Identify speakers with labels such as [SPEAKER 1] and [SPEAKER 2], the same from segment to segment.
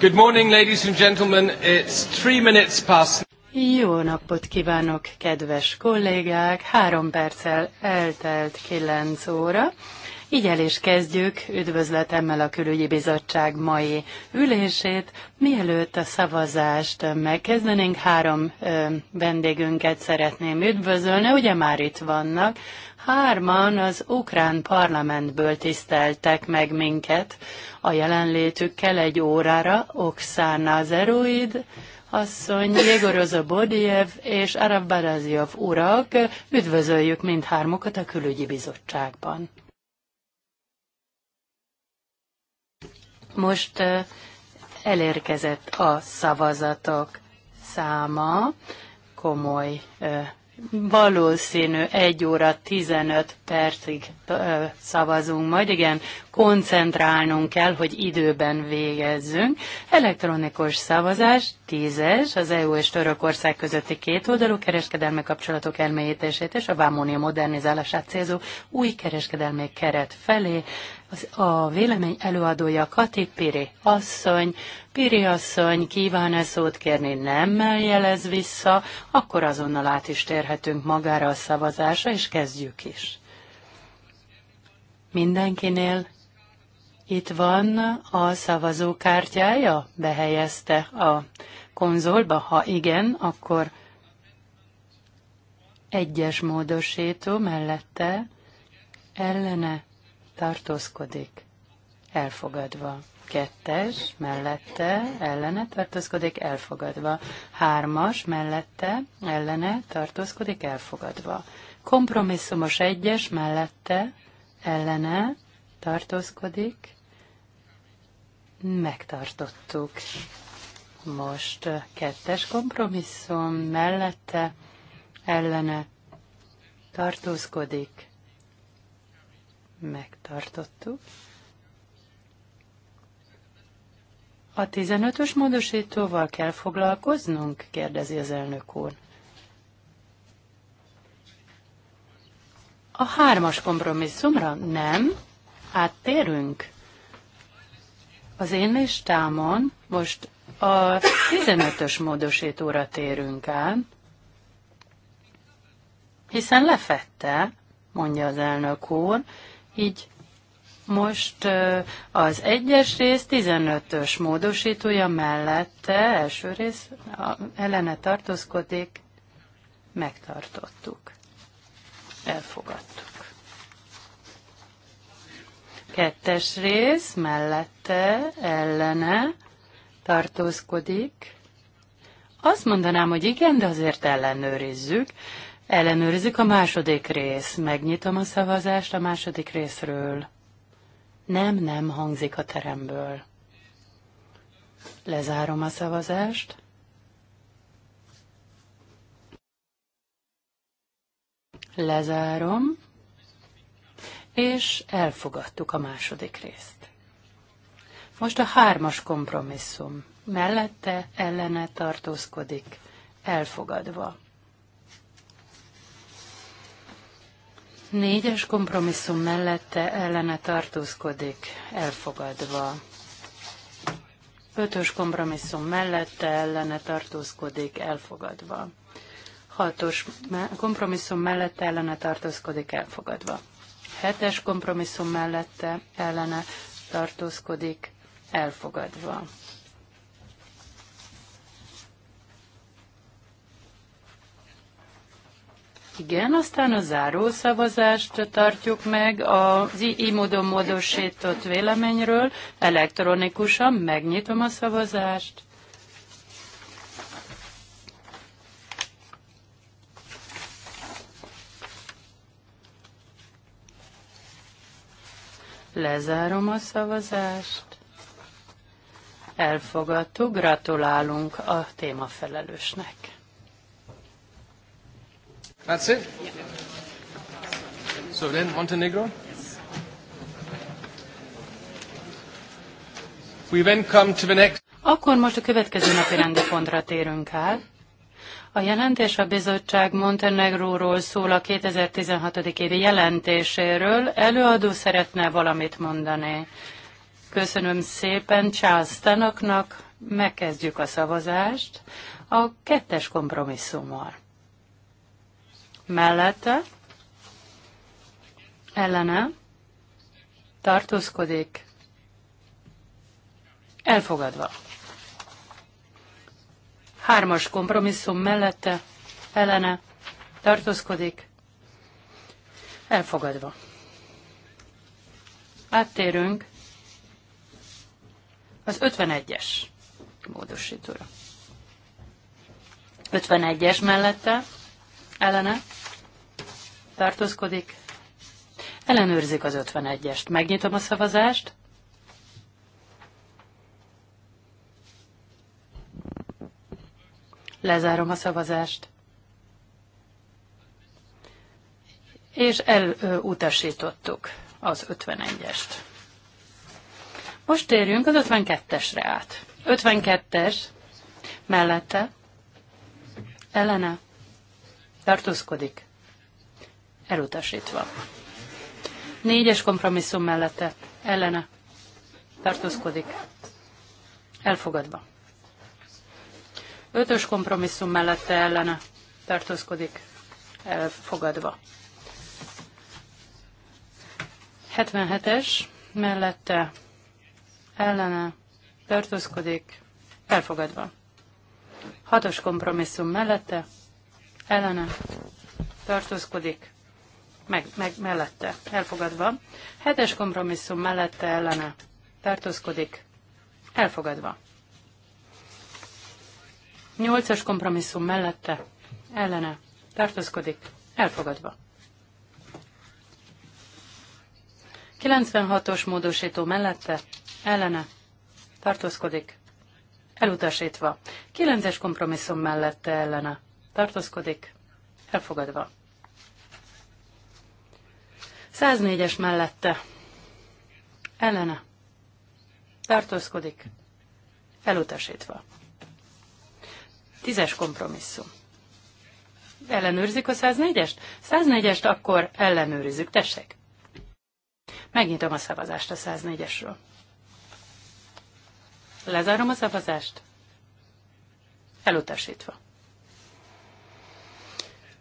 [SPEAKER 1] Good morning, ladies and gentlemen. It's three minutes past.
[SPEAKER 2] Jó napot kívánok, kedves kollégák! Három perccel eltelt kilenc óra. Így el is kezdjük üdvözletemmel a Külügyi Bizottság mai ülését. Mielőtt a szavazást megkezdenénk, három vendégünket szeretném üdvözölni, ugye már itt vannak. Hárman az ukrán parlamentből tiszteltek meg minket a jelenlétükkel egy órára, Oksana Zeruid, asszony, Jégorozo Bodiev és Arab Baraziov urak, üdvözöljük mindhármukat a külügyi bizottságban. Most elérkezett a szavazatok száma, komoly valószínű 1 óra 15 percig szavazunk majd. Igen, koncentrálnunk kell, hogy időben végezzünk. Elektronikus szavazás, tízes, az EU és Törökország közötti kétoldalú kereskedelmi kapcsolatok elmélyítését és a Vámónia modernizálását célzó új kereskedelmi keret felé az, a vélemény előadója Kati Piri asszony. Piri asszony kíván-e szót kérni, nemmel jelez vissza, akkor azonnal át is térhetünk magára a szavazásra, és kezdjük is. Mindenkinél itt van a szavazókártyája? Behelyezte a konzolba? Ha igen, akkor egyes módosító mellette ellene tartózkodik, elfogadva. Kettes, mellette, ellene tartózkodik, elfogadva. Hármas, mellette, ellene tartózkodik, elfogadva. Kompromisszumos egyes, mellette, ellene tartózkodik, megtartottuk. Most kettes kompromisszum mellette, ellene tartózkodik, megtartottuk. A 15-ös módosítóval kell foglalkoznunk? kérdezi az elnök úr. A hármas kompromisszumra nem, áttérünk. Az én listámon most a 15-ös módosítóra térünk át, hiszen lefette, mondja az elnök úr, így most az egyes rész 15-ös módosítója mellette, első rész ellene tartózkodik, megtartottuk, elfogadtuk. Kettes rész mellette, ellene tartózkodik. Azt mondanám, hogy igen, de azért ellenőrizzük. Ellenőrizzük a második rész. Megnyitom a szavazást a második részről. Nem, nem hangzik a teremből. Lezárom a szavazást. Lezárom. És elfogadtuk a második részt. Most a hármas kompromisszum. Mellette ellene tartózkodik, elfogadva. Négyes kompromisszum mellette ellene tartózkodik, elfogadva. Ötös kompromisszum mellette ellene tartózkodik, elfogadva. Hatos kompromisszum mellette ellene tartózkodik, elfogadva. Hetes kompromisszum mellette ellene tartózkodik, elfogadva. Igen, aztán a záró szavazást tartjuk meg az így módon módosított véleményről. Elektronikusan megnyitom a szavazást. Lezárom a szavazást. Elfogadtuk, gratulálunk a témafelelősnek.
[SPEAKER 1] That's it? Yeah. So then, Montenegro? Yes. We then come to the next...
[SPEAKER 2] Akkor most a következő napi rendi pontra térünk el. A jelentés a bizottság Montenegróról szól a 2016. évi jelentéséről. Előadó szeretne valamit mondani. Köszönöm szépen Charles Tanaknak. Megkezdjük a szavazást a kettes kompromisszummal mellette, ellene, tartózkodik, elfogadva. Hármas kompromisszum mellette, ellene, tartózkodik, elfogadva. Áttérünk az 51-es módosítóra. 51-es mellette, ellene, tartózkodik. Ellenőrzik az 51-est. Megnyitom a szavazást. Lezárom a szavazást. És elutasítottuk az 51-est. Most térjünk az 52-esre át. 52-es mellette ellene tartózkodik elutasítva. Négyes kompromisszum mellette ellene tartózkodik, elfogadva. Ötös kompromisszum mellette ellene tartózkodik, elfogadva. 77-es mellette ellene tartózkodik, elfogadva. Hatos kompromisszum mellette ellene tartózkodik, meg, meg mellette, elfogadva. Hetes kompromisszum mellette ellene tartózkodik, elfogadva. Nyolcas kompromisszum mellette ellene tartózkodik, elfogadva. 96-os módosító mellette ellene tartózkodik, elutasítva. 9-es kompromisszum mellette ellene tartózkodik, elfogadva. 104-es mellette. Ellene. Tartózkodik. Elutasítva. Tízes kompromisszum. Ellenőrzik a 104-est? 104-est akkor ellenőrizzük, tessék. Megnyitom a szavazást a 104-esről. Lezárom a szavazást. Elutasítva.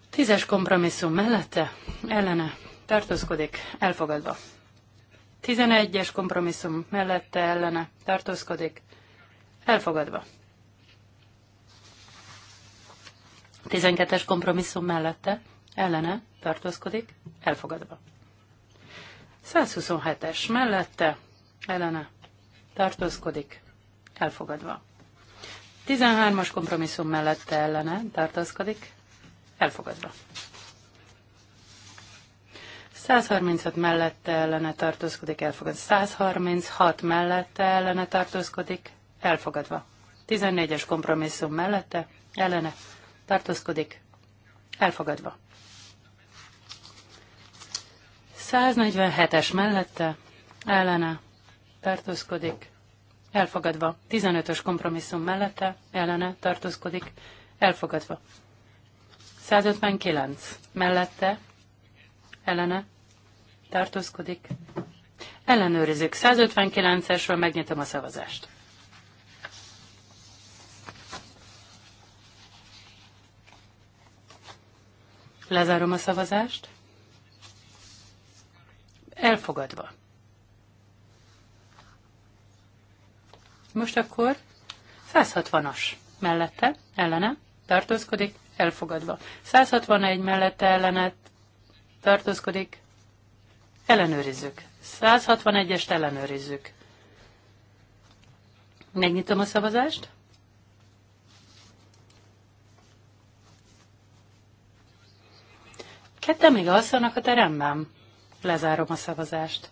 [SPEAKER 2] Tízes kompromisszum mellette, ellene tartózkodik, elfogadva. 11-es kompromisszum mellette ellene tartózkodik, elfogadva. 12-es kompromisszum mellette ellene tartózkodik, elfogadva. 127-es mellette ellene tartózkodik, elfogadva. 13-as kompromisszum mellette ellene tartózkodik, elfogadva. 136 mellette ellene tartózkodik, elfogadva. 136 mellette ellene tartózkodik, elfogadva. 14-es kompromisszum mellette ellene tartózkodik, elfogadva. 147-es mellette ellene tartózkodik, elfogadva. 15-ös kompromisszum mellette ellene tartózkodik, elfogadva. 159 mellette ellene tartózkodik. Ellenőrizzük. 159-esről megnyitom a szavazást. Lezárom a szavazást. Elfogadva. Most akkor 160-as mellette, ellene, tartózkodik, elfogadva. 161 mellette ellenet tartózkodik, Ellenőrizzük. 161-est ellenőrizzük. Megnyitom a szavazást. Ketten még alszanak a teremben. Lezárom a szavazást.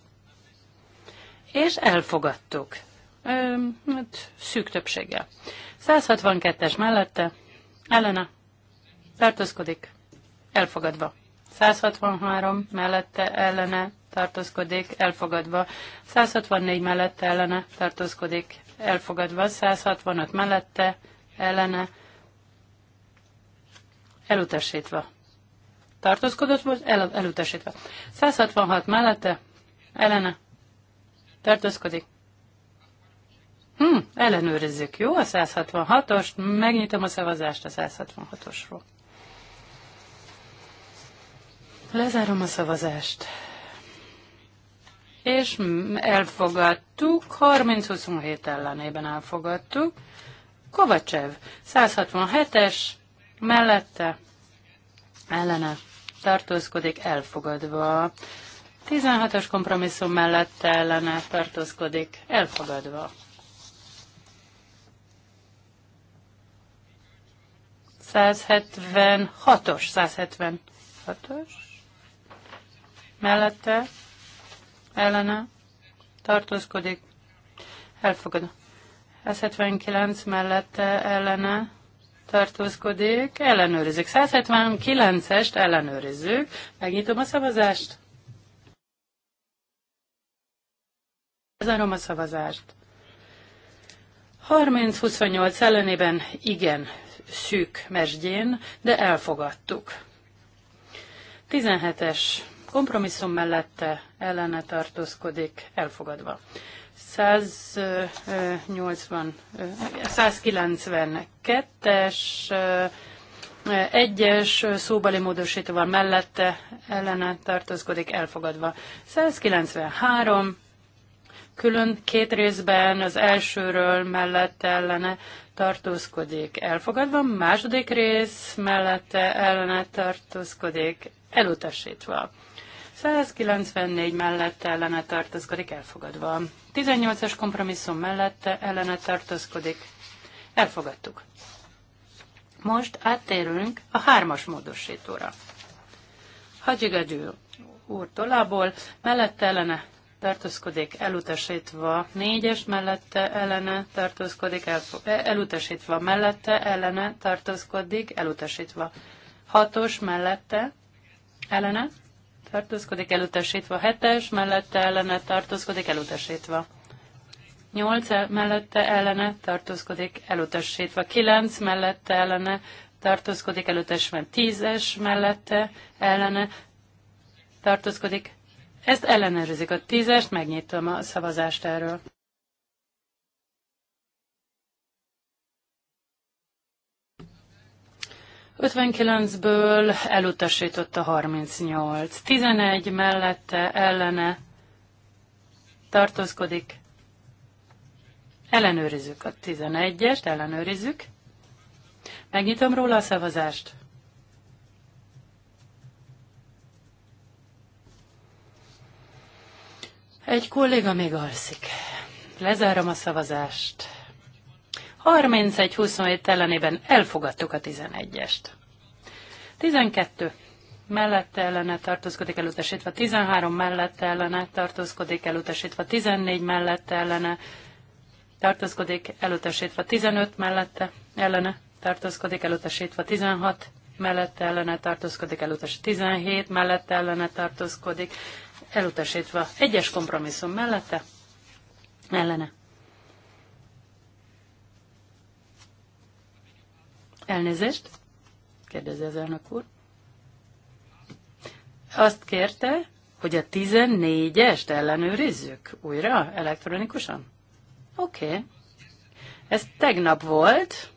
[SPEAKER 2] És elfogadtuk. Ö, hát szűk többséggel. 162-es mellette, ellene, tartózkodik, elfogadva. 163 mellette, ellene, tartózkodik, elfogadva. 164 mellette ellene tartózkodik, elfogadva. 165 mellette ellene elutasítva. Tartózkodott volt, el, elutasítva. 166 mellette ellene tartózkodik. Hm, ellenőrizzük, jó? A 166-ost, megnyitom a szavazást a 166-osról. Lezárom a szavazást és elfogadtuk, 30-27 ellenében elfogadtuk. Kovacsev, 167-es, mellette, ellene tartózkodik, elfogadva. 16-os kompromisszum mellette ellene tartózkodik, elfogadva. 176 hatos 176 hatos mellette ellene tartózkodik, elfogad. 179 mellette ellene tartózkodik, ellenőrizzük. 179-est ellenőrizzük. Megnyitom a szavazást. Zárom a szavazást. 30-28 ellenében igen szűk mesdjén, de elfogadtuk. 17-es kompromisszum mellette ellene tartózkodik elfogadva. 180, es egyes szóbeli módosítóval mellette ellene tartózkodik elfogadva. 193 külön két részben az elsőről mellette ellene tartózkodik elfogadva, második rész mellette ellene tartózkodik elutasítva. 194 mellette ellene tartozkodik, elfogadva. 18-as kompromisszum mellette ellene tartozkodik, elfogadtuk. Most áttérünk a hármas módosítóra. Hagyigadő úr tolából mellette ellene tartózkodik, elutasítva négyes mellette ellene tartózkodik, elfog, e, elutasítva mellette ellene tartózkodik, elutasítva hatos mellette ellene tartózkodik elutasítva, 7-es mellette ellene tartózkodik elutasítva. 8 mellette ellene tartózkodik elutasítva, 9 mellette ellene tartózkodik elutasítva, 10-es mellette ellene tartózkodik. Ezt ellenőrzik a 10-est, megnyitom a szavazást erről. 59-ből elutasította 38. 11 mellette ellene tartózkodik. Ellenőrizzük a 11-est, ellenőrizzük. Megnyitom róla a szavazást. Egy kolléga még alszik. Lezárom a szavazást. 31-27 ellenében elfogadtuk a 11-est. 12 mellette ellene tartózkodik elutasítva, 13 mellette ellene tartózkodik elutasítva, 14 mellette ellene tartózkodik elutasítva, 15 mellette ellene tartózkodik elutasítva, 16 mellette ellene tartózkodik elutasítva, 17 mellette ellene tartózkodik elutasítva, egyes kompromisszum mellette ellene Elnézést, kérdezi az elnök úr. Azt kérte, hogy a 14-est ellenőrizzük újra elektronikusan? Oké. Okay. Ez tegnap volt,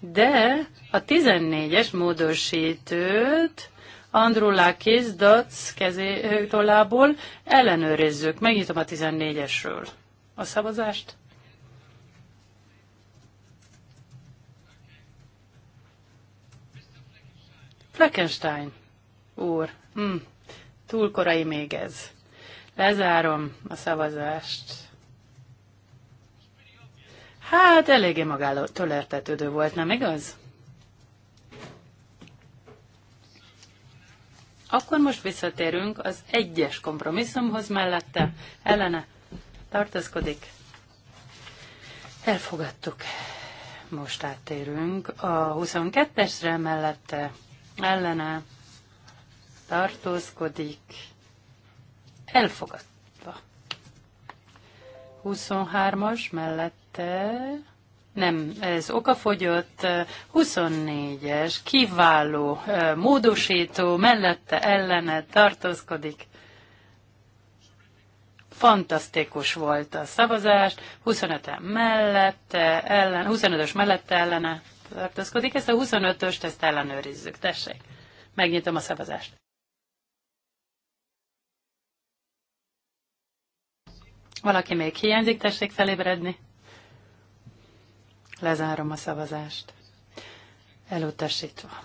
[SPEAKER 2] de a 14-es módosítőt Andrulakis Dac kezé tollából ellenőrizzük. Megnyitom a 14-esről a szavazást. Frankenstein úr, hm, túl korai még ez. Lezárom a szavazást. Hát eléggé magáló tölertetődő volt, nem igaz? Akkor most visszatérünk az egyes kompromisszumhoz mellette. Ellene tartozkodik. Elfogadtuk. Most áttérünk a 22-esre mellette ellene tartózkodik, elfogadva. 23-as mellette, nem, ez okafogyott, 24-es, kiváló, módosító, mellette ellene tartózkodik. Fantasztikus volt a szavazás, 25 mellette, ellen, 25-ös mellette ellene tartózkodik. Ezt a 25-öst ezt ellenőrizzük. Tessék. Megnyitom a szavazást. Valaki még hiányzik, tessék felébredni. Lezárom a szavazást. Elutasítva.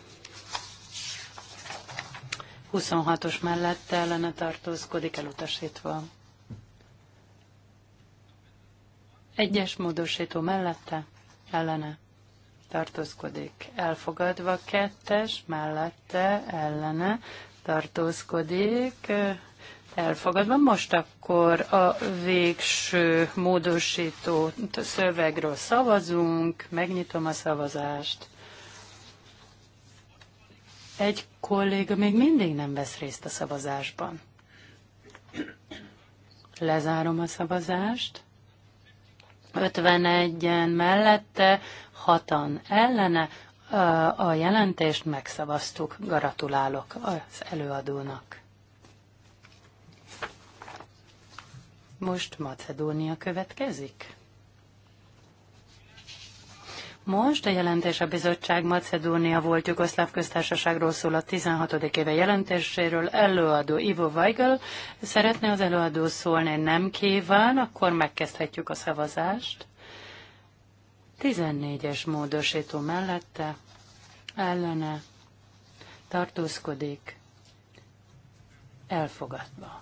[SPEAKER 2] 26-os mellette ellene tartózkodik, elutasítva. Egyes módosító mellette ellene tartózkodik. Elfogadva kettes, mellette, ellene, tartózkodik. Elfogadva. Most akkor a végső módosító szövegről szavazunk. Megnyitom a szavazást. Egy kolléga még mindig nem vesz részt a szavazásban. Lezárom a szavazást. 51-en mellette, hatan ellene. A jelentést megszavaztuk. Gratulálok az előadónak. Most Macedónia következik. Most a jelentés a bizottság Macedónia volt Jugoszláv köztársaságról szól a 16. éve jelentéséről. Előadó Ivo Weigel szeretne az előadó szólni, nem kíván, akkor megkezdhetjük a szavazást. 14-es módosító mellette, ellene, tartózkodik, elfogadva.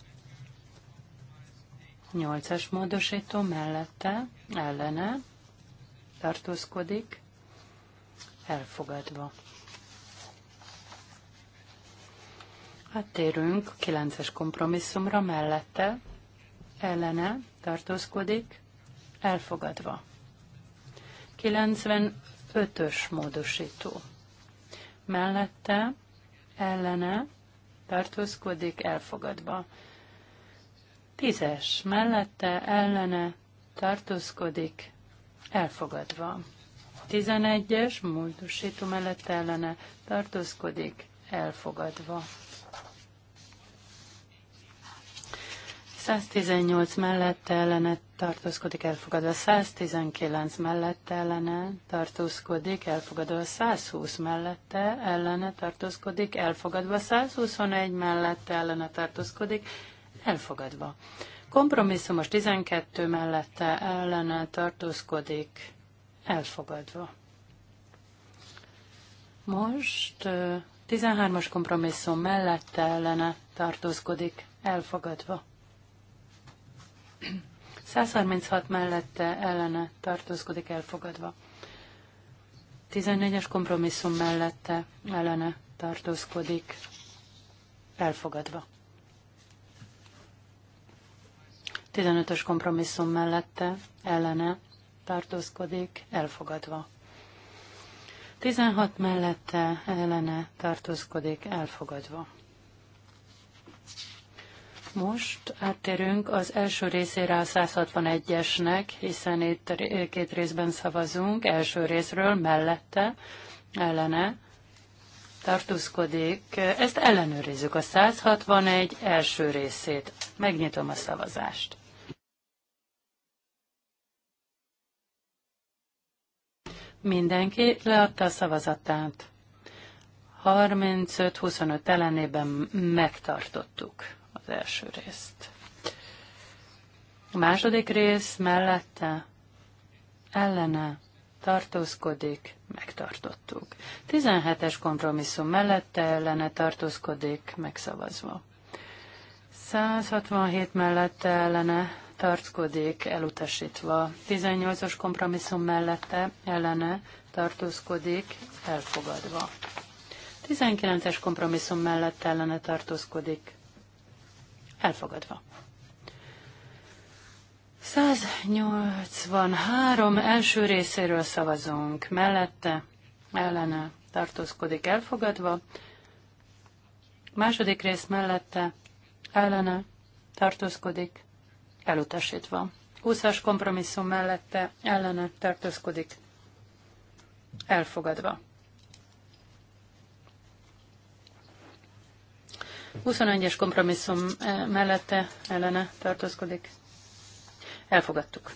[SPEAKER 2] 8-as módosító mellette, ellene, tartózkodik, elfogadva. Áttérünk a kilences kompromisszumra mellette, ellene tartózkodik, elfogadva. 95-ös módosító. Mellette, ellene tartózkodik, elfogadva. 10-es mellette, ellene tartózkodik, elfogadva. 11-es módosító mellett ellene tartózkodik, elfogadva. 118 mellett ellene tartózkodik, elfogadva. 119 mellett ellene tartózkodik, elfogadva. 120 mellette ellene tartózkodik, elfogadva. 121 mellett ellene tartózkodik, elfogadva. Kompromisszumos 12 mellette ellene tartózkodik, elfogadva. Most 13-as kompromisszum mellette ellene tartózkodik, elfogadva. 136 mellette ellene tartózkodik, elfogadva. 14-es kompromisszum mellette ellene tartózkodik, elfogadva. 15-ös kompromisszum mellette ellene tartózkodik, elfogadva. 16 mellette ellene tartózkodik, elfogadva. Most áttérünk az első részére a 161-esnek, hiszen itt két részben szavazunk. Első részről mellette, ellene tartózkodik. Ezt ellenőrizzük a 161 első részét. Megnyitom a szavazást. Mindenki leadta a szavazatát. 35-25 ellenében megtartottuk az első részt. A második rész mellette ellene tartózkodik, megtartottuk. 17-es kompromisszum mellette ellene tartózkodik, megszavazva. 167 mellette ellene tartózkodik, elutasítva. 18-as kompromisszum mellette ellene tartózkodik, elfogadva. 19-es kompromisszum mellett ellene tartózkodik, elfogadva. 183 első részéről szavazunk, mellette ellene tartózkodik, elfogadva. Második rész mellette ellene tartózkodik, elutasítva. 20-as kompromisszum mellette ellene tartózkodik, elfogadva. 21-es kompromisszum eh, mellette ellene tartózkodik, elfogadtuk.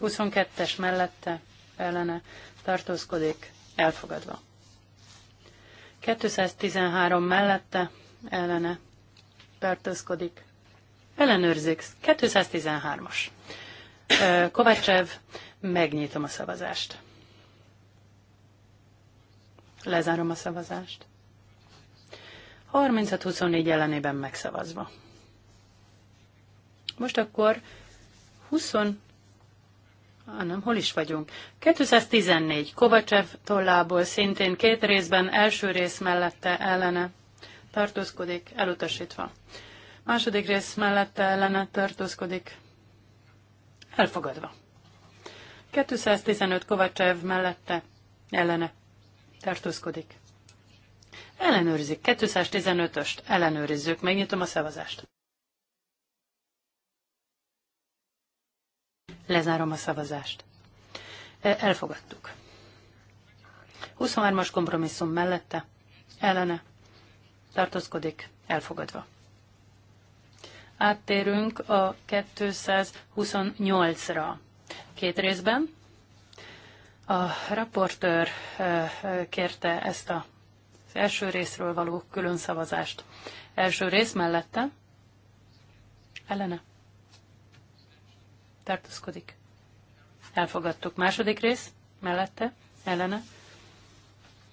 [SPEAKER 2] 22-es mellette ellene tartózkodik, elfogadva. 213 mellette ellene tartózkodik, Ellenőrzik. 213-as. Kovácsev, megnyitom a szavazást. Lezárom a szavazást. 36-24 ellenében megszavazva. Most akkor 20... Ah, nem, hol is vagyunk? 214. Kovacsev tollából szintén két részben, első rész mellette ellene tartózkodik, elutasítva. Második rész mellette ellene tartózkodik. Elfogadva. 215 Kovacsev mellette ellene tartózkodik. Ellenőrizik. 215-öst ellenőrizzük. Megnyitom a szavazást. Lezárom a szavazást. E, elfogadtuk. 23-as kompromisszum mellette ellene tartózkodik. Elfogadva. Áttérünk a 228-ra. Két részben. A raportőr kérte ezt a, az első részről való külön szavazást. Első rész mellette ellene tartózkodik. Elfogadtuk. Második rész mellette ellene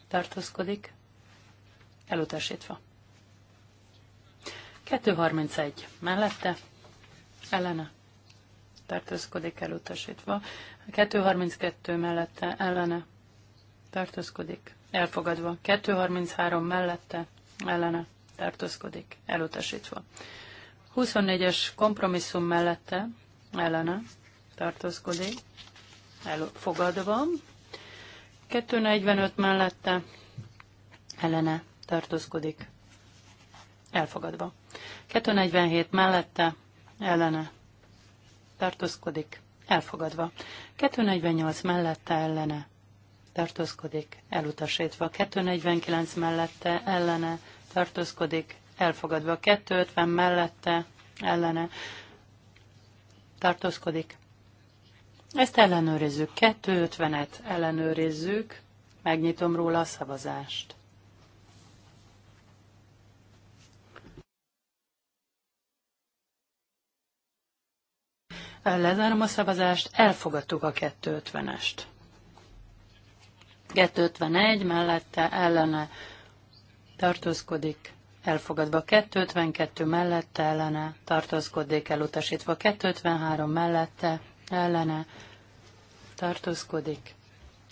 [SPEAKER 2] tartózkodik, elutasítva. 231 mellette, ellene, tartózkodik elutasítva. 232 mellette, ellene, tartózkodik elfogadva. 233 mellette, ellene, tartózkodik elutasítva. 24-es kompromisszum mellette, ellene, tartózkodik elfogadva. 245 mellette, ellene, tartózkodik Elfogadva. 247 mellette ellene tartózkodik. Elfogadva. 248 mellette ellene tartózkodik. Elutasítva. 249 mellette ellene tartózkodik. Elfogadva. 250 mellette ellene tartózkodik. Ezt ellenőrizzük. 250-et ellenőrizzük. Megnyitom róla a szavazást. Lezárom a szavazást, elfogadtuk a 250-est. 251 mellette ellene tartózkodik, elfogadva 252 mellette ellene tartózkodik, elutasítva 253 mellette ellene tartózkodik.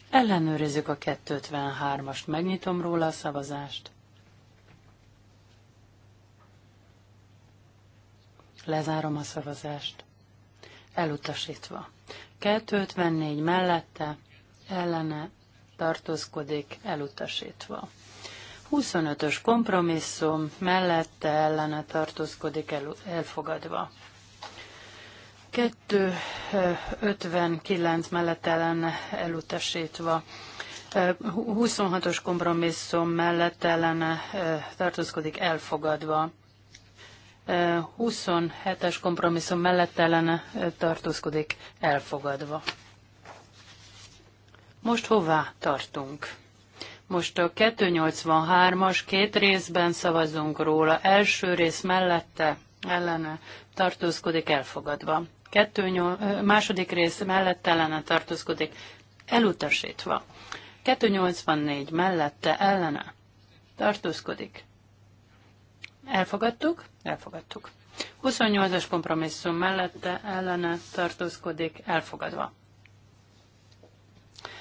[SPEAKER 2] Ellenőrizzük a 253-ast, megnyitom róla a szavazást. Lezárom a szavazást elutasítva. 254 mellette ellene tartózkodik elutasítva. 25-ös kompromisszum mellette ellene tartózkodik el, elfogadva. 259 mellett ellen elutasítva. 26-os kompromisszum mellett ellene tartózkodik elfogadva. 27-es kompromisszum mellett ellene tartózkodik elfogadva. Most hová tartunk? Most a 283-as két részben szavazunk róla. Első rész mellette ellene tartózkodik elfogadva. Kettő, második rész mellette ellene tartózkodik elutasítva. 284 mellette ellene tartózkodik Elfogadtuk? Elfogadtuk. 28-as kompromisszum mellette ellene tartózkodik elfogadva.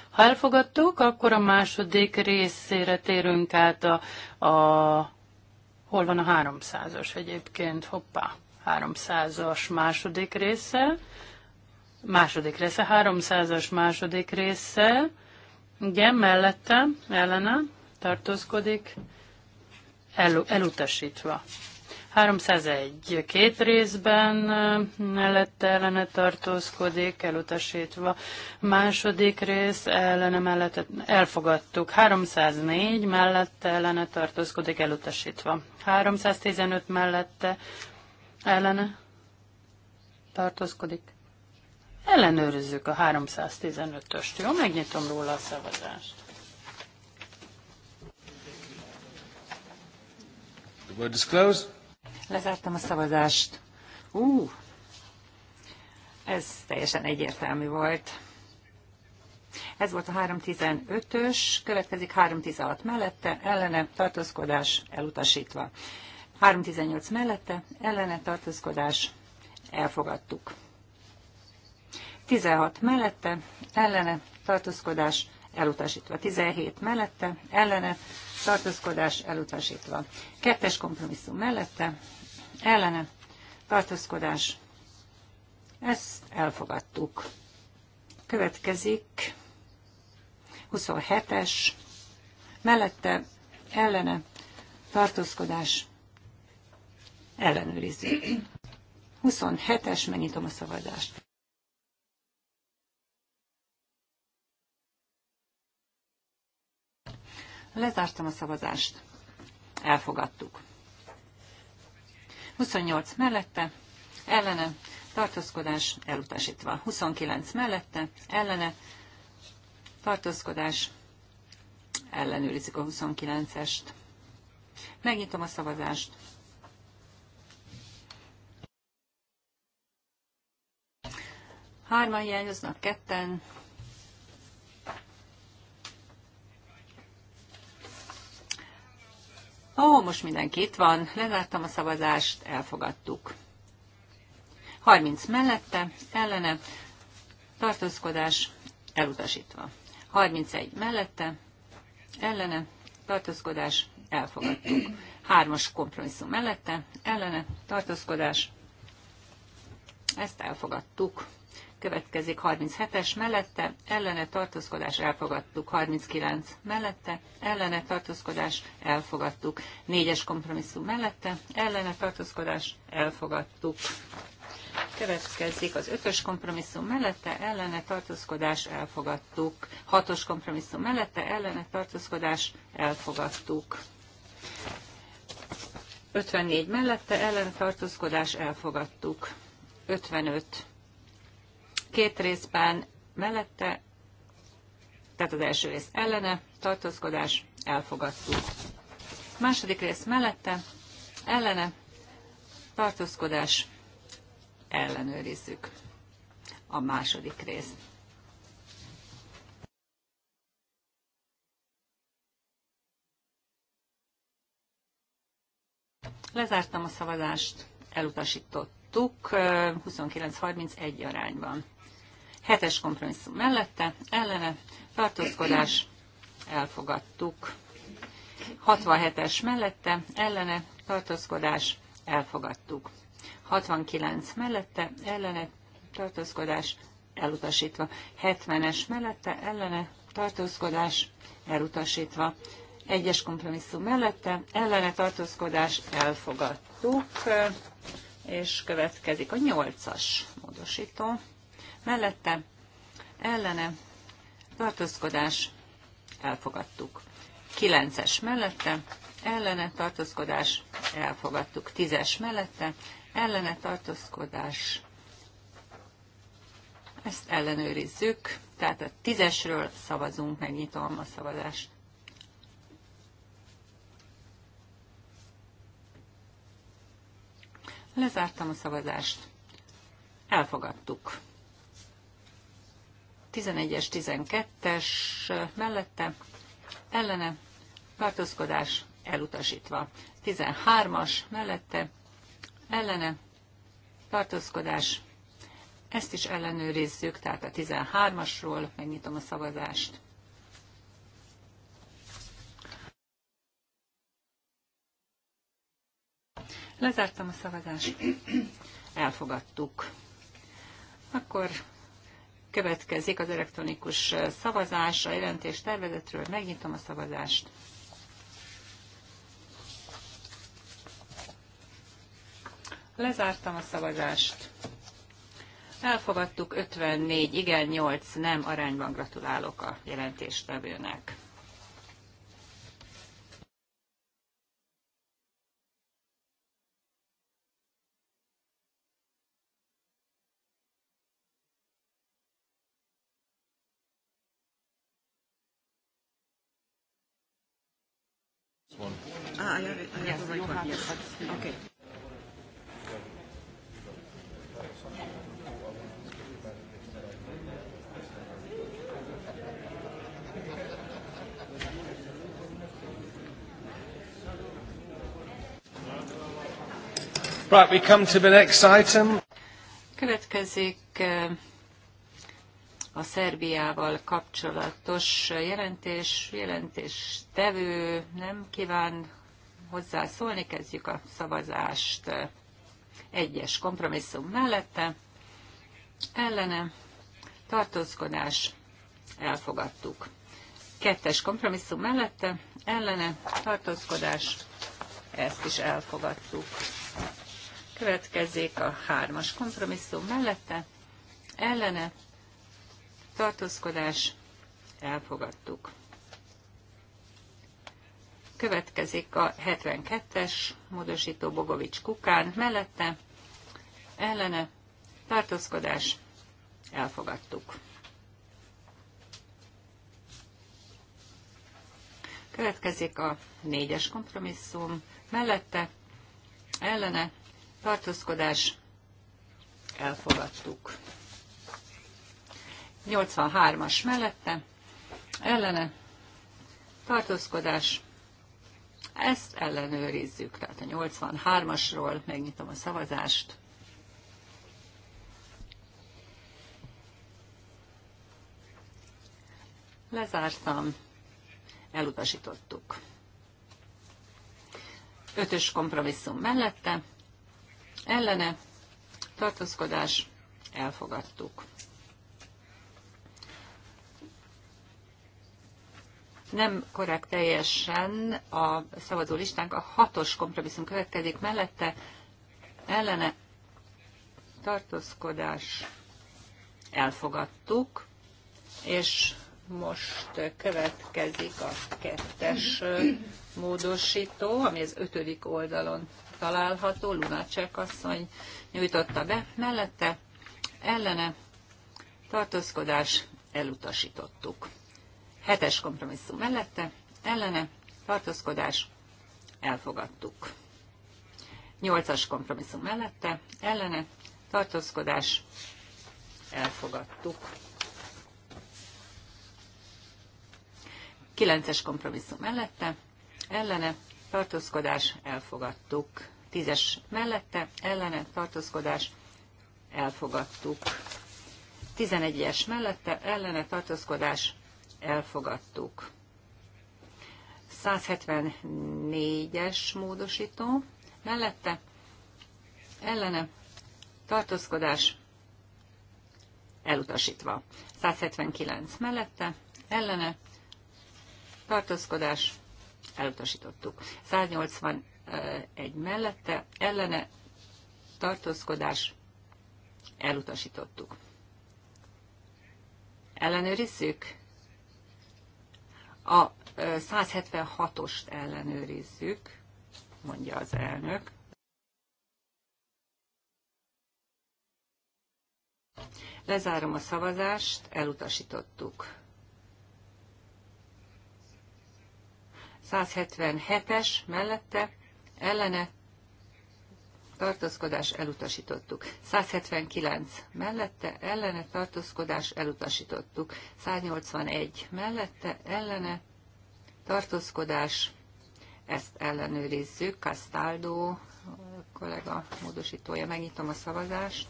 [SPEAKER 2] Ha elfogadtuk, akkor a második részére térünk át a, a hol van a 300-as egyébként, hoppá, 300-as második része, második része, 300-as második része, igen, mellette, ellene tartózkodik, el, elutasítva. 301 két részben mellette ellene tartózkodik, elutasítva. Második rész ellene mellette elfogadtuk. 304 mellette ellene tartózkodik, elutasítva. 315 mellette ellene tartózkodik. Ellenőrizzük a 315-öst. Jó, megnyitom róla a
[SPEAKER 3] szavazást.
[SPEAKER 1] Vote is closed.
[SPEAKER 3] Lezártam a szavazást. Ú, ez teljesen egyértelmű volt. Ez volt a 3.15-ös, következik 3.16 mellette, ellene tartózkodás elutasítva. 3.18 mellette, ellene tartózkodás elfogadtuk. 16 mellette, ellene tartózkodás elutasítva. 17 mellette, ellene tartózkodás elutasítva. Kettes kompromisszum mellette, ellene, tartózkodás, ezt elfogadtuk. Következik 27-es, mellette, ellene, tartózkodás, ellenőrizzük. 27-es, megnyitom a szavazást. Lezártam a szavazást. Elfogadtuk. 28 mellette, ellene, tartózkodás elutasítva. 29 mellette, ellene, tartózkodás, ellenőrizik a 29-est. Megnyitom a szavazást. Hárman hiányoznak, ketten, Ó, most mindenki itt van, lezártam a szavazást, elfogadtuk. 30 mellette, ellene, tartózkodás, elutasítva. 31 mellette, ellene, tartózkodás, elfogadtuk. Hármas kompromisszum mellette, ellene, tartózkodás, ezt elfogadtuk következik 37-es mellette, ellene tartózkodás elfogadtuk, 39 mellette, ellene tartózkodás elfogadtuk, 4-es kompromisszum mellette, ellene tartózkodás elfogadtuk. Következik az ötös kompromisszum mellette, ellene tartózkodás elfogadtuk. Hatos kompromisszum mellette, ellene tartózkodás elfogadtuk. 54 mellette, ellene tartózkodás elfogadtuk. 55 Két részben mellette, tehát az első rész ellene, tartózkodás, elfogadtuk. Második rész mellette, ellene, tartózkodás, ellenőrizzük a második részt. Lezártam a szavazást, elutasítottuk 29-31 arányban. Hetes kompromisszum mellette, ellene, tartózkodás, elfogadtuk. 67-es mellette, ellene, tartózkodás, elfogadtuk. 69 mellette, ellene, tartózkodás, elutasítva. 70-es mellette, ellene, tartózkodás, elutasítva. Egyes kompromisszum mellette, ellene tartózkodás, elfogadtuk. És következik a 8-as módosító mellette, ellene, tartózkodás, elfogadtuk. 9-es mellette, ellene, tartózkodás, elfogadtuk. 10-es mellette, ellene, tartózkodás, ezt ellenőrizzük, tehát a tízesről szavazunk, megnyitom a szavazást. Lezártam a szavazást. Elfogadtuk. 11-es, 12-es mellette ellene tartózkodás elutasítva. 13-as mellette ellene tartózkodás. Ezt is ellenőrizzük, tehát a 13-asról megnyitom a szavazást. Lezártam a szavazást. Elfogadtuk. Akkor Következik az elektronikus szavazás a jelentés tervezetről. Megnyitom a szavazást. Lezártam a szavazást. Elfogadtuk 54, igen, 8 nem arányban gratulálok a jelentéstevőnek.
[SPEAKER 1] right Right, we come to the next item.
[SPEAKER 3] Következik eh, a Szerbiával kapcsolatos jelentés, jelentés tevő nem kíván hozzászólni, kezdjük a szavazást egyes kompromisszum mellette. Ellene tartózkodás elfogadtuk. Kettes kompromisszum mellette, ellene tartózkodás, ezt is elfogadtuk. Következzék a hármas kompromisszum mellette, ellene tartózkodás, elfogadtuk. Következik a 72-es módosító Bogovics Kukán mellette, ellene, tartózkodás, elfogadtuk. Következik a négyes kompromisszum, mellette, ellene, tartózkodás, elfogadtuk. 83-as mellette, ellene, tartózkodás, ezt ellenőrizzük, tehát a 83-asról megnyitom a szavazást. Lezártam, elutasítottuk. Ötös kompromisszum mellette, ellene, tartózkodás, elfogadtuk. nem korrekt teljesen a szavazó listánk. A hatos kompromisszum következik mellette. Ellene tartózkodás elfogadtuk, és most következik a kettes módosító, ami az ötödik oldalon található. Lunácsek asszony nyújtotta be mellette. Ellene tartózkodás elutasítottuk. Hetes kompromisszum mellette, ellene, tartózkodás, elfogadtuk. Nyolcas kompromisszum mellette, ellene, tartózkodás, elfogadtuk. Kilences kompromisszum mellette, ellene, tartózkodás, elfogadtuk. Tízes mellette, ellene, tartózkodás, elfogadtuk. Tizenegyes mellette, ellene, tartózkodás, elfogadtuk. 174-es módosító, mellette ellene tartózkodás elutasítva. 179 mellette ellene tartózkodás elutasítottuk. 181 mellette ellene tartózkodás elutasítottuk. Ellenőrizzük a 176-ost ellenőrizzük, mondja az elnök. Lezárom a szavazást, elutasítottuk. 177-es mellette, ellene tartózkodás elutasítottuk. 179 mellette ellene tartózkodás elutasítottuk. 181 mellette ellene tartózkodás, ezt ellenőrizzük. Castaldo kollega módosítója, megnyitom a szavazást.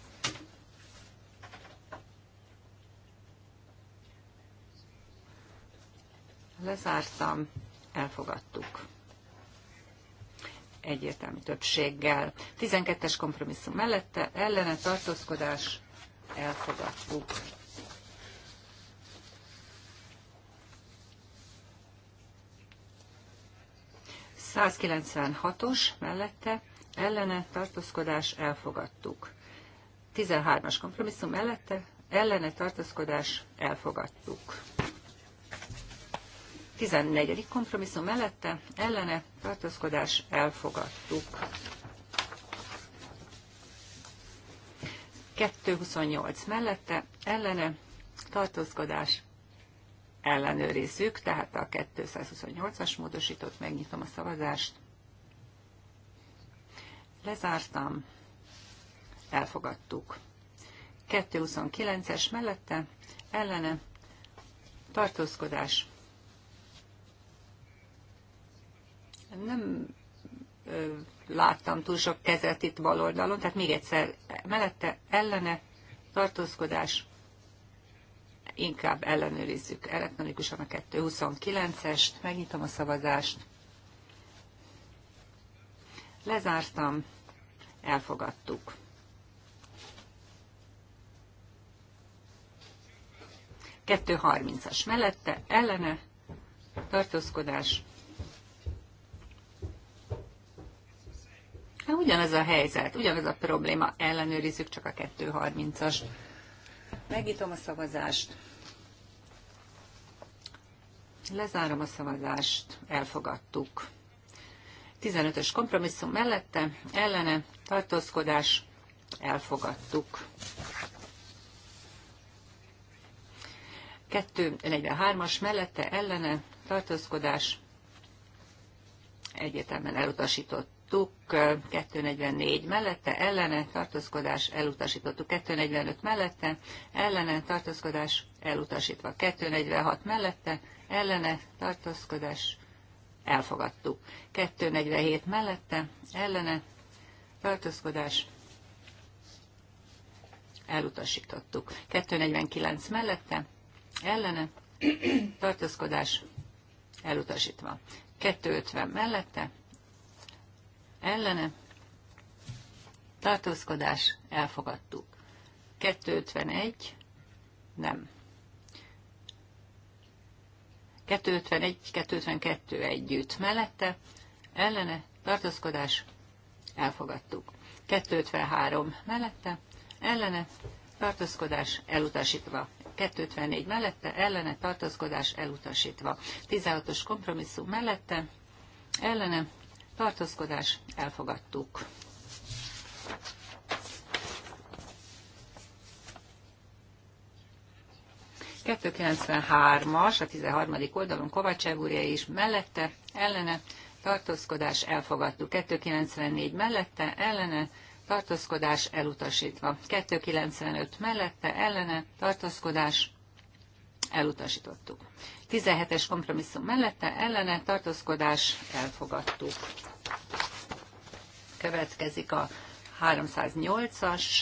[SPEAKER 3] Lezártam, elfogadtuk egyértelmű többséggel. 12-es kompromisszum mellette ellene tartózkodás elfogadtuk. os mellette ellene tartózkodás elfogadtuk. 13-as kompromisszum mellette ellene tartózkodás elfogadtuk. 14. kompromisszum mellette ellene tartózkodás elfogadtuk. 228 mellette ellene tartózkodás ellenőrizzük, tehát a 228-as módosított, megnyitom a szavazást. Lezártam, elfogadtuk. 229-es mellette ellene tartózkodás nem láttam túl sok kezet itt bal oldalon, tehát még egyszer mellette ellene tartózkodás, inkább ellenőrizzük elektronikusan a 229-est, megnyitom a szavazást, lezártam, elfogadtuk. Kettő as mellette, ellene, tartózkodás, aztán ugyanez a helyzet, ugyanez a probléma, ellenőrizzük csak a 230-as. Megítom a szavazást. Lezárom a szavazást, elfogadtuk. 15-ös kompromisszum mellette, ellene, tartózkodás, elfogadtuk. 243-as mellette, ellene, tartózkodás, egyértelműen elutasított elfogadtuk, 244 mellette, ellene tartózkodás elutasítottuk, 245 mellette, ellene tartózkodás elutasítva, 246 mellette, ellene tartózkodás elfogadtuk, 247 mellette, ellene tartózkodás elutasítottuk, 249 mellette, ellene tartózkodás elutasítva. 250 mellette, ellene, tartózkodás, elfogadtuk. 251, nem. 251-252 együtt mellette, ellene, tartózkodás, elfogadtuk. 253 mellette, ellene, tartózkodás, elutasítva. 254 mellette, ellene, tartózkodás, elutasítva. 16-os kompromisszum mellette, ellene, tartózkodás, elfogadtuk. as a 13. oldalon Kovácsev úrja is mellette, ellene, tartózkodás, elfogadtuk. 294 mellette, ellene, tartózkodás, elutasítva. 295 mellette, ellene, tartózkodás, elutasítottuk. 17-es kompromisszum mellette ellene tartózkodás elfogadtuk. Következik a 308-as,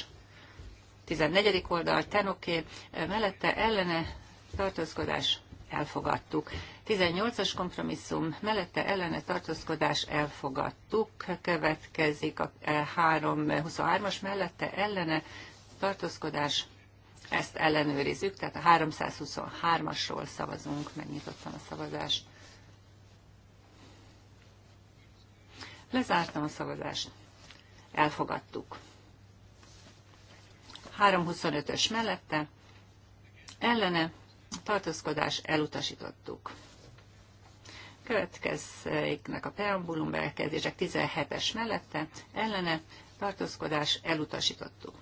[SPEAKER 3] 14. oldal, tenoké, mellette ellene tartózkodás elfogadtuk. 18-as kompromisszum, mellette ellene tartózkodás elfogadtuk. Következik a 323-as, eh, mellette ellene tartózkodás ezt ellenőrizzük, tehát a 323-asról szavazunk, megnyitottam a szavazást. Lezártam a szavazást. Elfogadtuk. 325-ös mellette, ellene, tartózkodás elutasítottuk. Következiknek a preambulum bekezdések 17-es mellette, ellene, tartózkodás elutasítottuk.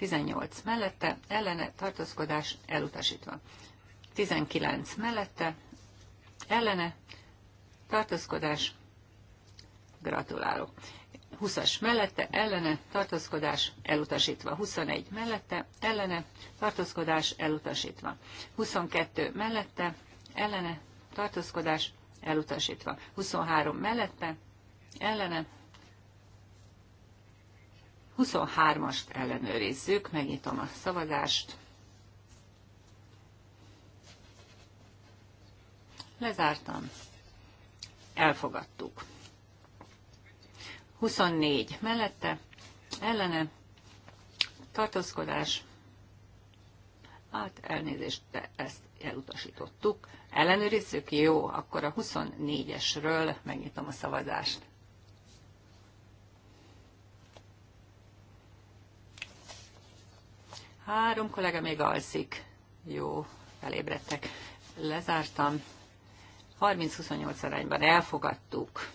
[SPEAKER 3] 18 mellette, ellene tartózkodás elutasítva. 19 mellette, ellene tartózkodás, gratulálok. 20-as mellette, ellene tartózkodás elutasítva. 21 mellette, ellene tartózkodás elutasítva. 22 mellette, ellene tartózkodás elutasítva. 23 mellette, ellene 23-ast ellenőrizzük, megnyitom a szavazást. Lezártam. Elfogadtuk. 24 mellette, ellene, tartózkodás, hát elnézést, de ezt elutasítottuk. Ellenőrizzük? Jó, akkor a 24-esről megnyitom a szavazást. Három kollega még alszik. Jó, felébredtek. Lezártam. 30-28 arányban elfogadtuk.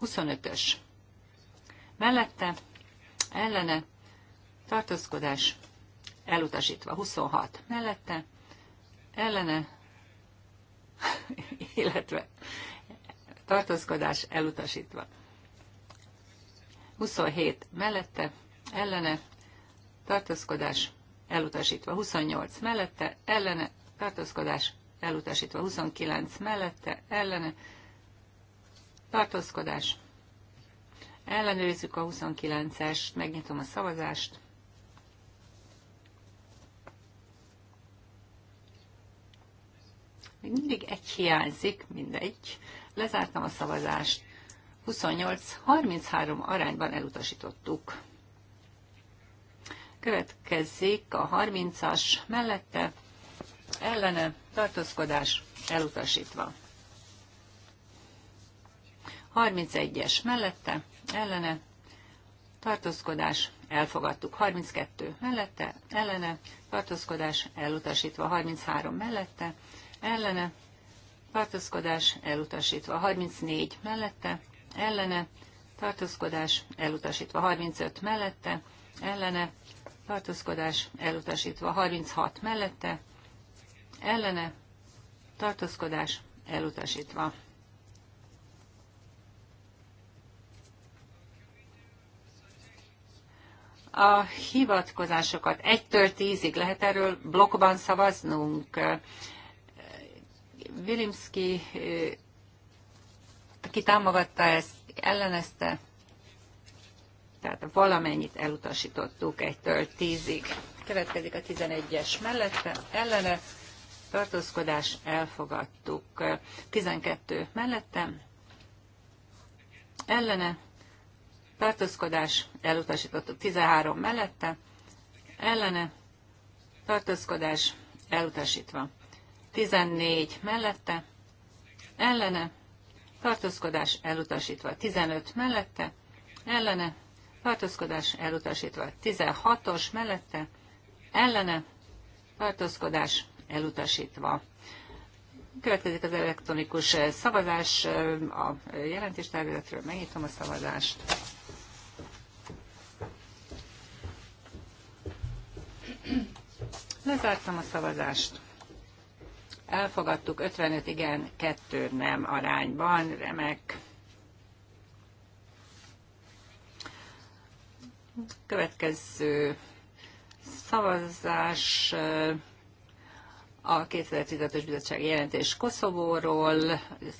[SPEAKER 3] 25-ös. Mellette, ellene, tartózkodás, elutasítva. 26. Mellette, ellene, illetve tartózkodás elutasítva. 27 mellette, ellene, tartózkodás elutasítva. 28 mellette, ellene, tartózkodás elutasítva. 29 mellette, ellene, tartózkodás. Ellenőrizzük a 29-est, megnyitom a szavazást. Még mindig egy hiányzik, mindegy. Lezártam a szavazást. 28-33 arányban elutasítottuk. Következzék a 30-as mellette ellene tartózkodás elutasítva. 31-es mellette ellene tartózkodás elfogadtuk. 32 mellette ellene tartózkodás elutasítva. 33 mellette ellene tartózkodás elutasítva. 34 mellette ellene, tartózkodás elutasítva 35 mellette, ellene, tartózkodás elutasítva 36 mellette, ellene, tartózkodás elutasítva. A hivatkozásokat 1-től 10-ig lehet erről blokkban szavaznunk. Vilimszki ki támogatta ezt, ellenezte, tehát valamennyit elutasítottuk egytől tízig. Következik a 11-es mellette, ellene, tartózkodás, elfogadtuk. 12 mellette, ellene, tartózkodás, elutasítottuk. 13 mellette, ellene, tartózkodás, elutasítva. 14 mellette, ellene, tartózkodás elutasítva 15 mellette, ellene, tartózkodás elutasítva 16-os mellette, ellene, tartózkodás elutasítva. Következik az elektronikus eh, szavazás eh, a jelentéstervezetről. Megnyitom a szavazást. Lezártam a szavazást. Elfogadtuk 55 igen, 2 nem arányban, remek. Következő szavazás a 2015-ös bizottsági jelentés Koszovóról.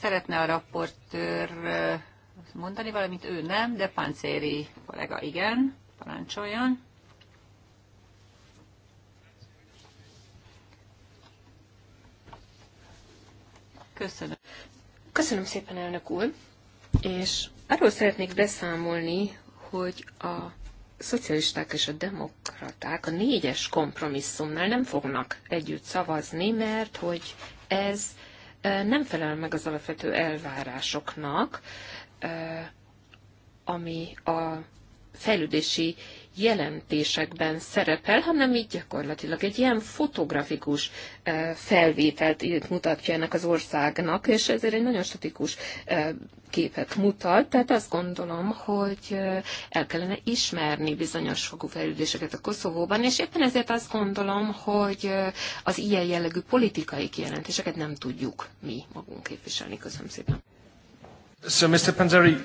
[SPEAKER 3] Szeretne a raportőr eh, mondani valamit? Ő nem, de Pancéri kollega igen, parancsoljon.
[SPEAKER 1] Köszönöm. Köszönöm szépen, elnök úr. És arról szeretnék beszámolni, hogy a szocialisták és a demokraták a négyes kompromisszumnál nem fognak együtt szavazni, mert hogy ez nem felel meg az alapvető elvárásoknak, ami a fejlődési jelentésekben szerepel, hanem így gyakorlatilag egy ilyen fotografikus eh, felvételt mutatja ennek az országnak, és ezért egy nagyon statikus eh, képet mutat, tehát azt gondolom, hogy eh, el kellene ismerni bizonyos fogú fejlődéseket a Koszovóban, és éppen ezért azt gondolom, hogy az ilyen jellegű politikai kijelentéseket nem tudjuk mi magunk képviselni. Köszönöm szépen. So, Mr. Panzeri,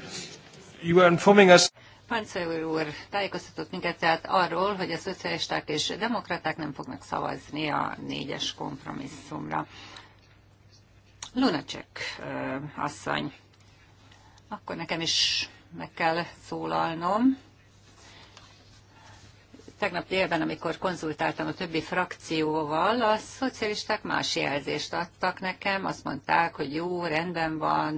[SPEAKER 1] you are informing us...
[SPEAKER 3] Panceur úr tájékoztatott minket tehát arról, hogy a szocialisták és demokraták nem fognak szavazni a négyes kompromisszumra. Lunacek asszony, akkor nekem is meg kell szólalnom. Tegnap délben, amikor konzultáltam a többi frakcióval, a szocialisták más jelzést adtak nekem, azt mondták, hogy jó, rendben van,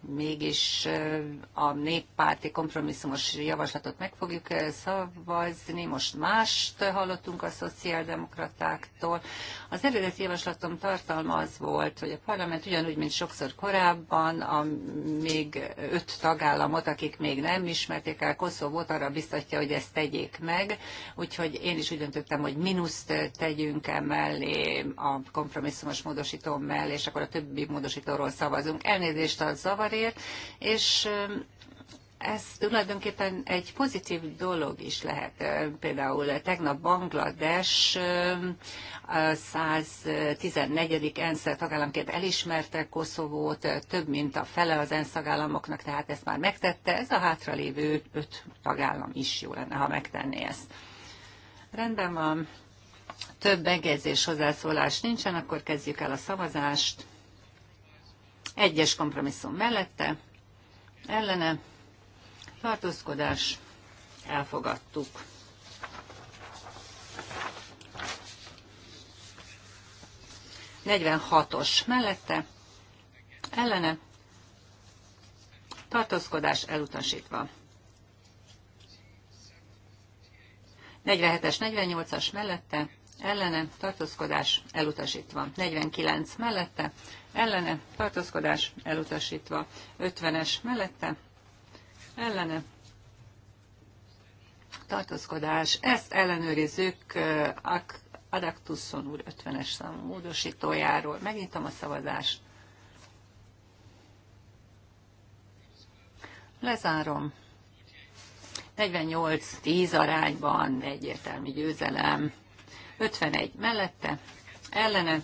[SPEAKER 3] mégis eh, a néppárti kompromisszumos javaslatot meg fogjuk eh, szavazni, most mást hallottunk a szociáldemokratáktól. Az eredeti javaslatom tartalma az volt, hogy a parlament ugyanúgy, mint sokszor korábban, a még öt tagállamot, akik még nem ismerték el Koszovót, arra biztatja, hogy ezt tegyék meg, úgyhogy én is úgy döntöttem, hogy mínuszt tegyünk emellé a kompromisszumos módosító mellé, és akkor a többi módosítóról szavazunk. Elnézést a zavarért, és ez tulajdonképpen egy pozitív dolog is lehet. Például tegnap Banglades 114. ENSZ tagállamként elismerte Koszovót, több mint a fele az ENSZ tagállamoknak, tehát ezt már megtette. Ez a hátralévő öt tagállam is jó lenne, ha megtenné ezt. Rendben van. Több megjegyzés hozzászólás nincsen, akkor kezdjük el a szavazást. Egyes kompromisszum mellette, ellene, tartózkodás, elfogadtuk. Negyvenhatos mellette, ellene, tartózkodás elutasítva. 47-es, 48-as mellette, ellene, tartózkodás elutasítva. 49 mellette, ellene, tartózkodás elutasítva. 50-es mellette, ellene, tartózkodás. Ezt ellenőrizzük Adaktusson úr 50-es számú módosítójáról. Megnyitom a szavazást. Lezárom. 48-10 arányban egyértelmű győzelem. 51 mellette, ellene,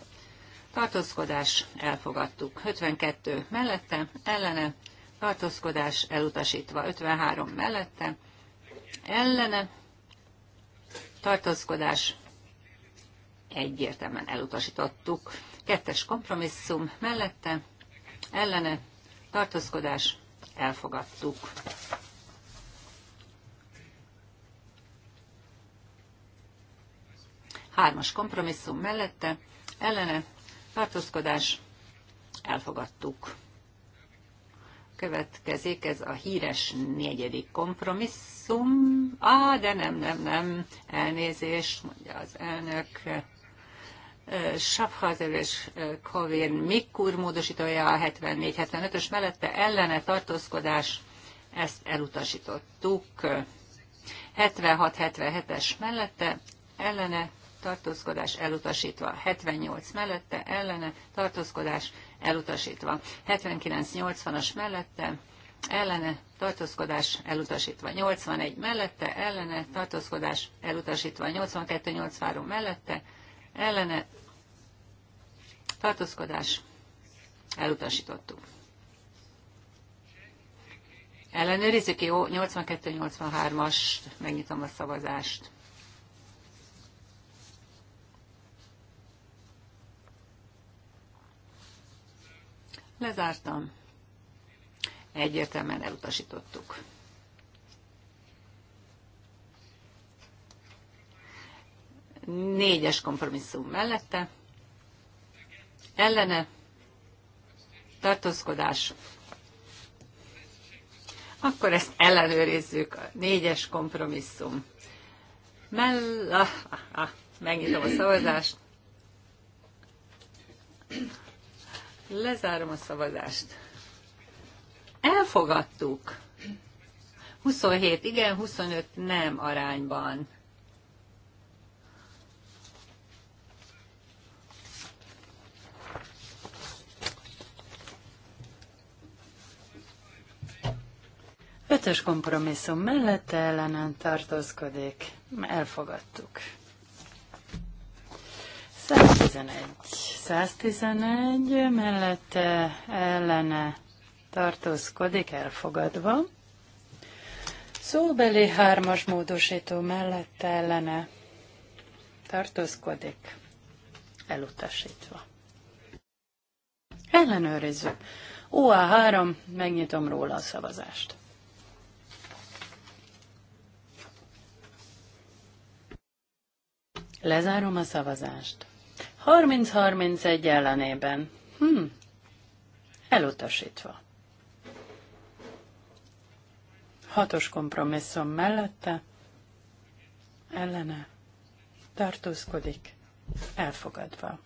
[SPEAKER 3] tartózkodás, elfogadtuk. 52 mellette, ellene, tartózkodás, elutasítva. 53 mellette, ellene, tartózkodás, egyértelműen elutasítottuk. Kettes kompromisszum mellette, ellene, tartózkodás, elfogadtuk. Hármas kompromisszum mellette, ellene, tartózkodás, elfogadtuk. Következik ez a híres negyedik kompromisszum. Á, de nem, nem, nem, elnézés, mondja az elnök. Schaffhauser és Kovén Mikur módosítója a 74-75-ös mellette ellene tartózkodás, ezt elutasítottuk. 76-77-es mellette ellene tartózkodás elutasítva, 78 mellette, ellene, tartózkodás elutasítva, 79-80-as mellette, ellene, tartózkodás elutasítva, 81 mellette, ellene, tartózkodás elutasítva, 82-83 mellette, ellene, tartózkodás elutasítottuk. Ellenőrizzük, jó, 82-83-as, megnyitom a szavazást. Lezártam. Egyértelműen elutasítottuk. Négyes kompromisszum mellette. Ellene. Tartózkodás. Akkor ezt ellenőrizzük. A négyes kompromisszum. Mell... Ah, ah, ah. Megnyitom a szavazást. Lezárom a szavazást. Elfogadtuk. 27 igen, 25 nem arányban.
[SPEAKER 2] Ötös kompromisszum mellette ellenen tartózkodik. Elfogadtuk. 111. 111 mellette ellene tartózkodik, elfogadva. Szóbeli hármas módosító mellette ellene tartózkodik, elutasítva. Ellenőrizzük. OA3, megnyitom róla a szavazást. Lezárom a szavazást. 30-31 ellenében. Hm. Elutasítva. Hatos kompromisszum mellette. Ellene. Tartózkodik. Elfogadva.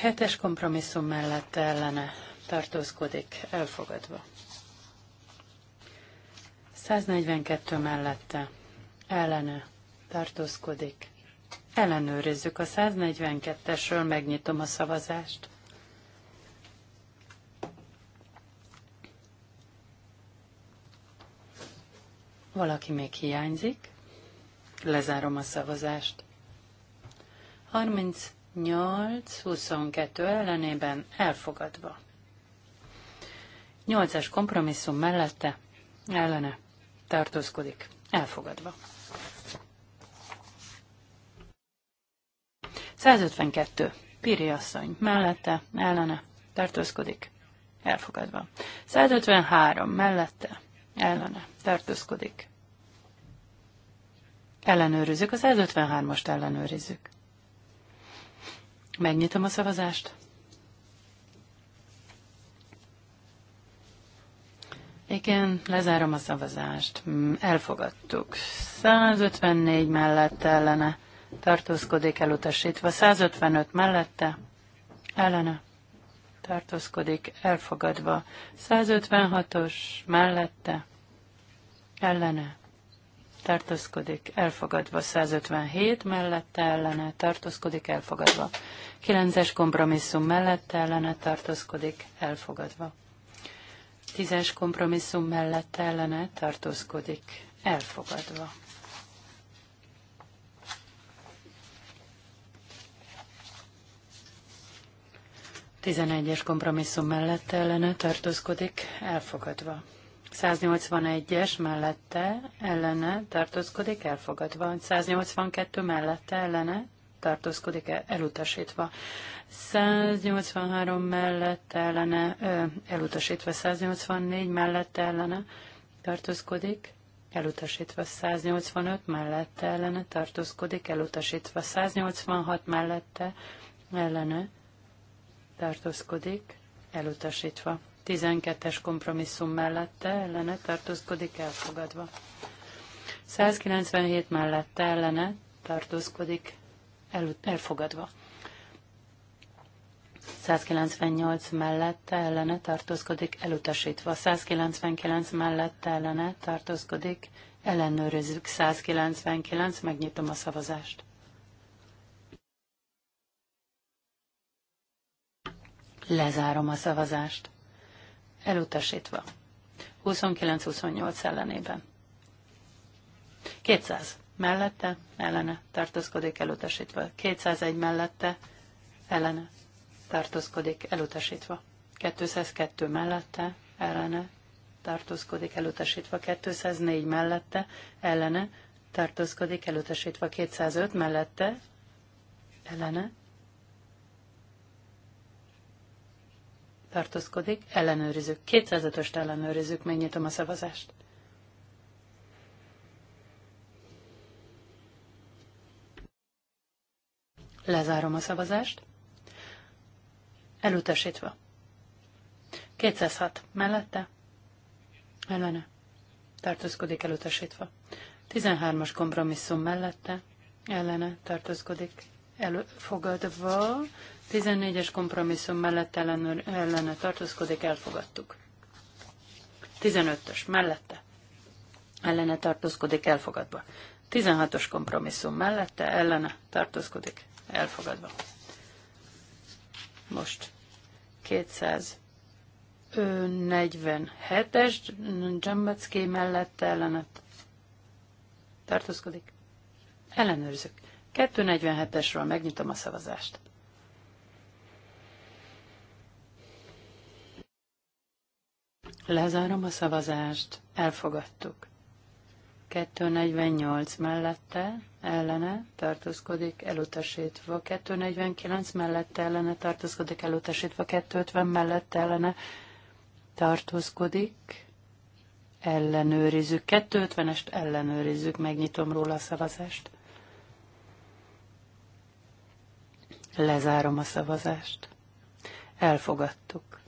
[SPEAKER 2] Hetes kompromisszum mellette ellene tartózkodik, elfogadva. 142 mellette ellene tartózkodik. Ellenőrizzük a 142-esről, megnyitom a szavazást. Valaki még hiányzik. Lezárom a szavazást. 38-22 ellenében elfogadva. 8 es kompromisszum mellette ellene tartózkodik. Elfogadva. 152. Piri asszony. Mellette, ellene, tartózkodik. Elfogadva. 153. Mellette, ellene, tartózkodik. Ellenőrizzük. A 153 ost ellenőrizzük. Megnyitom a szavazást. Igen, lezárom a szavazást. Mm, elfogadtuk. 154 mellett ellene tartózkodik elutasítva. 155 mellette, ellene tartózkodik elfogadva. 156-os mellette, ellene tartózkodik elfogadva. 157 mellette, ellene tartózkodik elfogadva. 9-es kompromisszum mellette, ellene tartózkodik elfogadva. 10-es kompromisszum mellette, ellene tartózkodik elfogadva. 11-es kompromisszum mellette ellene tartózkodik, elfogadva. 181-es mellette ellene tartózkodik, elfogadva. 182 mellette ellene tartózkodik, elutasítva. 183 mellette ellene, ö, elutasítva. 184 mellette ellene tartózkodik, elutasítva 185 mellette ellene tartózkodik, elutasítva 186 mellette ellene tartózkodik, elutasítva. 12-es kompromisszum mellette ellene tartózkodik, elfogadva. 197 mellette ellene tartózkodik, el, elfogadva. 198 mellette ellene tartózkodik, elutasítva. 199 mellette ellene tartózkodik, ellenőrizzük. 199, megnyitom a szavazást. Lezárom a szavazást. Elutasítva. 29-28 ellenében. 200. Mellette, ellene, tartózkodik, elutasítva. 201 mellette, ellene, tartózkodik, elutasítva. 202 mellette, ellene, tartózkodik, elutasítva. 204 mellette, ellene, tartózkodik, elutasítva. 205 mellette, ellene, tartózkodik, ellenőrizzük. 205-öst ellenőrizzük, megnyitom a szavazást. Lezárom a szavazást. Elutasítva. 206 mellette. Ellene. Tartózkodik elutasítva. 13-as kompromisszum mellette. Ellene tartózkodik elfogadva. 14-es kompromisszum mellett ellenőr, ellene tartózkodik, elfogadtuk. 15-ös mellette ellene tartózkodik, elfogadva. 16-os kompromisszum mellette ellene tartózkodik, elfogadva. Most 247-es Dzsambacki mellette ellene tartózkodik. Ellenőrzök. 247-esről megnyitom a szavazást. Lezárom a szavazást. Elfogadtuk. 248 mellette, ellene tartózkodik, elutasítva. 249 mellette, ellene tartózkodik, elutasítva. 250 mellette, ellene tartózkodik, ellenőrizzük. 250-est ellenőrizzük, megnyitom róla a szavazást. Lezárom a szavazást. Elfogadtuk.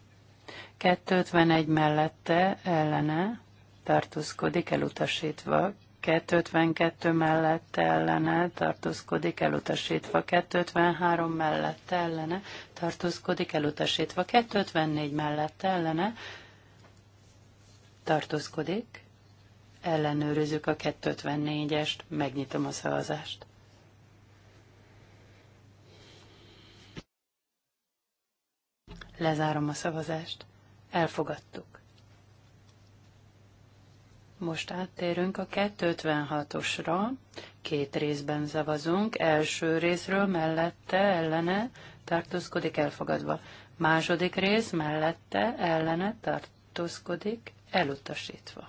[SPEAKER 2] 251 mellette ellene tartózkodik elutasítva, 252 mellette ellene tartózkodik elutasítva, 253 mellette ellene tartózkodik elutasítva, 254 mellette ellene tartózkodik, ellenőrizzük a 254-est, megnyitom a szavazást. Lezárom a szavazást. Elfogadtuk. Most áttérünk a 256-osra. Két részben szavazunk. Első részről mellette, ellene, tartózkodik elfogadva. Második rész mellette, ellene, tartózkodik elutasítva.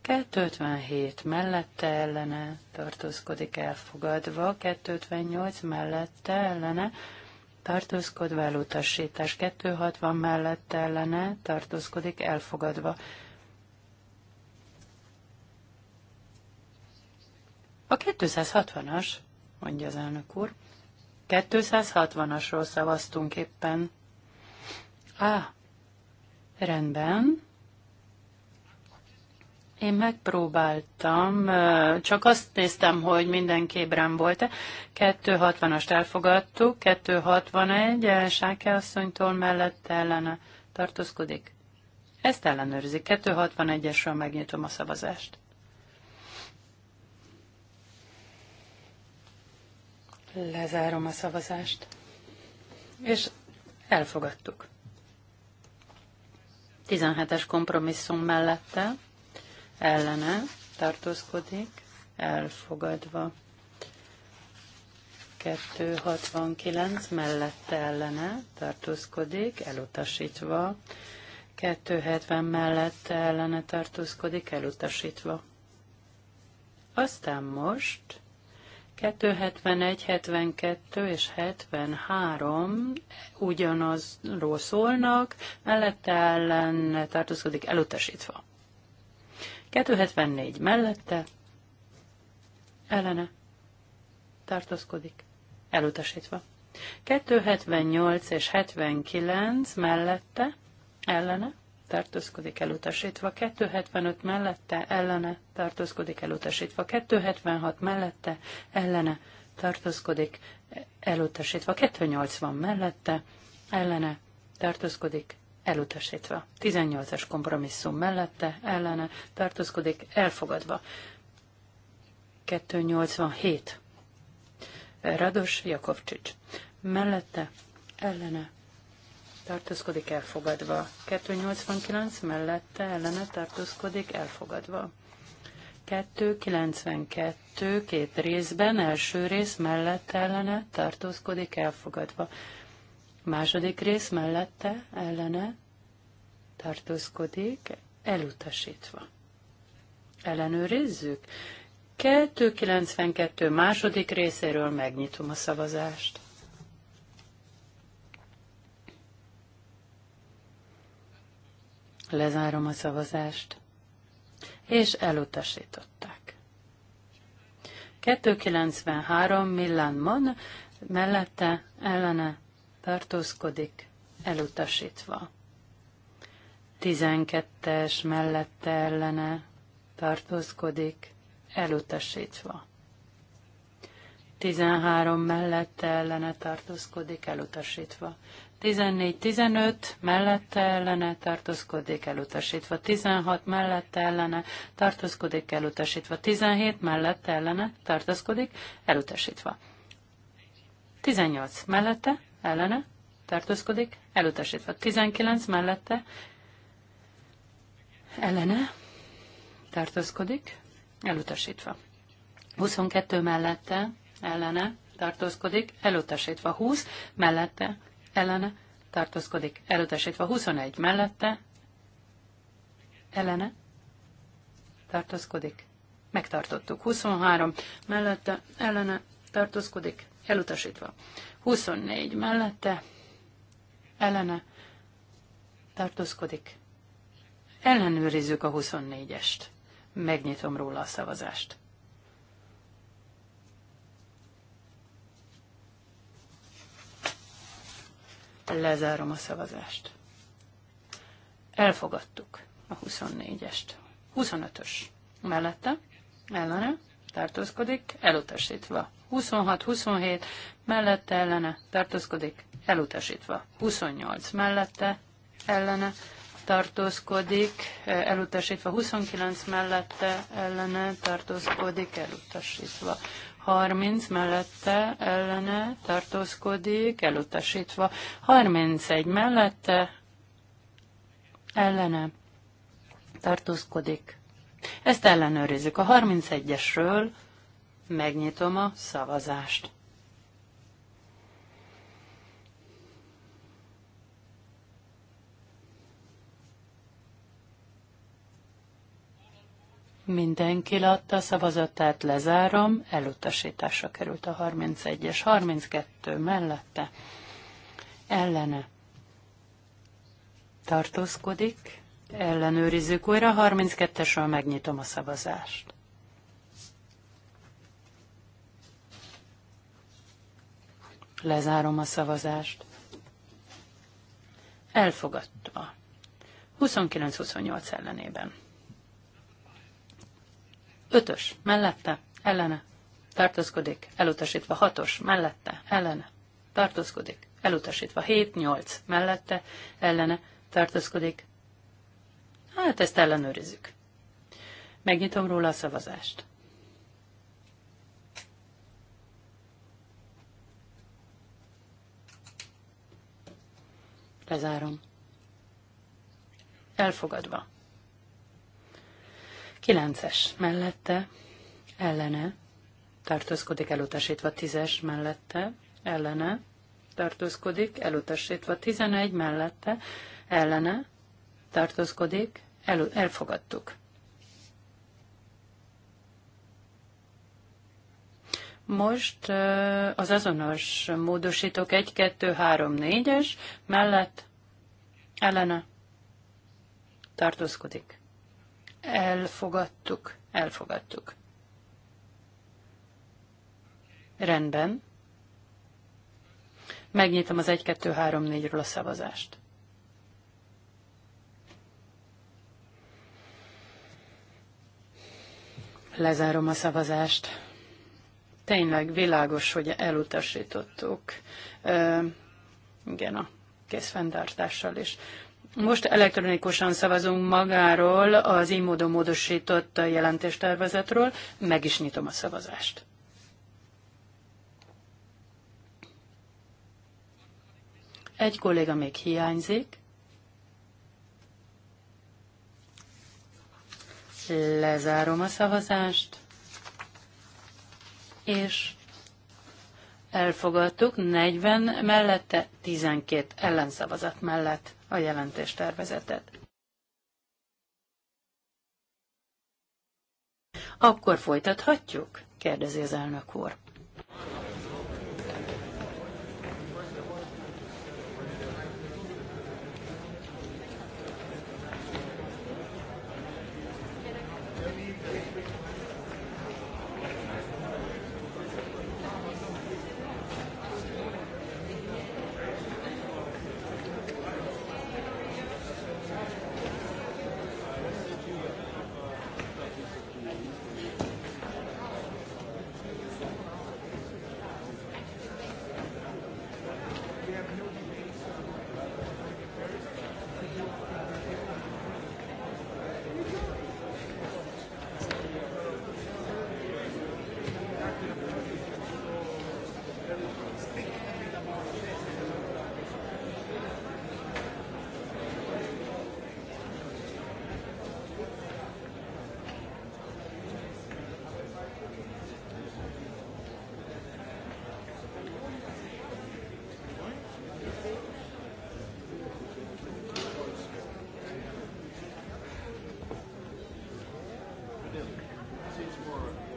[SPEAKER 2] 257 mellette ellene tartózkodik elfogadva, 258 mellette ellene tartózkodva elutasítás 260 mellett ellene tartózkodik elfogadva. A 260-as, mondja az elnök úr, 260-asról szavaztunk éppen. Á, rendben, én megpróbáltam, csak azt néztem, hogy minden képrem volt-e. 260-ast elfogadtuk, 261, eh, Sáke asszonytól mellette ellene tartózkodik. Ezt ellenőrzik. 261-esről megnyitom a szavazást. Lezárom a szavazást. És elfogadtuk. 17-es kompromisszum mellette ellene tartózkodik, elfogadva. 269 mellette ellene tartózkodik, elutasítva. 270 mellette ellene tartózkodik, elutasítva. Aztán most 271, 72 és 73 ugyanazról szólnak, mellette ellen tartózkodik elutasítva. 274 mellette, ellene, tartózkodik, elutasítva. 278 és 79 mellette, ellene, tartózkodik elutasítva, 275 mellette, ellene, tartózkodik elutasítva, 276 mellette, ellene, tartózkodik elutasítva, 280 mellette, ellene, tartózkodik elutasítva. 18-as kompromisszum mellette, ellene tartózkodik, elfogadva. 287. Rados Jakovcsics. Mellette, ellene tartózkodik, elfogadva. 289 mellette, ellene tartózkodik, elfogadva. 292 két részben, első rész mellette, ellene tartózkodik, elfogadva Második rész mellette, ellene tartózkodik, elutasítva. Ellenőrizzük. 292 második részéről megnyitom a szavazást. Lezárom a szavazást. És elutasították. 293 Millán Mon mellette ellene tartózkodik, elutasítva. Tizenkettes mellette ellene tartózkodik, elutasítva. Tizenhárom mellette ellene tartózkodik, elutasítva. 14-15 mellette ellene tartózkodik, elutasítva. 16 mellette ellene tartózkodik, elutasítva. 17 mellette ellene tartózkodik, elutasítva. 18 mellette ellene, tartózkodik, elutasítva. 19 mellette, ellene, tartózkodik, elutasítva. 22 mellette, ellene, tartózkodik, elutasítva. 20 mellette, ellene, tartózkodik, elutasítva. 21 mellette, ellene, tartózkodik, megtartottuk. 23 mellette, ellene, tartózkodik, elutasítva. 24 mellette ellene tartózkodik. Ellenőrizzük a 24-est. Megnyitom róla a szavazást. Lezárom a szavazást. Elfogadtuk a 24-est. 25-ös mellette, ellene, tartózkodik, elutasítva. 26-27 mellette ellene tartózkodik, elutasítva. 28 mellette ellene tartózkodik, elutasítva. 29 mellette ellene tartózkodik, elutasítva. 30 mellette ellene tartózkodik, elutasítva. 31 mellette ellene tartózkodik, ezt ellenőrizzük. A 31-esről megnyitom a szavazást. Mindenki látta a szavazatát, lezárom, elutasításra került a 31-es, 32 mellette, ellene tartózkodik, ellenőrizzük újra. 32-esről megnyitom a szavazást. Lezárom a szavazást. Elfogadta. 29-28 ellenében. Ötös, mellette, ellene, tartózkodik, elutasítva. Hatos, mellette, ellene, tartózkodik, elutasítva. 7-8, mellette, ellene, tartózkodik, Hát ezt ellenőrizzük. Megnyitom róla a szavazást. Lezárom. Elfogadva. Kilences mellette, ellene, tartózkodik elutasítva tízes mellette, ellene, tartózkodik elutasítva tizenegy mellette, ellene, tartózkodik el, elfogadtuk. Most az azonos módosítók 1, 2, 3, 4-es mellett ellene tartózkodik. Elfogadtuk, elfogadtuk. Rendben. Megnyitom az 1, 2, 3, 4-ről a szavazást. Lezárom a szavazást. Tényleg világos, hogy elutasítottuk. E, igen, a készfenntartással is. Most elektronikusan szavazunk magáról az így módon módosított jelentéstervezetről. Meg is nyitom a szavazást. Egy kolléga még hiányzik. Lezárom a szavazást, és elfogadtuk 40 mellette 12 ellenszavazat mellett a tervezetet. Akkor folytathatjuk? kérdezi az elnök úr. for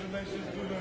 [SPEAKER 2] congratulations to the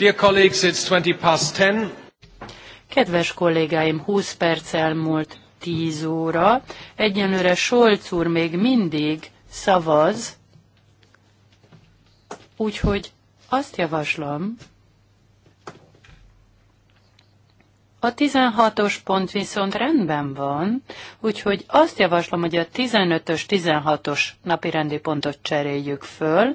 [SPEAKER 1] Dear colleagues, it's 20 past 10.
[SPEAKER 2] Kedves kollégáim, 20 perc elmúlt 10 óra. Egyenlőre Solc úr még mindig szavaz, úgyhogy azt javaslom, A 16-os pont viszont rendben van, úgyhogy azt javaslom, hogy a 15-ös, 16-os napi rendi pontot cseréljük föl,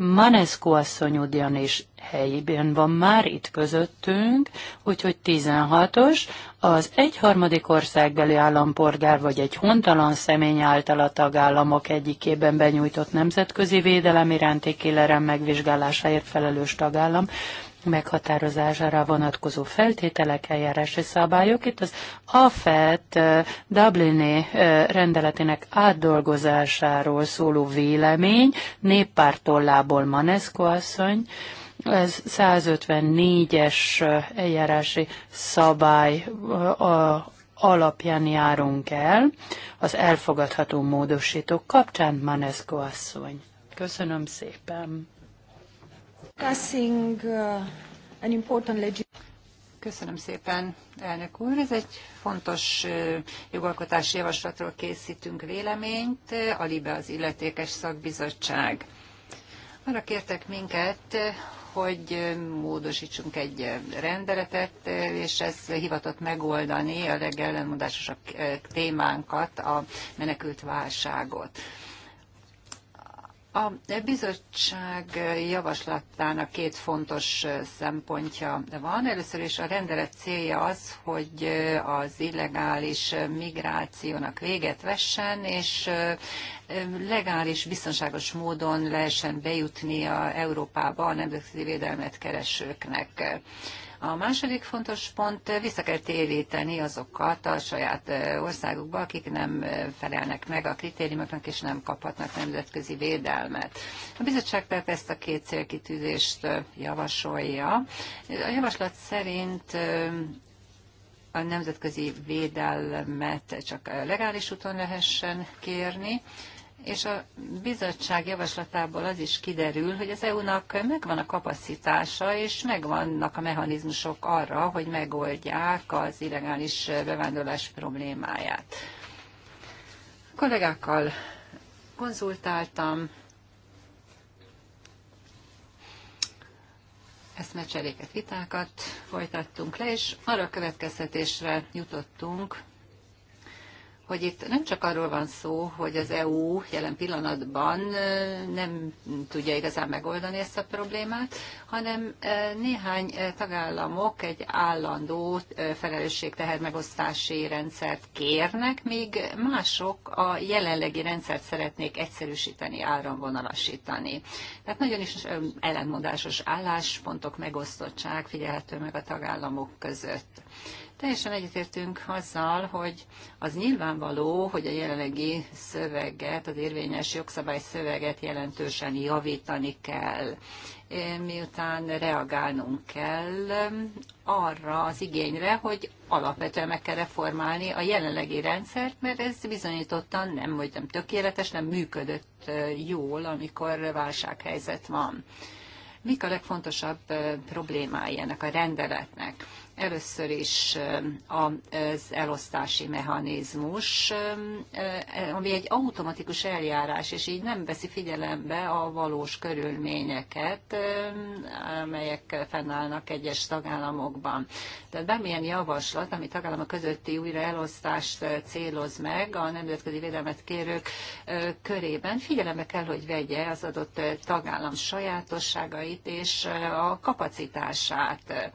[SPEAKER 2] Manesco asszony ugyanis helyében van már itt közöttünk, úgyhogy 16-os, az egyharmadik országbeli állampolgár vagy egy hontalan személy által a tagállamok egyikében benyújtott nemzetközi védelem iránti kélelem megvizsgálásáért felelős tagállam meghatározására vonatkozó feltételek, eljárási szabályok. Itt az AFET Dublini rendeletének átdolgozásáról szóló vélemény, néppártollából Manesko asszony, ez 154-es eljárási szabály alapján járunk el az elfogadható módosítók kapcsán, Manesko asszony. Köszönöm szépen. Uh,
[SPEAKER 3] Köszönöm szépen, elnök úr. Ez egy fontos uh, jogalkotási javaslatról készítünk véleményt, uh, a LIBE az illetékes szakbizottság. Arra kértek minket, hogy módosítsunk egy rendeletet, és ez hivatott megoldani a legellenmondásosabb témánkat, a menekült válságot. A bizottság javaslatának két fontos szempontja van. Először is a rendelet célja az, hogy az illegális migrációnak véget vessen, és legális, biztonságos módon lehessen bejutni a Európába a nemzetközi védelmet keresőknek. A második fontos pont, eh, vissza kell téríteni azokat a saját eh, országukba, akik nem eh, felelnek meg a kritériumoknak és nem kaphatnak nemzetközi védelmet. A bizottság tehát ezt a két célkitűzést javasolja. A javaslat szerint a nemzetközi védelmet csak legális úton lehessen kérni, és a bizottság javaslatából az is kiderül, hogy az EU-nak megvan a kapacitása, és megvannak a mechanizmusok arra, hogy megoldják az illegális bevándorlás problémáját. A kollégákkal konzultáltam, mecseréket, vitákat folytattunk le, és arra a következtetésre jutottunk, hogy itt nem csak arról van szó, hogy az EU jelen pillanatban nem tudja igazán megoldani ezt a problémát, hanem néhány tagállamok egy állandó felelősségteher megosztási rendszert kérnek, míg mások a jelenlegi rendszert szeretnék egyszerűsíteni, áramvonalasítani. Tehát nagyon is ellentmondásos álláspontok, megosztottság figyelhető meg a tagállamok között. Teljesen egyetértünk azzal, hogy az nyilvánvaló, hogy a jelenlegi szöveget, az érvényes jogszabály szöveget jelentősen javítani kell, miután reagálnunk kell arra az igényre, hogy alapvetően meg kell reformálni a jelenlegi rendszert, mert ez bizonyítottan nem, hogy nem tökéletes, nem működött jól, amikor válsághelyzet van. Mik a legfontosabb problémái ennek a rendeletnek? Először is az elosztási mechanizmus, ami egy automatikus eljárás, és így nem veszi figyelembe a valós körülményeket, amelyek fennállnak egyes tagállamokban. Tehát bármilyen javaslat, ami tagállamok közötti újra elosztást céloz meg a nemzetközi védelmet kérők körében, figyelembe kell, hogy vegye az adott tagállam sajátosságait és a kapacitását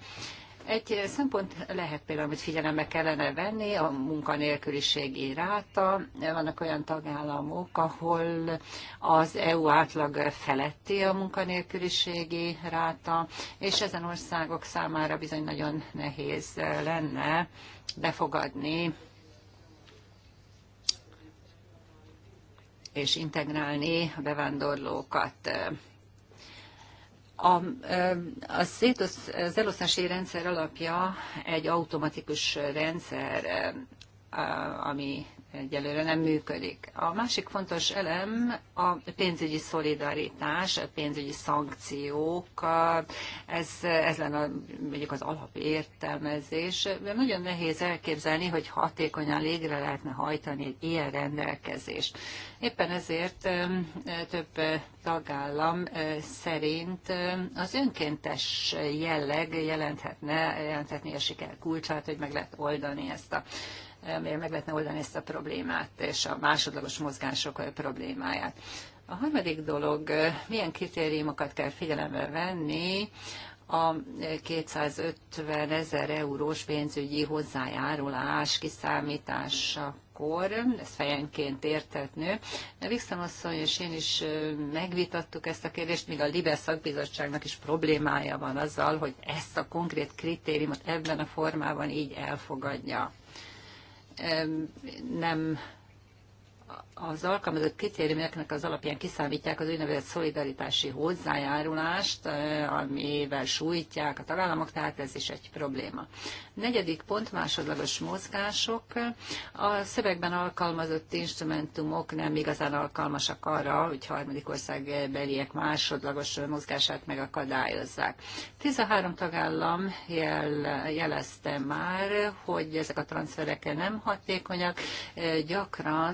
[SPEAKER 3] egy szempont lehet például, amit figyelembe kellene venni, a munkanélküliségi ráta. Vannak olyan tagállamok, ahol az EU átlag feletti a munkanélküliségi ráta, és ezen országok számára bizony nagyon nehéz lenne befogadni és integrálni a bevándorlókat. A, a szétosz, az elosztási rendszer alapja egy automatikus rendszer, ami egyelőre nem működik. A másik fontos elem a pénzügyi szolidaritás, a pénzügyi szankciók, ez, ez lenne mondjuk az alapértelmezés. mert nagyon nehéz elképzelni, hogy hatékonyan légre lehetne hajtani egy ilyen rendelkezést. Éppen ezért több tagállam szerint az önkéntes jelleg jelenthetne, jelenthetné a siker kulcsát, hogy meg lehet oldani ezt a amivel meg lehetne oldani ezt a problémát, és a másodlagos mozgások problémáját. A harmadik dolog, milyen kritériumokat kell figyelembe venni a 250 ezer eurós pénzügyi hozzájárulás kiszámításakor, ez fejenként értetnő. Vixen asszony és én is megvitattuk ezt a kérdést, míg a Libe szakbizottságnak is problémája van azzal, hogy ezt a konkrét kritériumot ebben a formában így elfogadja nem az alkalmazott kritériumoknak az alapján kiszámítják az úgynevezett szolidaritási hozzájárulást, eh, amivel sújtják a tagállamok, tehát ez is egy probléma. Negyedik pont, másodlagos mozgások. A szövegben alkalmazott instrumentumok nem igazán alkalmasak arra, hogy harmadik ország beliek másodlagos mozgását megakadályozzák. 13 tagállam jel, jelezte már, hogy ezek a transferek nem hatékonyak, eh, gyakran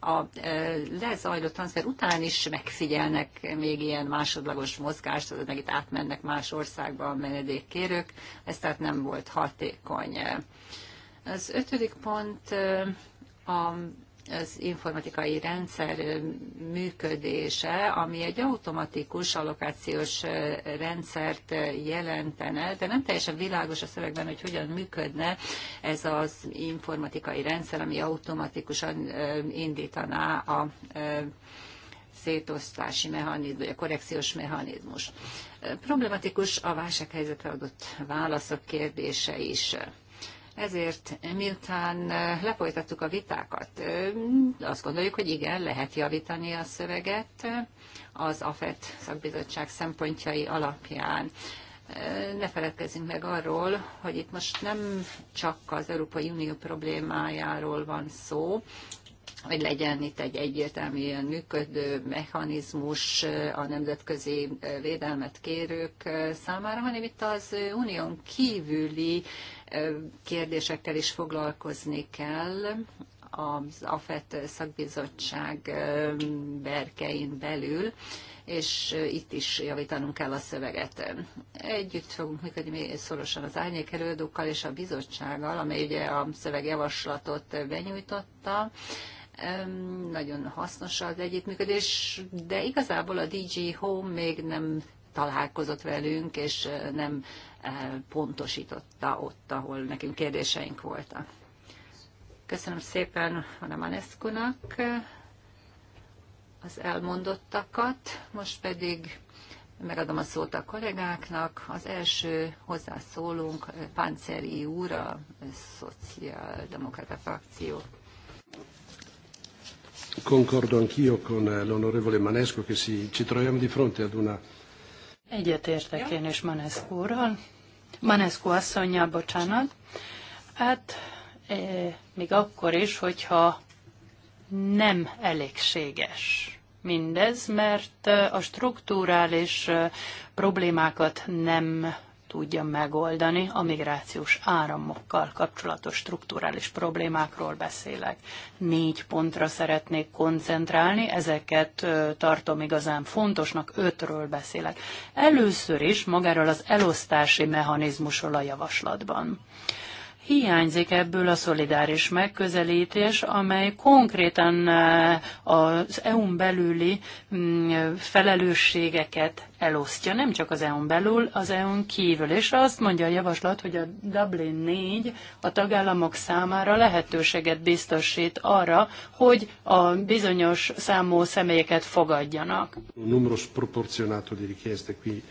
[SPEAKER 3] a lezajlott transfer után is megfigyelnek még ilyen másodlagos mozgást, az meg itt átmennek más országba a menedékkérők, ez tehát nem volt hatékony. Az ötödik pont a az informatikai rendszer működése, ami egy automatikus allokációs rendszert jelentene, de nem teljesen világos a szövegben, hogy hogyan működne ez az informatikai rendszer, ami automatikusan indítaná a szétosztási mechanizmus, vagy a korrekciós mechanizmus. Problematikus a válsághelyzetre adott válaszok kérdése is. Ezért miután eh, lefolytattuk a vitákat, eh, azt gondoljuk, hogy igen, lehet javítani a szöveget eh, az AFET szakbizottság szempontjai alapján ne feledkezzünk meg arról, hogy itt most nem csak az Európai Unió problémájáról van szó, hogy legyen itt egy egyértelműen működő mechanizmus a nemzetközi védelmet kérők számára, hanem itt az unión kívüli kérdésekkel is foglalkozni kell az AFET szakbizottság berkein belül, és itt is javítanunk kell a szöveget. Együtt fogunk működni szorosan az árnyék és a bizottsággal, amely ugye a szövegjavaslatot benyújtotta, nagyon hasznos az együttműködés, de igazából a DG Home még nem találkozott velünk, és nem pontosította ott, ahol nekünk kérdéseink voltak. Köszönöm szépen Anna Manescu-nak az elmondottakat, most pedig megadom a szót a kollégáknak. Az első hozzászólunk Pánceri úr, a Szociáldemokrata Frakció.
[SPEAKER 1] Concordo anch'io con l'onorevole Manesco che si, ci troviamo di fronte ad una
[SPEAKER 2] Egyetértek én is Manescu úrral. Manescu bocsánat. Hát e, még akkor is, hogyha nem elégséges mindez, mert e, a strukturális e, problémákat nem tudja megoldani a migrációs áramokkal kapcsolatos strukturális problémákról beszélek. Négy pontra szeretnék koncentrálni, ezeket tartom igazán fontosnak, ötről beszélek. Először is magáról az elosztási mechanizmusról a javaslatban hiányzik ebből a szolidáris megközelítés, amely konkrétan eh, az EU-n belüli mm, felelősségeket elosztja, nem csak az EU-n belül, az EU-n kívül. És azt mondja a javaslat, hogy a Dublin 4 a tagállamok számára lehetőséget biztosít arra, hogy a bizonyos számú személyeket fogadjanak.
[SPEAKER 1] Numero sproporzionato di richieste qui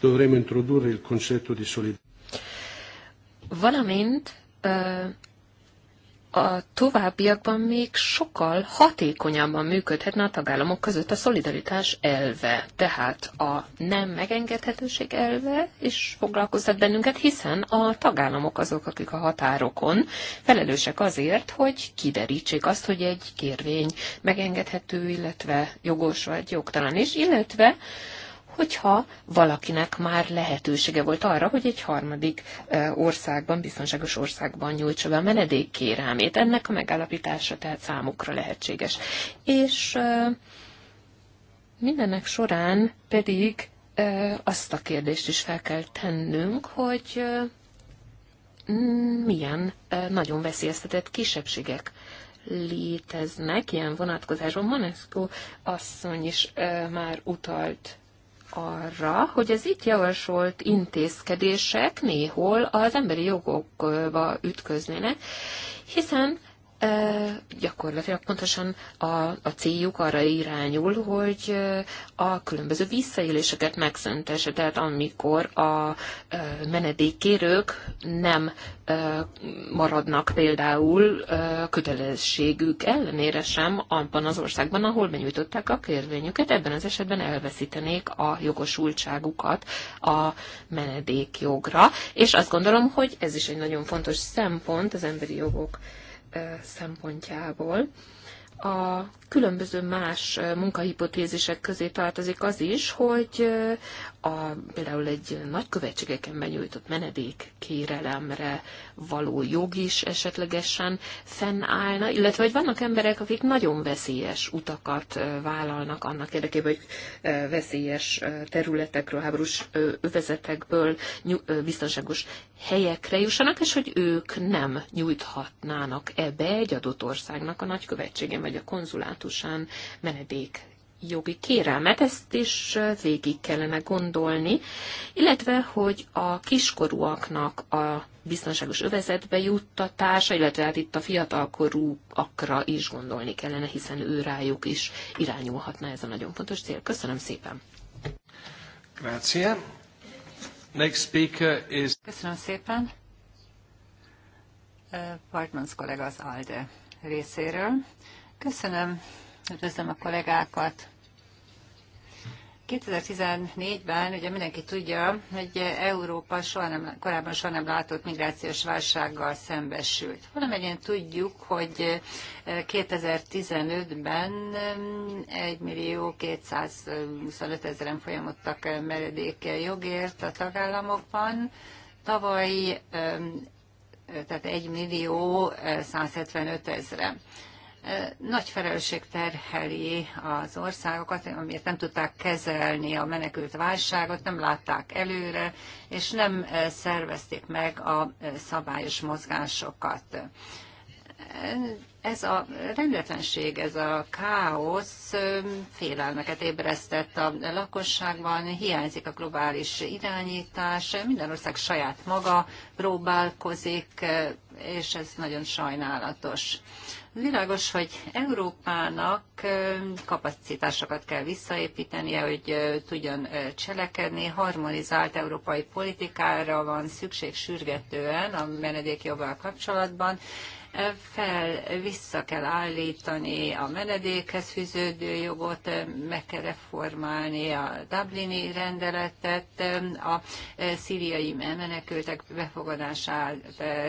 [SPEAKER 1] dovremmo introdurre il concetto di solidarietà valamint a továbbiakban még sokkal hatékonyabban működhetne a tagállamok között a szolidaritás elve, tehát a nem megengedhetőség elve is foglalkoztat bennünket, hiszen a tagállamok azok, akik a határokon felelősek azért, hogy kiderítsék azt, hogy egy kérvény megengedhető, illetve jogos vagy jogtalan is, illetve hogyha valakinek már lehetősége volt arra, hogy egy harmadik országban, biztonságos országban nyújtsa be a menedékkérelmét. Ennek a megállapítása tehát számukra lehetséges. És mindennek során pedig azt a kérdést is fel kell tennünk, hogy milyen nagyon veszélyeztetett kisebbségek léteznek ilyen vonatkozásban. Manesco asszony is már utalt arra, hogy az itt javasolt intézkedések néhol az emberi jogokba ütköznének, hiszen gyakorlatilag pontosan a, a céljuk arra irányul, hogy a különböző visszaéléseket megszöntesse, tehát amikor a menedékkérők nem maradnak például kötelességük ellenére sem abban az országban, ahol benyújtották a kérvényüket, ebben az esetben elveszítenék a jogosultságukat a menedékjogra, és azt gondolom, hogy ez is egy nagyon fontos szempont az emberi jogok szempontjából. A különböző más munkahipotézisek közé tartozik az is, hogy a, például egy nagykövetségeken benyújtott menedék kérelemre való jog is esetlegesen fennállna, illetve hogy vannak emberek, akik nagyon veszélyes utakat vállalnak annak érdekében, hogy veszélyes területekről, háborús övezetekből biztonságos helyekre jussanak, és hogy ők nem nyújthatnának ebbe egy adott országnak a nagykövetségen vagy a konzulátusán menedék jogi kérelmet, ezt is végig kellene gondolni, illetve hogy a kiskorúaknak a biztonságos övezetbe juttatása, illetve hát itt a fiatalkorúakra is gondolni kellene, hiszen ő rájuk is irányulhatna ez a nagyon fontos cél. Köszönöm szépen! Grazie. Next speaker is... Köszönöm szépen!
[SPEAKER 3] Partmans kollega az ALDE részéről. Köszönöm, üdvözlöm a kollégákat. 2014-ben ugye mindenki tudja, hogy Európa soha nem, korábban soha nem látott migrációs válsággal szembesült. Valamennyien tudjuk, hogy 2015-ben 1 millió 225 ezeren folyamodtak meredékkel jogért a tagállamokban. Tavaly eh, tehát 1 millió 175 ezeren nagy felelősség terheli az országokat, amiért nem tudták kezelni a menekült válságot, nem látták előre, és nem szervezték meg a szabályos mozgásokat. Ez a rendetlenség, ez a káosz félelmeket ébresztett a lakosságban, hiányzik a globális irányítás, minden ország saját maga próbálkozik, és ez nagyon sajnálatos. Világos, hogy Európának kapacitásokat kell visszaépítenie, hogy tudjon cselekedni. Harmonizált európai politikára van szükség sürgetően a menedékjoggal kapcsolatban, fel, vissza kell állítani a menedékhez fűződő jogot, meg kell reformálni a Dublini rendeletet, a szíriai menekültek befogadását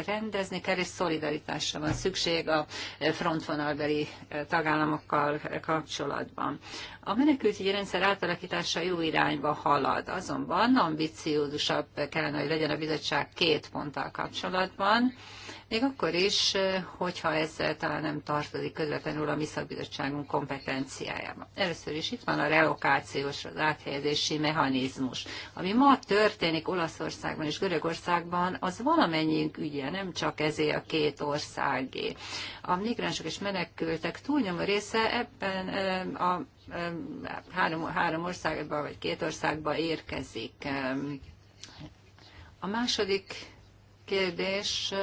[SPEAKER 3] rendezni kell, és szolidaritásra van szükség a frontvonalbeli tagállamokkal kapcsolatban. A menekültügyi rendszer átalakítása jó irányba halad, azonban ambiciózusabb kellene, hogy legyen a bizottság két ponttal kapcsolatban. Még akkor is, hogyha ez talán nem tartozik közvetlenül a mi szakbizottságunk kompetenciájába. Először is itt van a relokációs, az áthelyezési mechanizmus. Ami ma történik Olaszországban és Görögországban, az valamennyiünk ügye, nem csak ezé a két országé. A migránsok és menekültek túlnyomó része ebben a három, három országban vagy két országba érkezik. A második kérdés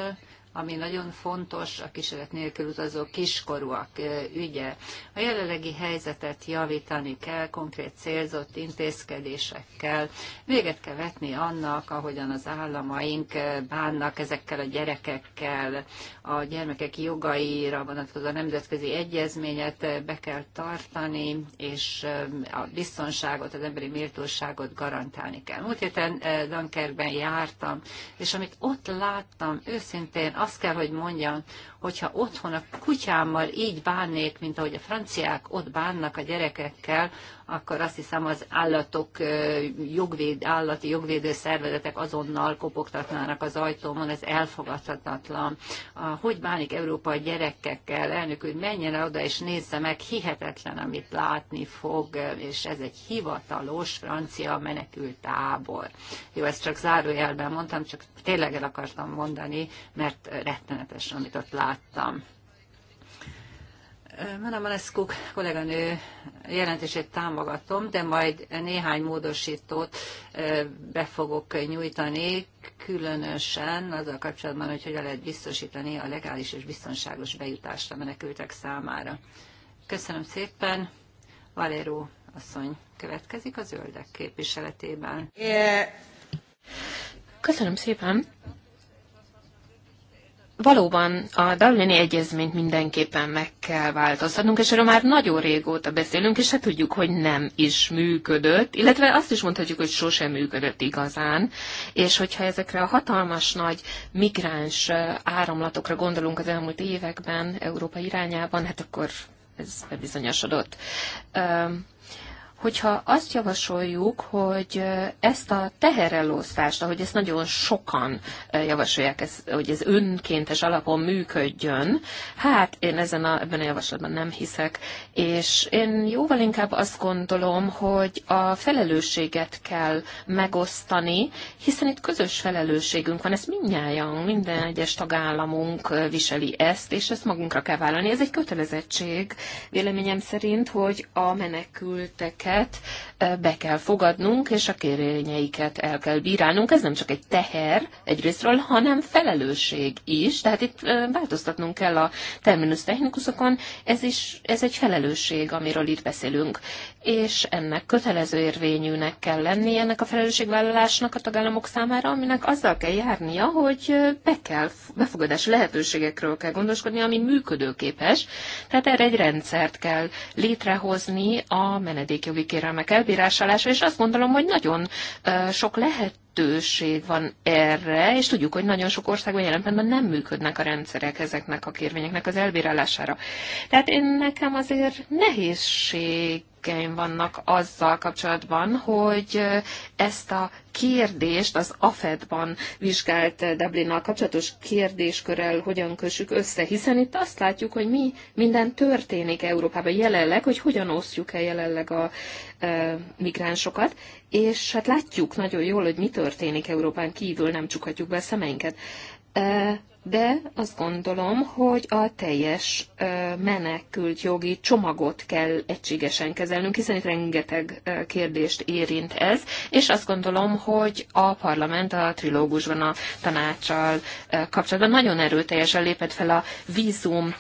[SPEAKER 3] ami nagyon fontos a kísérlet nélkül utazó kiskorúak ügye. A jelenlegi helyzetet javítani kell konkrét célzott intézkedésekkel. Véget kell vetni annak, ahogyan az államaink bánnak ezekkel a gyerekekkel. A gyermekek jogaira vonatkozó nemzetközi egyezményet be kell tartani, és a biztonságot, az emberi méltóságot garantálni kell. Múlt héten Dunkerben jártam, és amit ott láttam, őszintén azt kell, hogy mondjam, hogyha otthon a kutyámmal így bánnék, mint ahogy a franciák ott bánnak a gyerekekkel, akkor azt hiszem az állatok, jogvéd, állati jogvédő szervezetek azonnal kopogtatnának az ajtómon, ez elfogadhatatlan. Hogy bánik Európa a gyerekekkel? Elnök úr, menjen oda és nézze meg, hihetetlen, amit látni fog, és ez egy hivatalos francia menekült tábor. Jó, ezt csak zárójelben mondtam, csak tényleg el akartam mondani, mert rettenetes, amit ott lát láttam. Mena Malescu kolléganő jelentését támogatom, de majd néhány módosítót be fogok nyújtani, különösen azzal kapcsolatban, hogy hogyan lehet biztosítani a legális és biztonságos bejutást a menekültek számára. Köszönöm szépen.
[SPEAKER 1] Valéró asszony következik a zöldek képviseletében. Köszönöm szépen valóban a Dublini egyezményt mindenképpen meg kell változtatnunk, és erről már nagyon régóta beszélünk, és hát tudjuk, hogy nem is működött, illetve azt is mondhatjuk, hogy sosem működött igazán, és hogyha ezekre a hatalmas nagy migráns áramlatokra gondolunk az elmúlt években Európa irányában, hát akkor ez bebizonyosodott hogyha azt javasoljuk, hogy ezt a teherelosztást, ahogy ezt nagyon sokan javasolják, ez, hogy ez önkéntes alapon működjön, hát én ezen a, ebben a javaslatban nem hiszek, és én jóval inkább azt gondolom, hogy a felelősséget kell megosztani, hiszen itt közös felelősségünk van, ezt mindnyájan, minden egyes tagállamunk viseli ezt, és ezt magunkra kell vállalni. Ez egy kötelezettség véleményem szerint, hogy a menekülteket be kell fogadnunk, és a kérényeiket el kell bírálnunk. Ez nem csak egy teher egyrésztről, hanem felelősség is, tehát itt változtatnunk kell a terminus technikusokon, ez is ez egy felelősség, amiről itt beszélünk és ennek kötelező érvényűnek kell lennie, ennek a felelősségvállalásnak a tagállamok számára, aminek azzal kell járnia, hogy be kell, befogadási lehetőségekről kell gondoskodni, ami működőképes, tehát erre egy rendszert kell létrehozni a menedékjogi kérelmek elbírásolása, és azt gondolom, hogy nagyon sok lehet lehetőség van erre, és tudjuk, hogy nagyon sok országban jelen pillanatban nem működnek a rendszerek ezeknek a kérvényeknek az elbírálására. Tehát én nekem azért nehézség kétségeim vannak azzal kapcsolatban, hogy ezt a kérdést az AFED-ban vizsgált Dublinnal kapcsolatos kérdéskörrel hogyan kössük össze, hiszen itt azt látjuk, hogy mi minden történik Európában jelenleg, hogy hogyan osztjuk el jelenleg a e, migránsokat, és hát látjuk nagyon jól, hogy mi történik Európán kívül, nem csukhatjuk be a szemeinket. E, de azt gondolom, hogy a teljes menekült jogi csomagot kell egységesen kezelnünk, hiszen itt rengeteg kérdést érint ez, és azt gondolom, hogy a parlament a trilógusban a tanácsal kapcsolatban nagyon erőteljesen lépett fel a vízum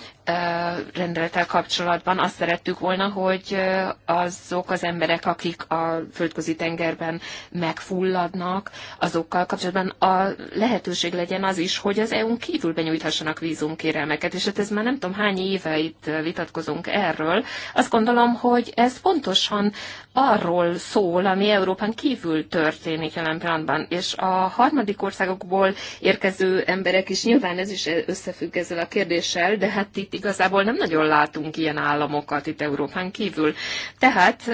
[SPEAKER 1] rendelettel kapcsolatban azt szerettük volna, hogy azok az emberek, akik a földközi tengerben megfulladnak, azokkal kapcsolatban a lehetőség legyen az is, hogy az EU-n kívül benyújthassanak vízumkérelmeket, és hát ez már nem tudom hány éve itt vitatkozunk erről. Azt gondolom, hogy ez pontosan arról szól, ami Európán kívül történik jelen pillanatban, és a harmadik országokból érkező emberek is, nyilván ez is összefügg ezzel a kérdéssel, de hát itt itt igazából nem nagyon látunk ilyen államokat itt Európán kívül. Tehát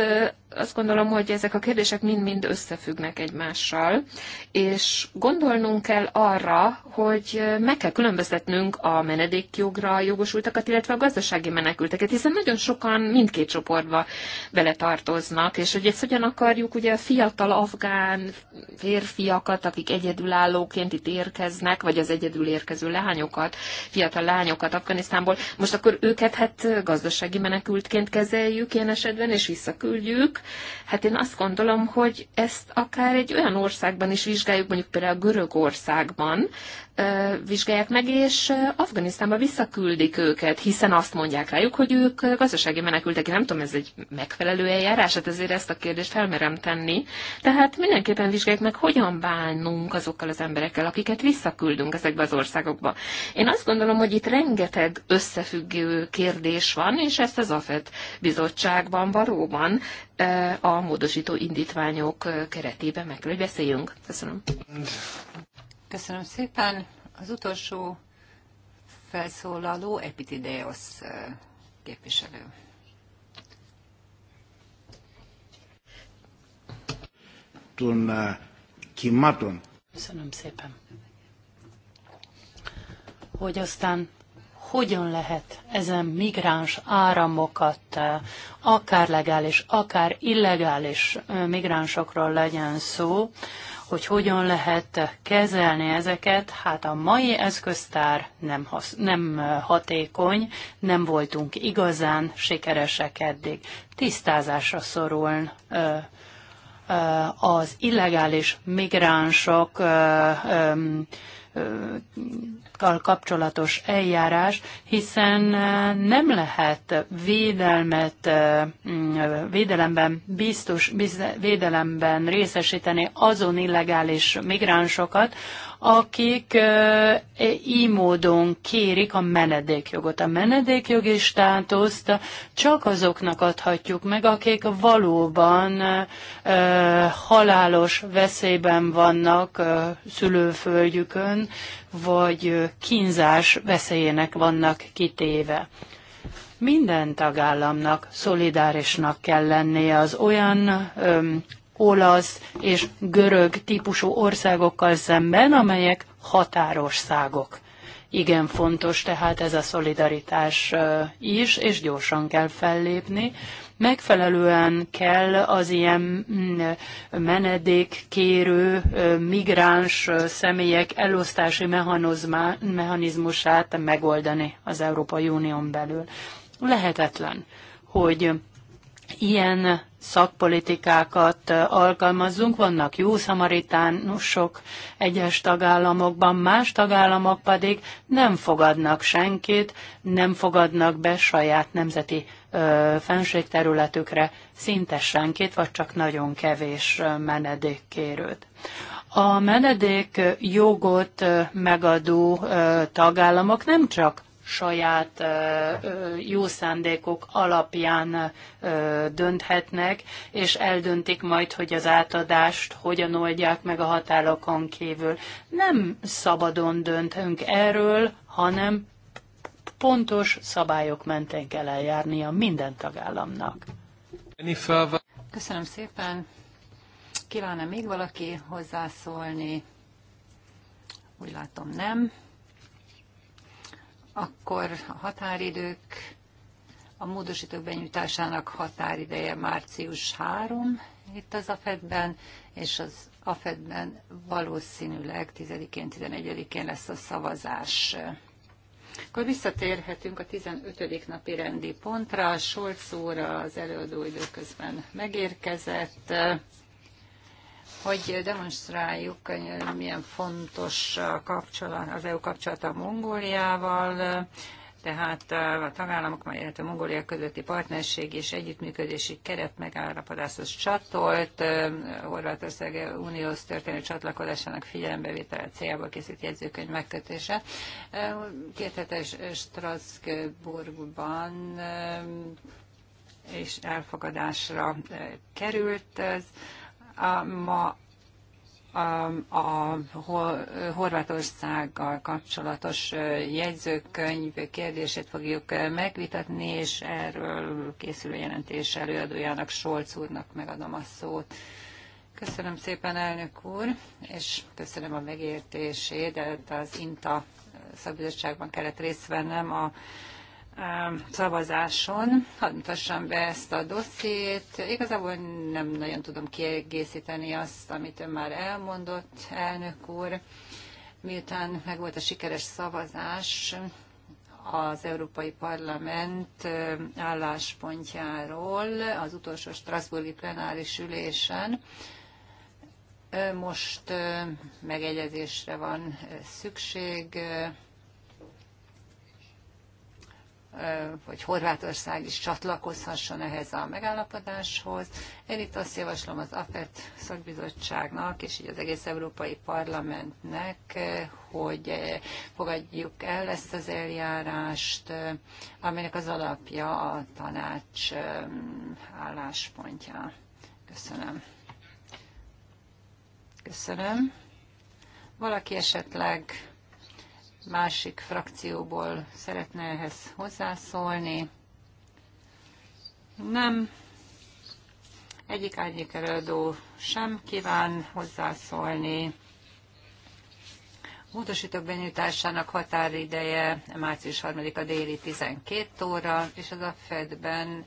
[SPEAKER 1] azt gondolom, hogy ezek a kérdések mind-mind összefüggnek egymással, és gondolnunk kell arra, hogy meg kell különböztetnünk a menedékjogra jogosultakat, illetve a gazdasági menekülteket, hiszen nagyon sokan mindkét csoportba beletartoznak, és hogy ezt hogyan akarjuk, ugye a fiatal afgán férfiakat, akik egyedülállóként itt érkeznek, vagy az egyedül érkező lányokat, fiatal lányokat Afganisztánból, most akkor őket hát gazdasági menekültként kezeljük ilyen esetben, és visszaküldjük. Hát én azt gondolom, hogy ezt akár egy olyan országban is vizsgáljuk, mondjuk például Görögországban, vizsgálják meg, és Afganisztánba visszaküldik őket, hiszen azt mondják rájuk, hogy ők gazdasági menekültek. Én nem tudom, ez egy megfelelő eljárás, hát ezért ezt a kérdést felmerem tenni. Tehát mindenképpen vizsgálják meg, hogyan bánunk azokkal az emberekkel, akiket visszaküldünk ezekbe az országokba. Én azt gondolom, hogy itt rengeteg összefüggő kérdés van, és ezt az AFET bizottságban valóban a módosító indítványok keretében meg kell, hogy beszéljünk. Köszönöm.
[SPEAKER 3] Köszönöm szépen. Az utolsó felszólaló Epitideos képviselő.
[SPEAKER 2] των κυμάτων. Köszönöm szépen. Hogy aztán hogyan lehet ezen migráns áramokat, akár legális, akár illegális migránsokról legyen szó, hogy hogyan lehet kezelni ezeket, hát a mai eszköztár nem, hasz, nem hatékony, nem voltunk igazán sikeresek eddig. Tisztázásra szorul ö, ö, az illegális migránsok ö, ö, kapcsolatos eljárás, hiszen nem lehet védelmet, mm, védelemben biztos, védelemben részesíteni azon illegális migránsokat, akik e, így módon kérik a menedékjogot. A menedékjogi státuszt csak azoknak adhatjuk meg, akik valóban halálos veszélyben vannak szülőföldjükön, vagy kínzás veszélyének vannak kitéve minden tagállamnak szolidárisnak kell lennie az olyan olasz és görög típusú országokkal szemben, amelyek határországok. Igen fontos tehát ez a szolidaritás is, és gyorsan kell fellépni. Megfelelően kell az ilyen mm, menedékkérő migráns személyek elosztási mechanizmusát megoldani az Európai Unión belül. Lehetetlen, hogy ilyen szakpolitikákat alkalmazzunk. Vannak jó szamaritánusok egyes tagállamokban, más tagállamok pedig nem fogadnak senkit, nem fogadnak be saját nemzeti fenségterületükre szinte senkit, vagy csak nagyon kevés menedékkérőt. A menedék jogot megadó tagállamok nem csak saját jó szándékok alapján dönthetnek, és eldöntik majd, hogy az átadást hogyan oldják meg a határokon kívül. Nem szabadon döntünk erről, hanem pontos szabályok mentén kell eljárnia minden tagállamnak.
[SPEAKER 3] Köszönöm szépen. Kívánom még valaki hozzászólni? Úgy látom nem akkor a határidők, a módosítók benyújtásának határideje március 3 itt az AFED-ben, és az AFED-ben valószínűleg 10-én, 11-én lesz a szavazás. Akkor visszatérhetünk a 15. napi rendi pontra. Solc úr az előadó időközben megérkezett hogy demonstráljuk, milyen fontos a kapcsolat, az EU kapcsolata Mongóliával, tehát a tagállamok, illetve a Mongólia közötti partnerség és együttműködési keret megállapodáshoz csatolt, Horvátország Unióhoz történő csatlakozásának figyelembevétele céljából készült jegyzőkönyv megkötése. Két hetes Strasbourgban és elfogadásra került ez a, ma a, a Horvátországgal kapcsolatos jegyzőkönyv kérdését fogjuk megvitatni, és erről készülő jelentés előadójának Solc úrnak megadom a szót. Köszönöm szépen, elnök úr, és köszönöm a megértését, de hát az INTA szakbizottságban kellett részt vennem a szavazáson. Hadd mutassam be ezt a dossziét. Igazából nem nagyon tudom kiegészíteni azt, amit ön már elmondott, elnök úr. Miután megvolt a sikeres szavazás, az Európai Parlament álláspontjáról az utolsó Strasburgi plenáris ülésen. Most megegyezésre van szükség hogy Horvátország is csatlakozhasson ehhez a megállapodáshoz. Én itt azt javaslom az AFET szakbizottságnak, és így az egész Európai Parlamentnek, hogy fogadjuk el ezt az eljárást, aminek az alapja a tanács álláspontja. Köszönöm. Köszönöm. Valaki esetleg másik frakcióból szeretne ehhez hozzászólni. Nem. Egyik árnyék előadó sem kíván hozzászólni. Módosítók benyújtásának határideje március 3-a déli 12 óra, és az a Fedben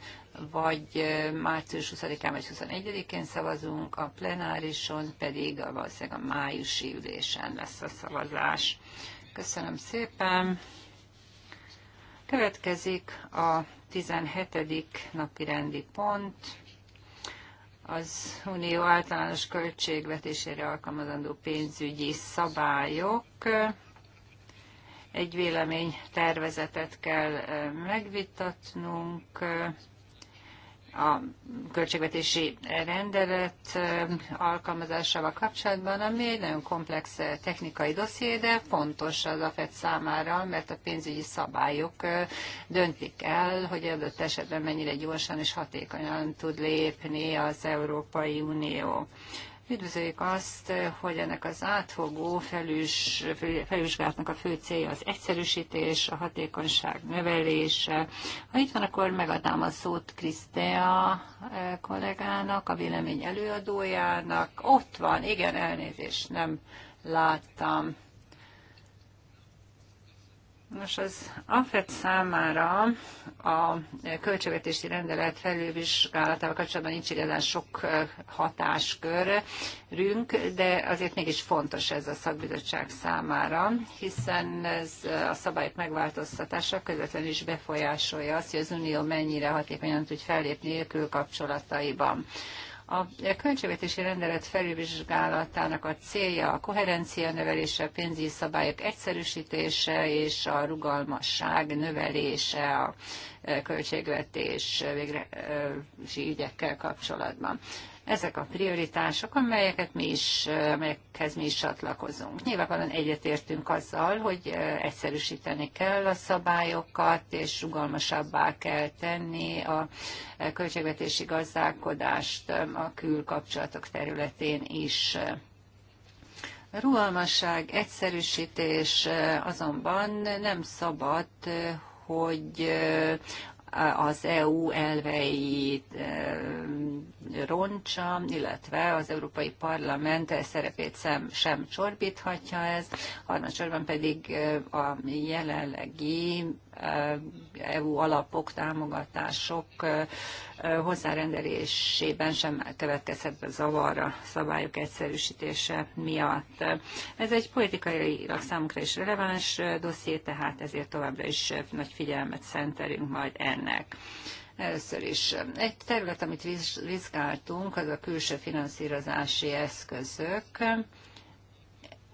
[SPEAKER 3] vagy március 20-án vagy 21-én szavazunk, a plenárison pedig valószínűleg a májusi ülésen lesz a szavazás. Köszönöm szépen. Következik a 17. napi rendi pont, az Unió általános költségvetésére alkalmazandó pénzügyi szabályok. Egy vélemény tervezetet kell eh, megvitatnunk a költségvetési rendelet alkalmazásával kapcsolatban, ami egy nagyon komplex technikai dosszié, de fontos az AFED számára, mert a pénzügyi szabályok döntik el, hogy adott esetben mennyire gyorsan és hatékonyan tud lépni az Európai Unió. Üdvözöljük azt, hogy ennek az átfogó felüs, felvizsgálatnak a fő célja az egyszerűsítés, a hatékonyság növelése. Ha itt van, akkor megadnám a szót Krisztea eh, kollégának, a vélemény előadójának. Ott van, igen, elnézést, nem láttam. Nos, az AFET számára a költségvetési rendelet felülvizsgálatával kapcsolatban nincs igazán sok hatáskörünk, de azért mégis fontos ez a szakbizottság számára, hiszen ez a szabályok megváltoztatása közvetlenül is befolyásolja azt, hogy az Unió mennyire hatékonyan tud fellépni külkapcsolataiban. A költségvetési rendelet felülvizsgálatának a célja a koherencia növelése, a pénzügyi szabályok egyszerűsítése és a rugalmasság növelése a e, költségvetés végre e, ügyekkel kapcsolatban. Ezek a prioritások, amelyeket mi is, amelyekhez mi is csatlakozunk. Nyilvánvalóan egyetértünk azzal, hogy egyszerűsíteni kell a szabályokat, és rugalmasabbá kell tenni a költségvetési gazdálkodást a külkapcsolatok területén is. Rugalmasság, egyszerűsítés azonban nem szabad, hogy az EU elveit roncsa, illetve az Európai Parlament szerepét sem, sem csorbíthatja ez, harmadsorban pedig a jelenlegi EU e alapok, támogatások e, e, hozzárendelésében sem következhet be zavar a szabályok egyszerűsítése miatt. Ez egy politikai számunkra is releváns dosszié, tehát ezért továbbra is nagy figyelmet szentelünk majd ennek. Először is egy terület, amit vizsgáltunk, az a külső finanszírozási eszközök.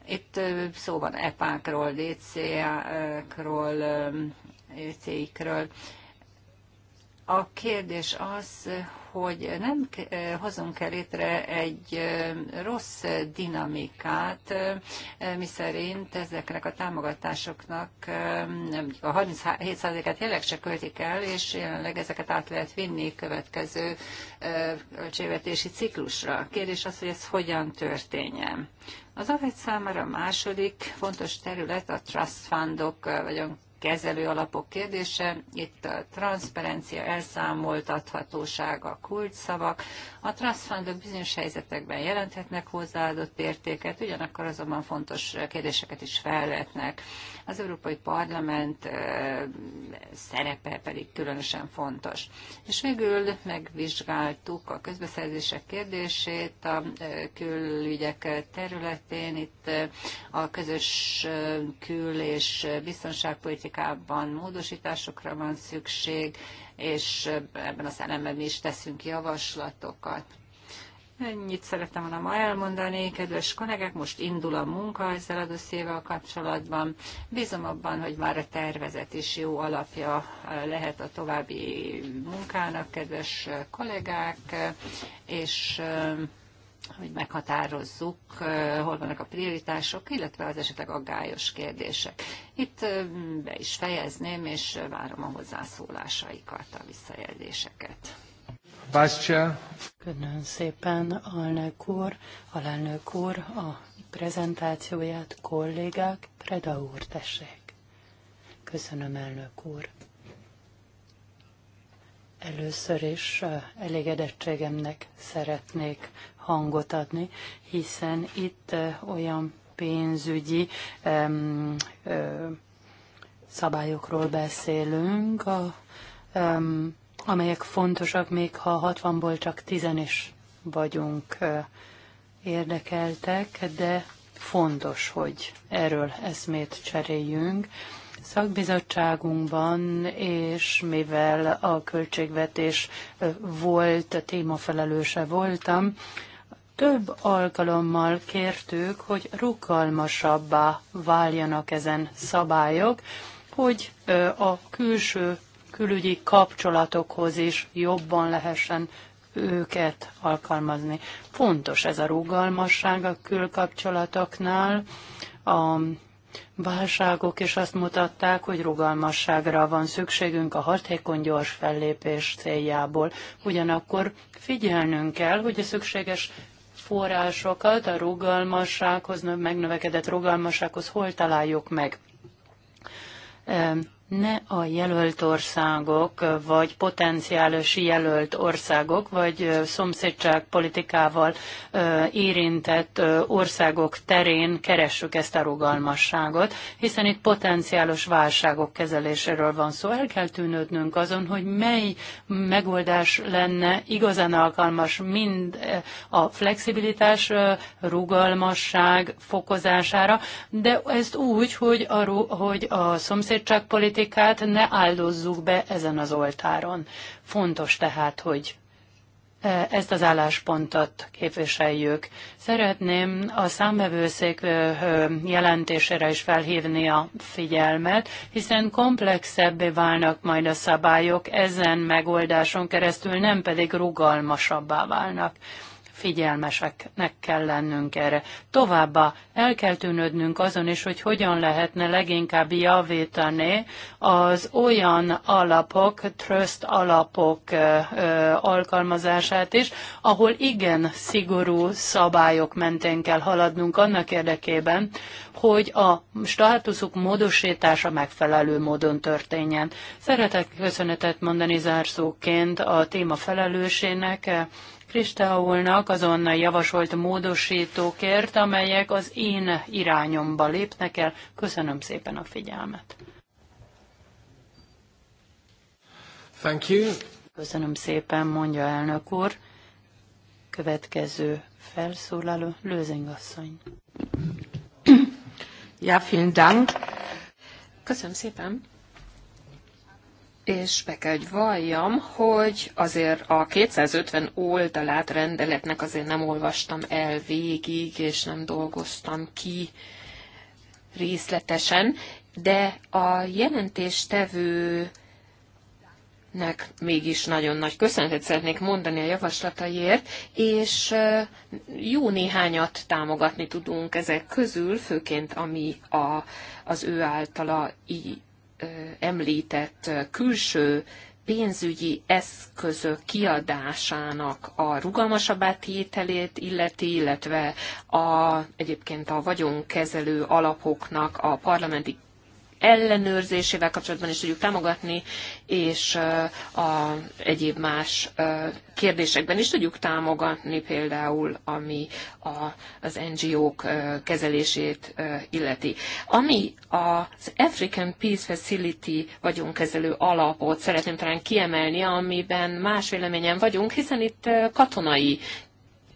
[SPEAKER 3] Itt szó van EPÁK-ról, DCA-król, cégekről. A kérdés az, hogy nem hozunk el létre egy rossz dinamikát, miszerint ezeknek a támogatásoknak nem a 37%-át jelenleg se költik el, és jelenleg ezeket át lehet vinni következő költségvetési ciklusra. Kérdés az, hogy ez hogyan történjen. Az AFED számára a második fontos terület a trust fundok, vagy kezelő alapok kérdése. Itt a transzparencia, elszámoltathatóság, a kulcsszavak. A trust bizonyos helyzetekben jelenthetnek hozzáadott értéket, ugyanakkor azonban fontos kérdéseket is felvetnek. Az Európai Parlament szerepe pedig különösen fontos. És végül megvizsgáltuk a közbeszerzések kérdését a külügyek területén. Itt a közös kül- és biztonságpolitikai politikában módosításokra van szükség, és ebben a szellemben is teszünk javaslatokat. Ennyit szerettem volna ma elmondani, kedves kollégák, most indul a munka ezzel a dossziéval kapcsolatban. Bízom abban, hogy már a tervezet is jó alapja lehet a további munkának, kedves kollégák, és hogy meghatározzuk, hol vannak a prioritások, illetve az esetleg aggályos kérdések. Itt be is fejezném, és várom a hozzászólásaikat, a visszajelzéseket.
[SPEAKER 1] Bástya.
[SPEAKER 2] Köszönöm szépen, alnök úr, alelnök úr, a prezentációját kollégák, Preda úr, tessék. Köszönöm, elnök úr. Először is elégedettségemnek szeretnék hangot adni, hiszen itt olyan pénzügyi ö, szabályokról beszélünk, a, amelyek fontosak, még ha 60-ból csak 10 is vagyunk ö, érdekeltek, de fontos, hogy erről eszmét cseréljünk szakbizottságunkban, és mivel a költségvetés volt, a témafelelőse voltam, több alkalommal kértük, hogy rugalmasabbá váljanak ezen szabályok, hogy a külső külügyi kapcsolatokhoz is jobban lehessen őket alkalmazni. Fontos ez a rugalmasság a külkapcsolatoknál. A válságok is azt mutatták, hogy rugalmasságra van szükségünk a hatékony gyors fellépés céljából. Ugyanakkor figyelnünk kell, hogy a szükséges forrásokat a rugalmassághoz, megnövekedett rugalmassághoz hol találjuk meg? ne a jelölt országok, vagy potenciális jelölt országok, vagy szomszédságpolitikával érintett országok terén keressük ezt a rugalmasságot, hiszen itt potenciális válságok kezeléséről van szó. El kell tűnődnünk azon, hogy mely megoldás lenne igazán alkalmas mind a flexibilitás, rugalmasság fokozására, de ezt úgy, hogy a, hogy a szomszédságpolitika politikát ne áldozzuk be ezen az oltáron. Fontos tehát, hogy e, ezt az álláspontot képviseljük. Szeretném a számvevőszék e, e, jelentésére is felhívni a figyelmet, hiszen komplexebbé válnak majd a szabályok, ezen megoldáson keresztül nem pedig rugalmasabbá válnak figyelmeseknek kell lennünk erre. Továbbá el kell tűnődnünk azon is, hogy hogyan lehetne leginkább javítani az olyan alapok, trust alapok alkalmazását is, ahol igen szigorú szabályok mentén kell haladnunk annak érdekében, hogy a státuszuk módosítása megfelelő módon történjen. Szeretek köszönetet mondani zárszóként a téma felelősének, Kristáulnak azonnal javasolt módosítókért, amelyek az én irányomba lépnek el. Köszönöm szépen a figyelmet. Thank you. Köszönöm szépen, mondja elnök úr. Következő felszólaló Lőzing asszony.
[SPEAKER 1] Ja,
[SPEAKER 3] vielen Dank.
[SPEAKER 1] Köszönöm szépen és be kell, hogy valljam, hogy azért a 250 oldalát rendeletnek azért nem olvastam el végig, és nem dolgoztam ki részletesen, de a jelentéstevőnek mégis nagyon nagy köszönetet szeretnék mondani a javaslataiért, és jó néhányat támogatni tudunk ezek közül, főként ami a, az ő általa említett külső pénzügyi eszközök kiadásának a rugalmasabb átételét illeti, illetve a, egyébként a vagyonkezelő alapoknak a parlamenti ellenőrzésével kapcsolatban is tudjuk támogatni, és a egyéb más kérdésekben is tudjuk támogatni, például ami a, az NGO-k kezelését illeti. Ami az African Peace Facility vagyonkezelő alapot szeretném talán kiemelni, amiben más véleményen vagyunk, hiszen itt katonai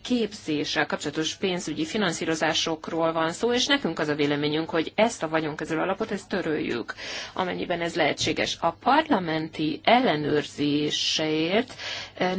[SPEAKER 1] képzéssel kapcsolatos pénzügyi finanszírozásokról van szó, és nekünk az a véleményünk, hogy ezt a vagyonkezelő alapot, ezt töröljük, amennyiben ez lehetséges. A parlamenti ellenőrzéseért eh,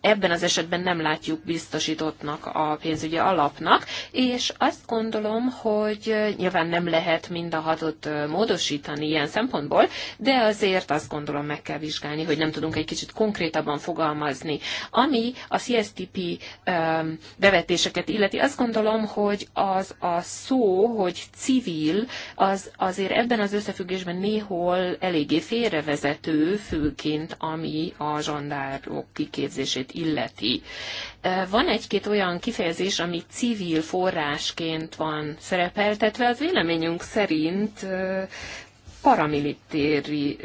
[SPEAKER 1] ebben az esetben nem látjuk biztosítottnak a pénzügyi alapnak, és azt gondolom, hogy eh, nyilván nem lehet mind a hatot eh, módosítani ilyen szempontból, de azért azt gondolom meg kell vizsgálni, hogy nem tudunk egy kicsit konkrétabban fogalmazni. Ami a CSTP um, bevetéseket illeti. Azt gondolom, hogy az a szó, hogy civil, az azért ebben az összefüggésben néhol eléggé félrevezető, főként ami a zsandárok kiképzését illeti. Van egy-két olyan kifejezés, ami civil forrásként van szerepeltetve, az véleményünk szerint paramilitéri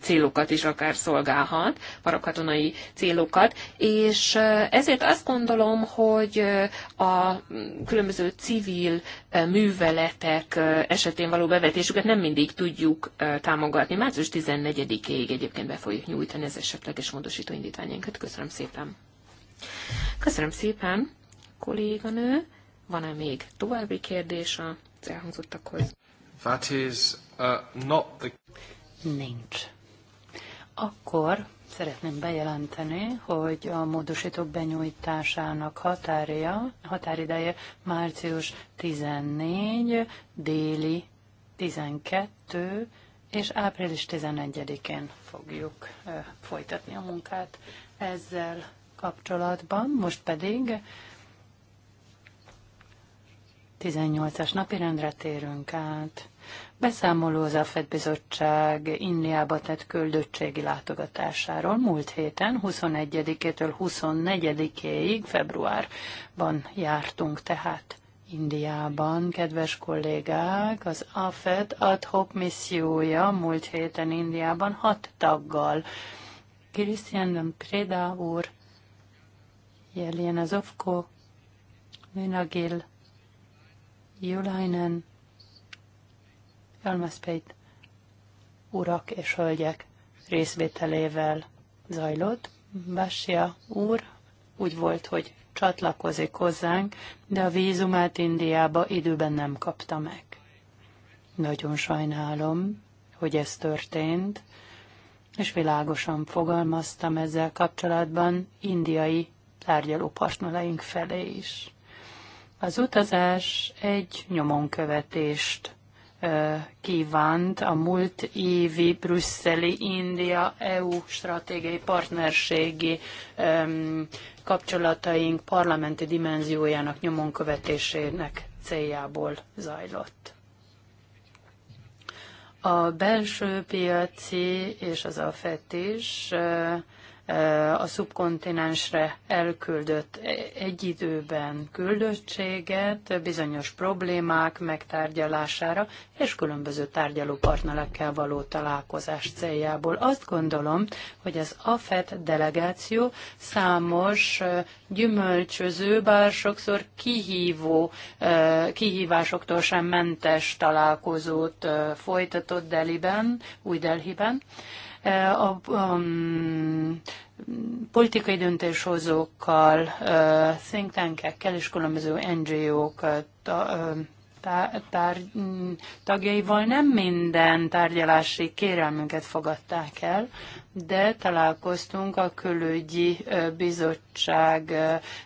[SPEAKER 1] célokat is akár szolgálhat, parakatonai célokat, és ezért azt gondolom, hogy a különböző civil műveletek esetén való bevetésüket nem mindig tudjuk támogatni. Március 14-ig egyébként be fogjuk nyújtani az esetleges módosító indítványainkat. Köszönöm szépen! Köszönöm szépen, kolléganő! Van-e még további kérdés az elhangzottakhoz? That is Uh, not the... Nincs.
[SPEAKER 2] Akkor szeretném bejelenteni, hogy a módosítók benyújtásának határja, határideje március 14, déli 12 és április 11-én fogjuk folytatni a munkát ezzel kapcsolatban. Most pedig 18-as napirendre térünk át. Beszámoló az AFED bizottság Indiába tett köldöttségi látogatásáról múlt héten, 21-től 24-éig februárban jártunk tehát. Indiában, kedves kollégák, az AFED hoc missziója múlt héten Indiában hat taggal. Krisztián Preda úr, Jelena Azovko, Minagil, Julainen, Jalmaszpét urak és hölgyek részvételével zajlott. Basia úr úgy volt, hogy csatlakozik hozzánk, de a vízumát Indiába időben nem kapta meg. Nagyon sajnálom, hogy ez történt, és világosan fogalmaztam ezzel kapcsolatban indiai tárgyalópartnereink felé is. Az utazás egy nyomonkövetést kívánt a múlt évi brüsszeli India-EU stratégiai partnerségi kapcsolataink parlamenti dimenziójának nyomon követésének céljából zajlott. A belső piaci és az AFET is a szubkontinensre elküldött egy időben küldöttséget bizonyos problémák megtárgyalására és különböző tárgyalópartnerekkel való találkozás céljából. Azt gondolom, hogy az AFET delegáció számos gyümölcsöző, bár sokszor kihívó, kihívásoktól sem mentes találkozót folytatott Deliben, új Delhiben a, a politikai döntéshozókkal, think tankekkel és különböző NGO-k tagjaival nem minden tárgyalási kérelmünket fogadták el, de találkoztunk a külügyi bizottság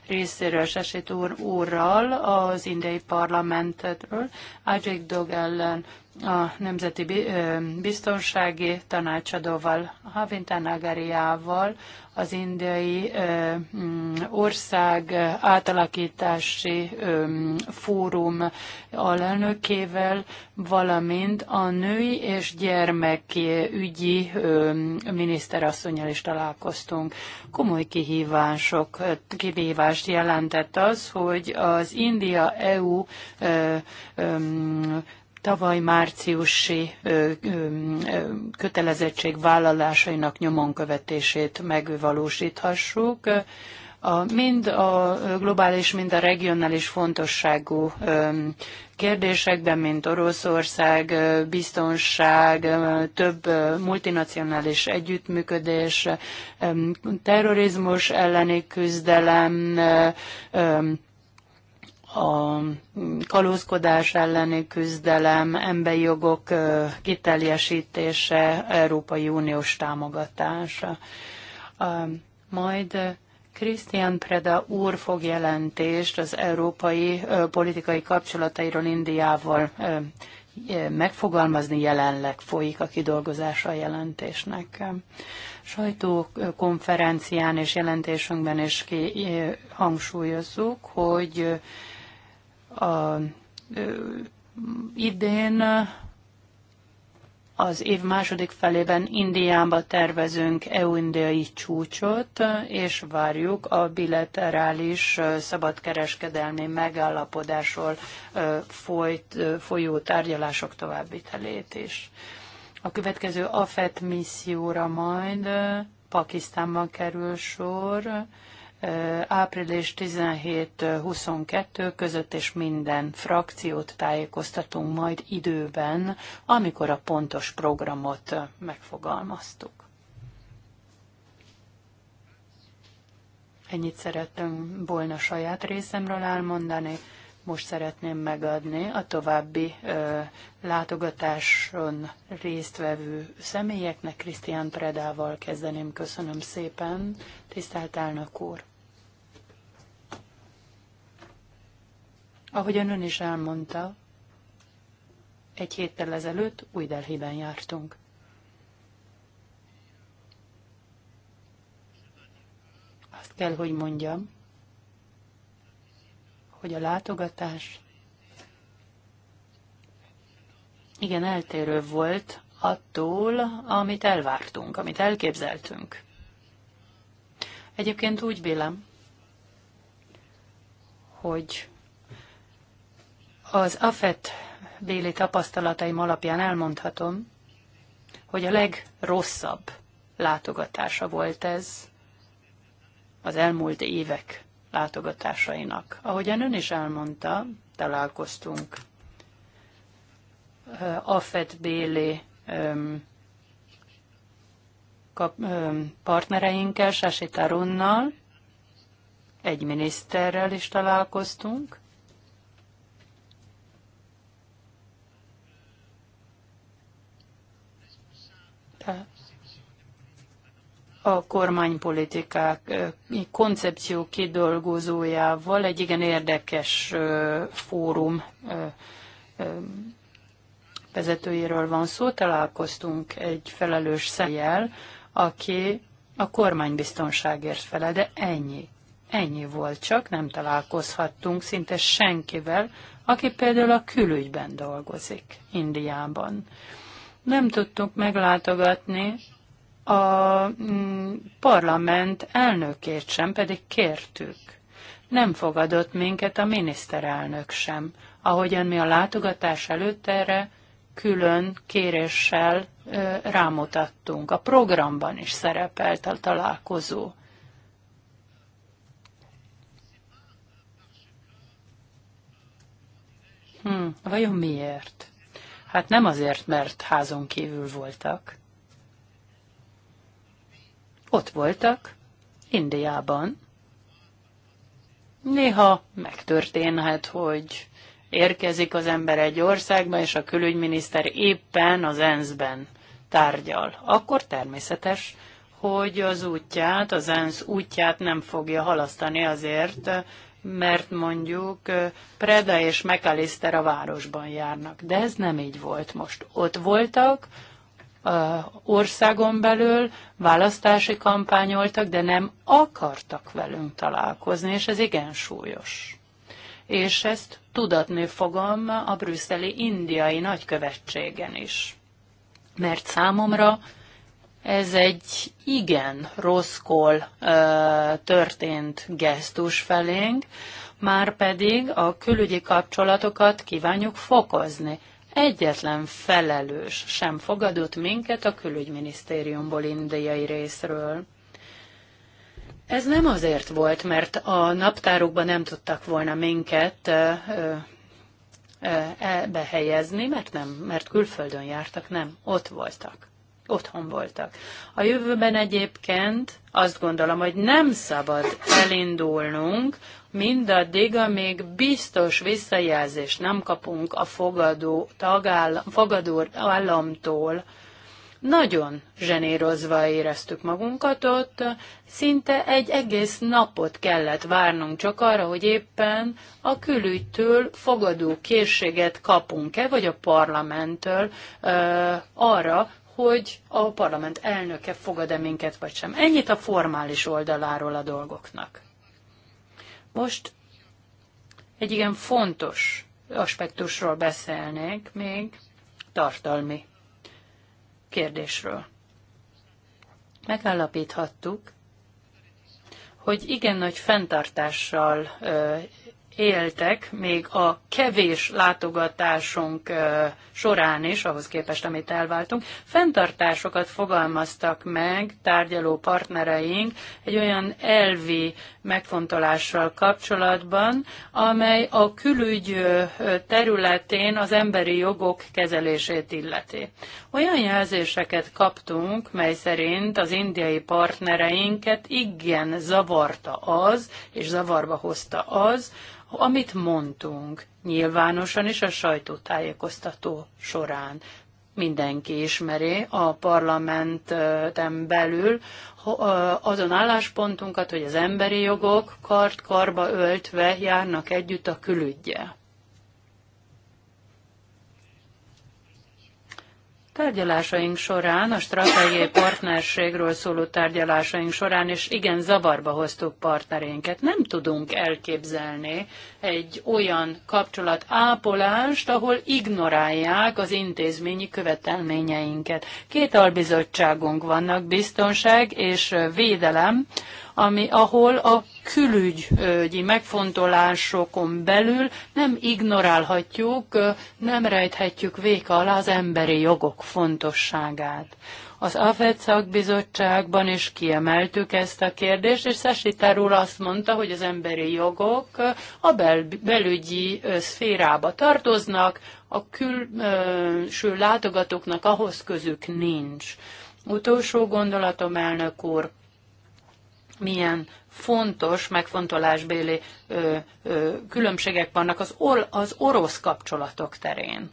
[SPEAKER 2] részéről Sesét úr, úrral az indiai parlamentről, Ajik Dog ellen a Nemzeti Biztonsági Tanácsadóval, Nagariával, az indiai mm, ország átalakítási mm, fórum alelnökével, valamint a női és gyermekügyi miniszterasszonyjal is találkoztunk. Komoly kihívások, kihívást jelentett az, hogy az India-EU tavaly márciusi kötelezettség vállalásainak nyomon követését megvalósíthassuk a, mind a globális, mind a regionális fontosságú kérdésekben, mint Oroszország, biztonság, több multinacionális együttműködés, terrorizmus elleni küzdelem, a kalózkodás elleni küzdelem, emberi jogok kiteljesítése, Európai Uniós támogatása. Majd Krisztián Preda úr fog jelentést az európai politikai kapcsolatairól Indiával megfogalmazni jelenleg folyik a kidolgozása a jelentésnek. Sajtókonferencián és jelentésünkben is hangsúlyozzuk, hogy a, idén az év második felében Indiába tervezünk EU-indiai csúcsot, és várjuk a bilaterális szabadkereskedelmi megállapodásról folyt, folyó tárgyalások továbbitelét is. A következő AFET misszióra majd Pakisztánban kerül sor, április 17-22 között, és minden frakciót tájékoztatunk majd időben, amikor a pontos programot megfogalmaztuk. Ennyit szerettem volna saját részemről elmondani. Most szeretném megadni a további ö, látogatáson résztvevő személyeknek. Krisztián Predával kezdeném. Köszönöm szépen, tisztelt elnök úr! Ahogyan ön is elmondta, egy héttel ezelőtt új Delhiben jártunk. Azt kell, hogy mondjam, hogy a látogatás igen eltérő volt attól, amit elvártunk, amit elképzeltünk. Egyébként úgy vélem, hogy az AFET béli tapasztalataim alapján elmondhatom, hogy a legrosszabb látogatása volt ez az elmúlt évek látogatásainak. Ahogyan ön is elmondta, találkoztunk AFET béli partnereinkkel, Sasi Tarunnal, egy miniszterrel is találkoztunk, a kormánypolitikák koncepció kidolgozójával egy igen érdekes fórum vezetőjéről van szó. Találkoztunk egy felelős szemjel, aki a kormánybiztonságért fele, de ennyi. Ennyi volt csak, nem találkozhattunk szinte senkivel, aki például a külügyben dolgozik Indiában nem tudtuk meglátogatni a mm, parlament elnökét sem, pedig kértük. Nem fogadott minket a miniszterelnök sem, ahogyan mi a látogatás előtt erre külön kéréssel rámutattunk. A programban is szerepelt a találkozó. Hmm, vajon miért? Hát nem azért, mert házon kívül voltak. Ott voltak, Indiában. Néha megtörténhet, hogy érkezik az ember egy országba, és a külügyminiszter éppen az ENSZ-ben tárgyal. Akkor természetes, hogy az útját, az ENSZ útját nem fogja halasztani azért, mert mondjuk Preda és McAllister a városban járnak. De ez nem így volt most. Ott voltak, országon belül választási kampányoltak, de nem akartak velünk találkozni, és ez igen súlyos. És ezt tudatni fogom a brüsszeli indiai nagykövetségen is. Mert számomra ez egy igen rosszkol ö, történt gesztus felénk, már pedig a külügyi kapcsolatokat kívánjuk fokozni. Egyetlen felelős sem fogadott minket a külügyminisztériumból indiai részről. Ez nem azért volt, mert a naptárokban nem tudtak volna minket ö, ö, behelyezni, mert nem, mert külföldön jártak, nem, ott voltak otthon voltak. A jövőben egyébként azt gondolom, hogy nem szabad elindulnunk, mindaddig, amíg biztos visszajelzést nem kapunk a fogadó, tagállam, fogadó államtól, nagyon zsenérozva éreztük magunkat ott, szinte egy egész napot kellett várnunk csak arra, hogy éppen a külügytől fogadó készséget kapunk-e, vagy a parlamenttől arra, hogy a parlament elnöke fogad-e minket, vagy sem. Ennyit a formális oldaláról a dolgoknak. Most egy igen fontos aspektusról beszélnék még, tartalmi kérdésről. Megállapíthattuk, hogy igen nagy fenntartással éltek még a kevés látogatásunk során is, ahhoz képest, amit elváltunk, fenntartásokat fogalmaztak meg tárgyaló partnereink egy olyan elvi megfontolással kapcsolatban, amely a külügy területén az emberi jogok kezelését illeti. Olyan jelzéseket kaptunk, mely szerint az indiai partnereinket igen zavarta az, és zavarba hozta az, amit mondtunk nyilvánosan és a sajtótájékoztató során. Mindenki ismeri a parlamenten belül azon álláspontunkat, hogy az emberi jogok kart karba öltve járnak együtt a külügyjel. tárgyalásaink során, a stratégiai partnerségről szóló tárgyalásaink során, és igen, zavarba hoztuk partnereinket. Nem tudunk elképzelni egy olyan kapcsolat ápolást, ahol ignorálják az intézményi követelményeinket. Két albizottságunk vannak, biztonság és védelem, ami, ahol a külügyi megfontolásokon belül nem ignorálhatjuk, nem rejthetjük véka alá az emberi jogok fontosságát. Az AFED szakbizottságban is kiemeltük ezt a kérdést, és Szesitár úr azt mondta, hogy az emberi jogok a bel- belügyi szférába tartoznak, a külső látogatóknak ahhoz közük nincs. Utolsó gondolatom, elnök úr, milyen fontos megfontolásbéli ö, ö, különbségek vannak az, or, az orosz kapcsolatok terén,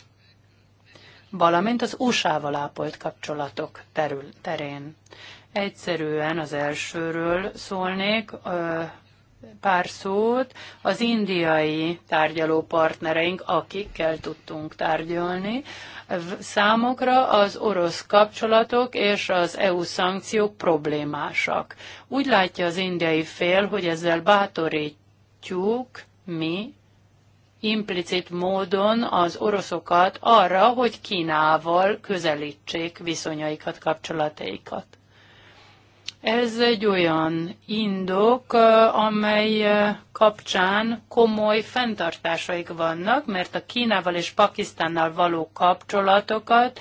[SPEAKER 2] valamint az USA-val ápolt kapcsolatok terül, terén. Egyszerűen az elsőről szólnék, pár szót az indiai tárgyaló partnereink, akikkel tudtunk tárgyalni. Számokra az orosz kapcsolatok és az EU szankciók problémásak. Úgy látja az indiai fél, hogy ezzel bátorítjuk mi implicit módon az oroszokat arra, hogy Kínával közelítsék viszonyaikat, kapcsolataikat. Ez egy olyan indok, amely kapcsán komoly fenntartásaik vannak, mert a Kínával és Pakisztánnal való kapcsolatokat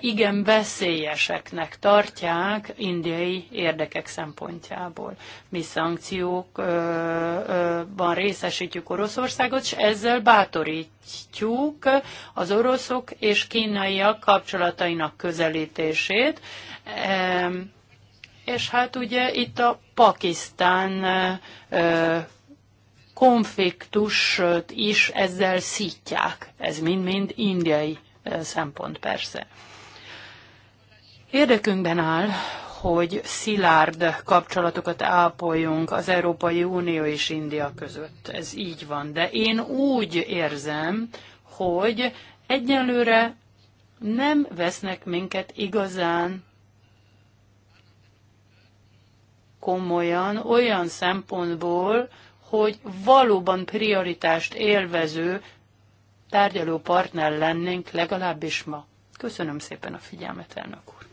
[SPEAKER 2] igen veszélyeseknek tartják indiai érdekek szempontjából. Mi szankciókban részesítjük Oroszországot, és ezzel bátorítjuk az oroszok és kínaiak kapcsolatainak közelítését és hát ugye itt a Pakisztán konfliktus is ezzel szítják. Ez mind-mind indiai szempont persze. Érdekünkben áll, hogy szilárd kapcsolatokat ápoljunk az Európai Unió és India között. Ez így van. De én úgy érzem, hogy egyenlőre nem vesznek minket igazán komolyan olyan szempontból, hogy valóban prioritást élvező tárgyaló partner lennénk legalábbis ma. Köszönöm szépen a figyelmet, elnök úr.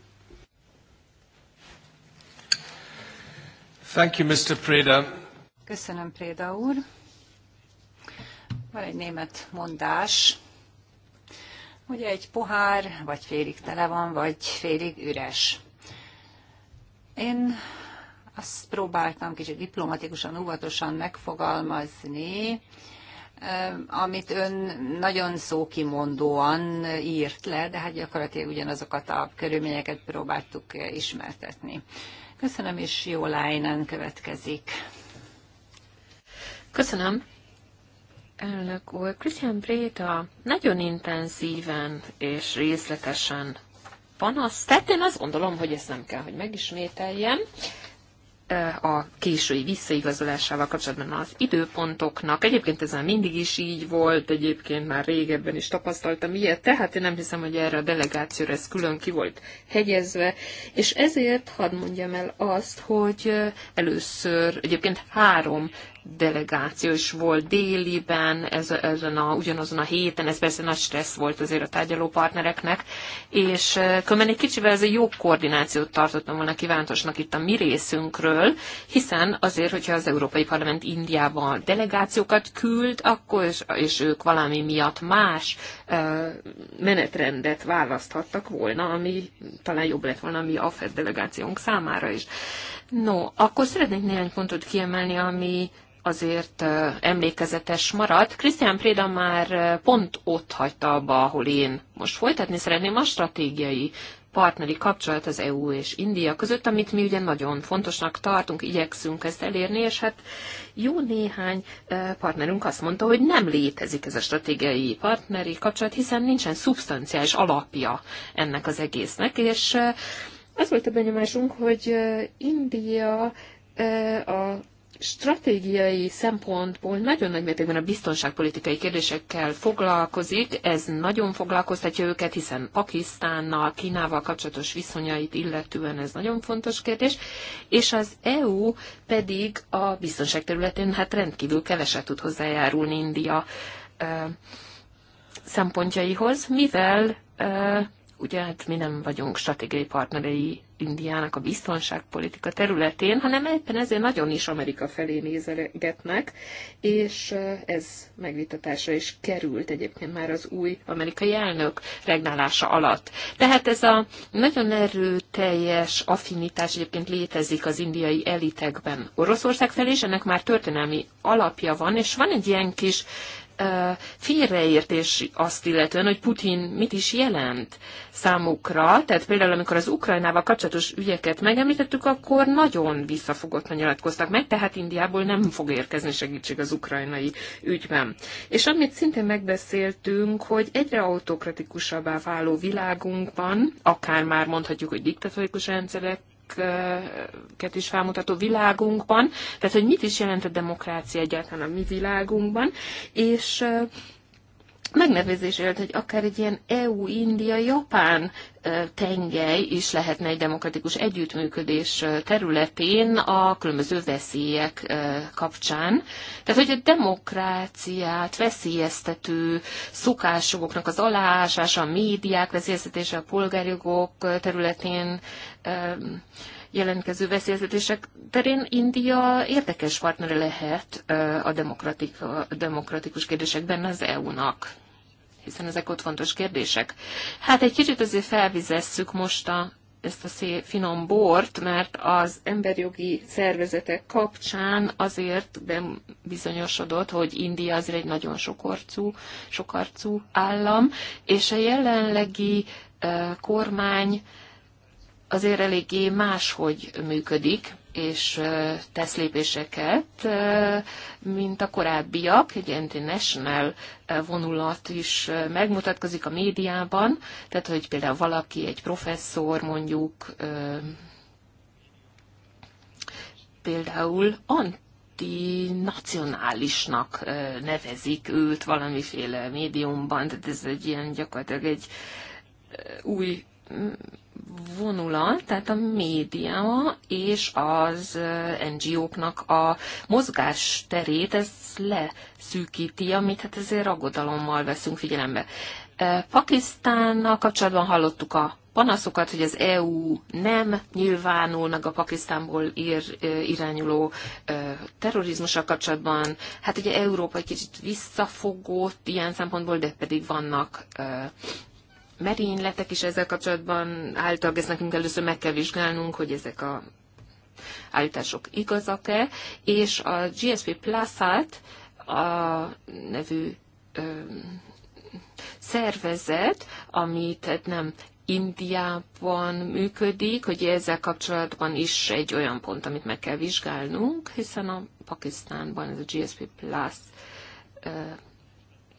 [SPEAKER 1] Thank you, Mr. Preda.
[SPEAKER 3] Köszönöm, Préda úr. Van egy német mondás, hogy egy pohár vagy félig tele van, vagy félig üres. Én azt próbáltam kicsit diplomatikusan, óvatosan megfogalmazni, amit ön nagyon szókimondóan írt le, de hát gyakorlatilag ugyanazokat a körülményeket próbáltuk ismertetni. Köszönöm, és jó lájnán következik.
[SPEAKER 1] Köszönöm. Elnök úr, Krisztián Bréta nagyon intenzíven és részletesen panaszt Tehát Én azt gondolom, hogy ezt nem kell, hogy megismételjem a késői visszaigazolásával kapcsolatban az időpontoknak. Egyébként ez már mindig is így volt, egyébként már régebben is tapasztaltam ilyet, tehát én nem hiszem, hogy erre a delegációra ez külön ki volt hegyezve, és ezért hadd mondjam el azt, hogy először egyébként három delegáció is volt déliben, ez, ezen a, ugyanazon a héten, ez persze nagy stressz volt azért a tárgyaló partnereknek, és különben egy kicsivel ez egy jó koordinációt tartottam volna kívántosnak itt a mi részünkről, hiszen azért, hogyha az Európai Parlament Indiában delegációkat küld, akkor és, és ők valami miatt más menetrendet választhattak volna, ami talán jobb lett volna a mi AFED delegációnk számára is. No, akkor szeretnék néhány pontot kiemelni, ami azért emlékezetes maradt. Krisztián Préda már pont ott hagyta abba, ahol én most folytatni szeretném a stratégiai partneri kapcsolat az EU és India között, amit mi ugye nagyon fontosnak tartunk, igyekszünk ezt elérni, és hát jó néhány partnerünk azt mondta, hogy nem létezik ez a stratégiai partneri kapcsolat, hiszen nincsen szubstanciális alapja ennek az egésznek, és az volt a benyomásunk, hogy India a stratégiai szempontból nagyon nagy mértékben a biztonságpolitikai kérdésekkel foglalkozik, ez nagyon foglalkoztatja őket, hiszen Pakisztánnal, Kínával kapcsolatos viszonyait illetően ez nagyon fontos kérdés, és az EU pedig a biztonság területén hát rendkívül keveset tud hozzájárulni India szempontjaihoz, mivel ugye hát mi nem vagyunk stratégiai partnerei Indiának a biztonságpolitika területén, hanem éppen ezért nagyon is Amerika felé nézelgetnek, és ez megvitatásra is került egyébként már az új amerikai elnök regnálása alatt. Tehát ez a nagyon erőteljes affinitás egyébként létezik az indiai elitekben Oroszország felé, és ennek már történelmi alapja van, és van egy ilyen kis félreértés azt illetően, hogy Putin mit is jelent számukra. Tehát például, amikor az Ukrajnával kapcsolatos ügyeket megemlítettük, akkor nagyon visszafogottan nyilatkoztak meg, tehát Indiából nem fog érkezni segítség az ukrajnai ügyben. És amit szintén megbeszéltünk, hogy egyre autokratikusabbá váló világunkban, akár már mondhatjuk, hogy diktatórikus rendszerek értékeket is felmutató világunkban, tehát hogy mit is jelent a demokrácia egyáltalán a mi világunkban, és megnevezés élt, hogy akár egy ilyen EU-India-Japán tengely is lehetne egy demokratikus együttműködés területén a különböző veszélyek kapcsán. Tehát, hogy a demokráciát veszélyeztető szokásoknak az aláásása, a médiák veszélyeztetése, a polgárjogok területén jelentkező veszélyeztetések terén India érdekes partnere lehet a demokratikus kérdésekben az EU-nak hiszen ezek ott fontos kérdések. Hát egy kicsit azért felvizesszük most a, ezt a szép finom bort, mert az emberjogi szervezetek kapcsán azért bizonyosodott, hogy India azért egy nagyon sokarcú, sokarcú állam, és a jelenlegi uh, kormány azért eléggé máshogy működik, és tesz lépéseket, mint a korábbiak, egy international vonulat is megmutatkozik a médiában, tehát hogy például valaki, egy professzor mondjuk, például antinacionálisnak nevezik őt valamiféle médiumban, tehát ez egy ilyen gyakorlatilag egy új vonulat, tehát a média és az NGO-knak a terét, ez leszűkíti, amit hát ezért aggodalommal veszünk figyelembe. Pakisztánnal kapcsolatban hallottuk a panaszokat, hogy az EU nem nyilvánul meg a Pakisztánból ír, irányuló terrorizmussal kapcsolatban. Hát ugye Európa egy kicsit visszafogott ilyen szempontból, de pedig vannak merényletek is ezzel kapcsolatban álltak, ezt nekünk először meg kell vizsgálnunk, hogy ezek a állítások igazak-e, és a GSP Plus-át a nevű ö, szervezet, amit hát nem Indiában működik, hogy ezzel kapcsolatban is egy olyan pont, amit meg kell vizsgálnunk, hiszen a Pakisztánban ez a GSP Plus ö,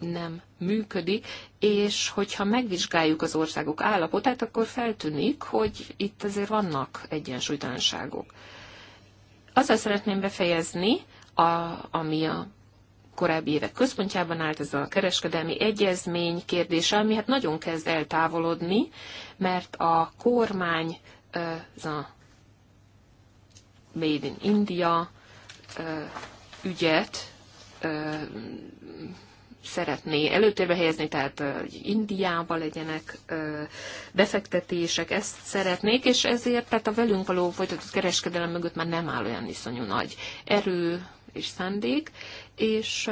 [SPEAKER 1] nem működik, és hogyha megvizsgáljuk az országok állapotát, akkor feltűnik, hogy itt azért vannak egyensúlytalanságok. Azzal szeretném befejezni, a, ami a korábbi évek központjában állt, ez a kereskedelmi egyezmény kérdése, ami hát nagyon kezd eltávolodni, mert a kormány, ez a Made in India ügyet szeretné előtérbe helyezni, tehát hogy Indiába legyenek befektetések, ezt szeretnék, és ezért tehát a velünk való folytatott kereskedelem mögött már nem áll olyan iszonyú nagy erő és szándék, és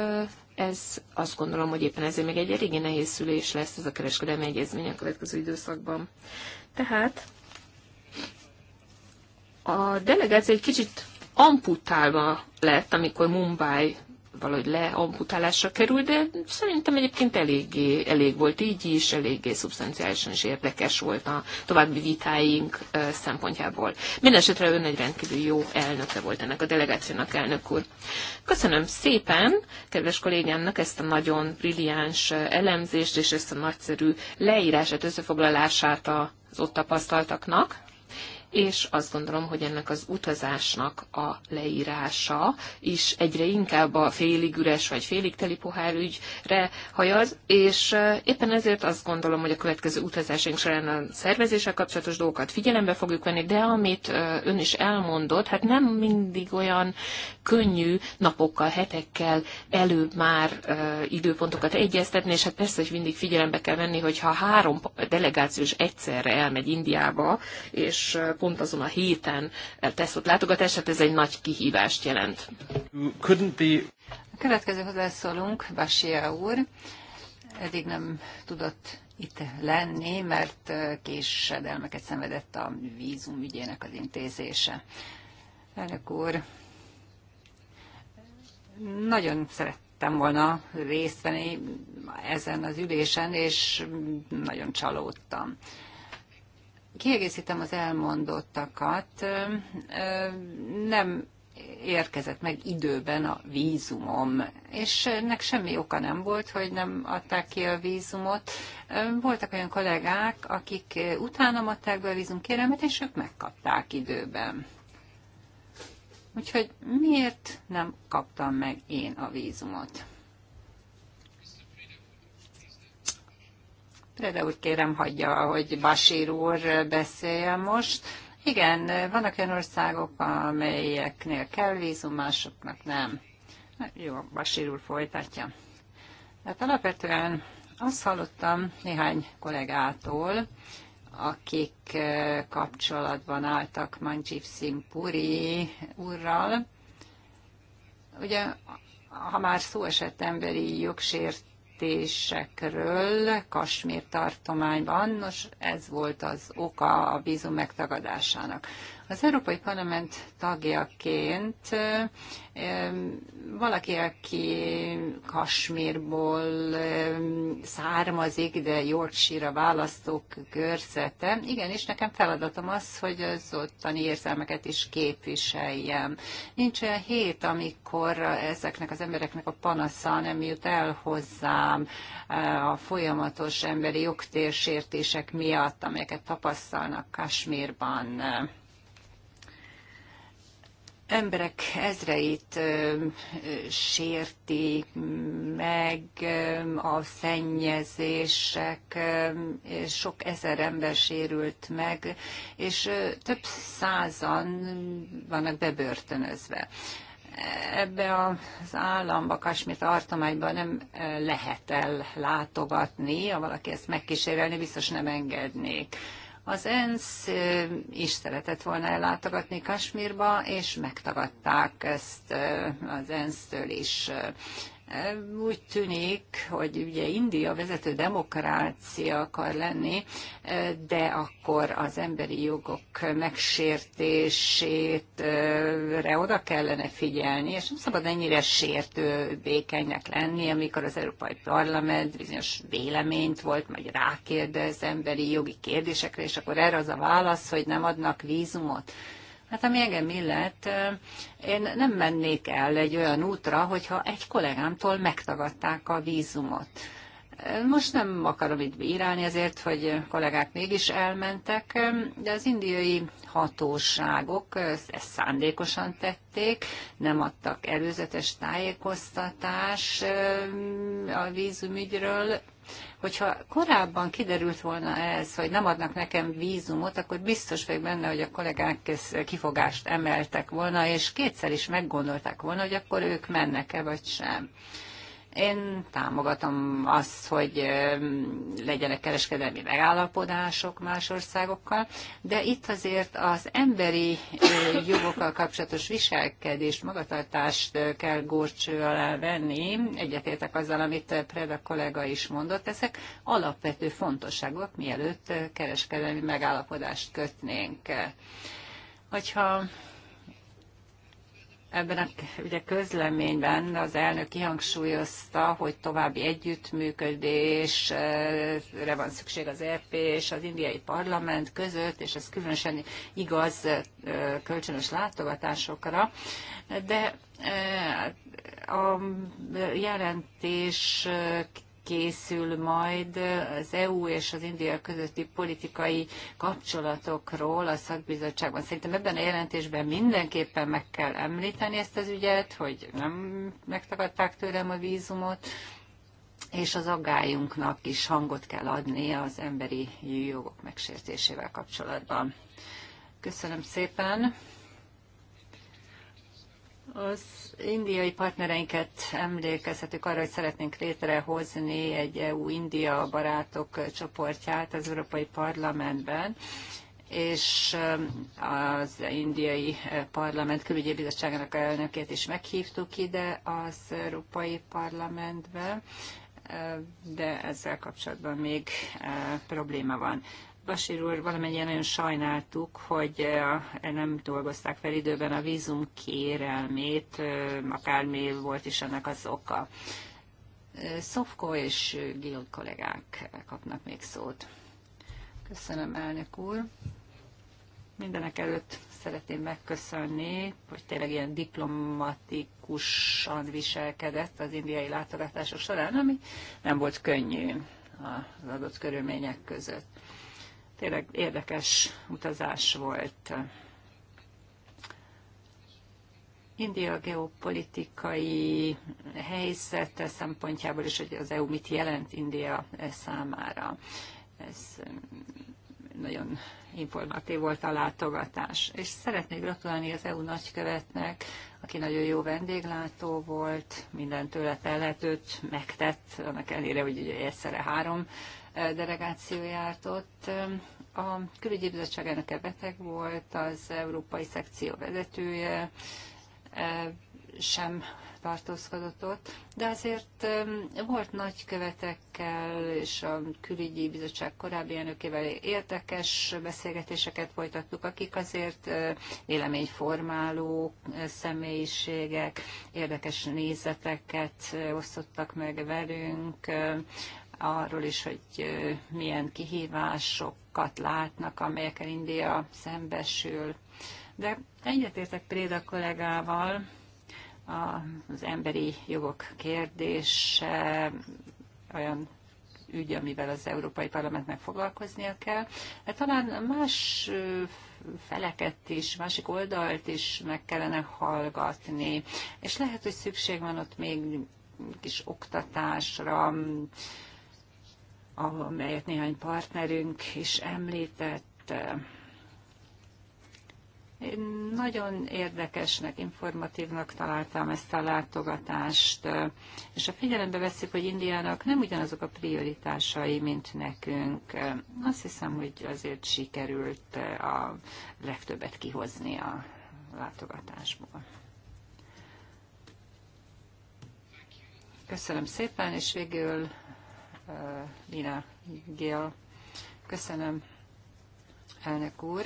[SPEAKER 1] ez azt gondolom, hogy éppen ezért még egy eléggé nehéz szülés lesz ez a kereskedelmi egyezmény a következő időszakban. Tehát a delegáció egy kicsit amputálva lett, amikor Mumbai valahogy leamputálásra került, de szerintem egyébként eléggé, elég volt így is, eléggé szubstanciálisan is érdekes volt a további vitáink szempontjából. Mindenesetre ön egy rendkívül jó elnöke volt ennek a delegációnak, elnök úr. Köszönöm szépen kedves kollégámnak ezt a nagyon brilliáns elemzést és ezt a nagyszerű leírását, összefoglalását az ott tapasztaltaknak és azt gondolom, hogy ennek az utazásnak a leírása is egyre inkább a félig üres vagy félig teli pohár ügyre hajaz, és éppen ezért azt gondolom, hogy a következő utazásunk során a szervezéssel kapcsolatos dolgokat figyelembe fogjuk venni, de amit ön is elmondott, hát nem mindig olyan könnyű napokkal, hetekkel előbb már időpontokat egyeztetni, és hát persze, hogy mindig figyelembe kell venni, hogyha három delegációs egyszerre elmegy Indiába, és pont azon a héten tesz ott látogatását, ez egy nagy kihívást jelent.
[SPEAKER 3] A következő hozzászólunk, Basia úr, eddig nem tudott itt lenni, mert késedelmeket szenvedett a vízum ügyének az intézése. Elnök úr, nagyon szerettem volna részt venni ezen az ülésen, és nagyon csalódtam kiegészítem az elmondottakat. Nem érkezett meg időben a vízumom, és ennek semmi oka nem volt, hogy nem adták ki a vízumot. Voltak olyan kollégák, akik utána adták be a vízumkérelmet, és ők megkapták időben. Úgyhogy miért nem kaptam meg én a vízumot? de úr kérem hagyja, hogy Basír úr beszéljen most. Igen, vannak olyan országok, amelyeknél kell vízum, másoknak nem. Jó, Basír úr folytatja. Hát alapvetően azt hallottam néhány kollégától, akik eh, kapcsolatban álltak Manjib Simpuri Puri úrral. Ugye, ha már szó esett emberi jogsért tüntetésekről Kasmír tartományban. Nos, ez volt az oka a vízum megtagadásának. Az Európai Parlament tagjaként valaki, aki Kasmírból származik, de Yorkshire választók körzete, igenis nekem feladatom az, hogy az ottani érzelmeket is képviseljem. Nincs olyan hét, amikor ezeknek az embereknek a panasza nem jut el hozzám a folyamatos emberi jogtérsértések miatt, amelyeket tapasztalnak Kasmírban emberek ezreit sérti meg a szennyezések, sok ezer ember sérült meg, és több százan vannak bebörtönözve ebbe az államba, Kasmi tartományban nem lehet el látogatni, ha valaki ezt megkísérelni, biztos nem engednék. Az ENSZ is szeretett volna ellátogatni Kasmírba, és megtagadták ezt az ENSZ-től is úgy tűnik, hogy ugye India vezető demokrácia akar lenni, de akkor az emberi jogok megsértésére oda kellene figyelni, és nem szabad ennyire sértő békenynek lenni, amikor az Európai Parlament bizonyos véleményt volt, majd rákérdez emberi jogi kérdésekre, és akkor erre az a válasz, hogy nem adnak vízumot. Hát ami engem illet, én nem mennék el egy olyan útra, hogyha egy kollégámtól megtagadták a vízumot. Most nem akarom itt bírálni azért, hogy kollégák mégis elmentek, de az indiai hatóságok ezt szándékosan tették, nem adtak előzetes tájékoztatás, a vízumügyről, Hogyha korábban kiderült volna ez, hogy nem adnak nekem vízumot, akkor biztos vagyok benne, hogy a kollégák kifogást emeltek volna, és kétszer is meggondolták volna, hogy akkor ők mennek-e vagy sem. Én támogatom azt, hogy legyenek kereskedelmi megállapodások más országokkal, de itt azért az emberi jogokkal kapcsolatos viselkedést, magatartást kell górcső alá venni. Egyetértek azzal, amit Preda kollega is mondott. Ezek alapvető fontosságok, mielőtt kereskedelmi megállapodást kötnénk. Hogyha Ebben a ugye, közleményben az elnök kihangsúlyozta, hogy további együttműködésre van szükség az EP és az indiai parlament között, és ez különösen igaz kölcsönös látogatásokra, de a jelentés készül majd az EU és az India közötti politikai kapcsolatokról a szakbizottságban. Szerintem ebben a jelentésben mindenképpen meg kell említeni ezt az ügyet, hogy nem megtagadták tőlem a vízumot, és az aggályunknak is hangot kell adni az emberi jogok megsértésével kapcsolatban. Köszönöm szépen! Az indiai partnereinket emlékezhetünk arra, hogy szeretnénk létrehozni egy EU-India barátok csoportját az Európai Parlamentben, és az indiai parlament külügyi bizottságának elnökét is meghívtuk ide az Európai Parlamentbe, de ezzel kapcsolatban még probléma van. Basír úr, valamennyien nagyon sajnáltuk, hogy eh, nem dolgozták fel időben a vízum kérelmét, eh, akármi volt is ennek az oka. Eh, Szofko és Gil kollégák kapnak még szót. Köszönöm, elnök úr. Mindenek előtt szeretném megköszönni, hogy tényleg ilyen diplomatikusan viselkedett az indiai látogatások során, ami nem volt könnyű az adott körülmények között. Tényleg érdekes utazás volt. India geopolitikai helyzete szempontjából is, hogy az EU mit jelent India számára. Ez um, nagyon informatív volt a látogatás. És szeretnék gratulálni az EU nagykövetnek, aki nagyon jó vendéglátó volt, minden tőle telhetőt megtett, annak ellenére, hogy ugye egyszerre három delegáció járt ott. A külügyi bizottság elnöke beteg volt, az európai szekció vezetője sem tartózkodott ott, de azért volt nagykövetekkel és a külügyi bizottság korábbi elnökével érdekes beszélgetéseket folytattuk, akik azért véleményformáló személyiségek, érdekes nézeteket osztottak meg velünk, arról is, hogy milyen kihívásokat látnak, amelyekkel India szembesül. De egyetértek Préda kollégával, az emberi jogok kérdése olyan ügy, amivel az Európai Parlamentnek foglalkoznia kell. Hát talán más feleket is, másik oldalt is meg kellene hallgatni. És lehet, hogy szükség van ott még kis oktatásra, amelyet néhány partnerünk is említett. Én nagyon érdekesnek, informatívnak találtam ezt a látogatást, és a figyelembe veszük, hogy Indiának nem ugyanazok a prioritásai, mint nekünk. Azt hiszem, hogy azért sikerült a legtöbbet kihozni a látogatásból. Köszönöm szépen, és végül Lina Gél. Köszönöm, elnök úr.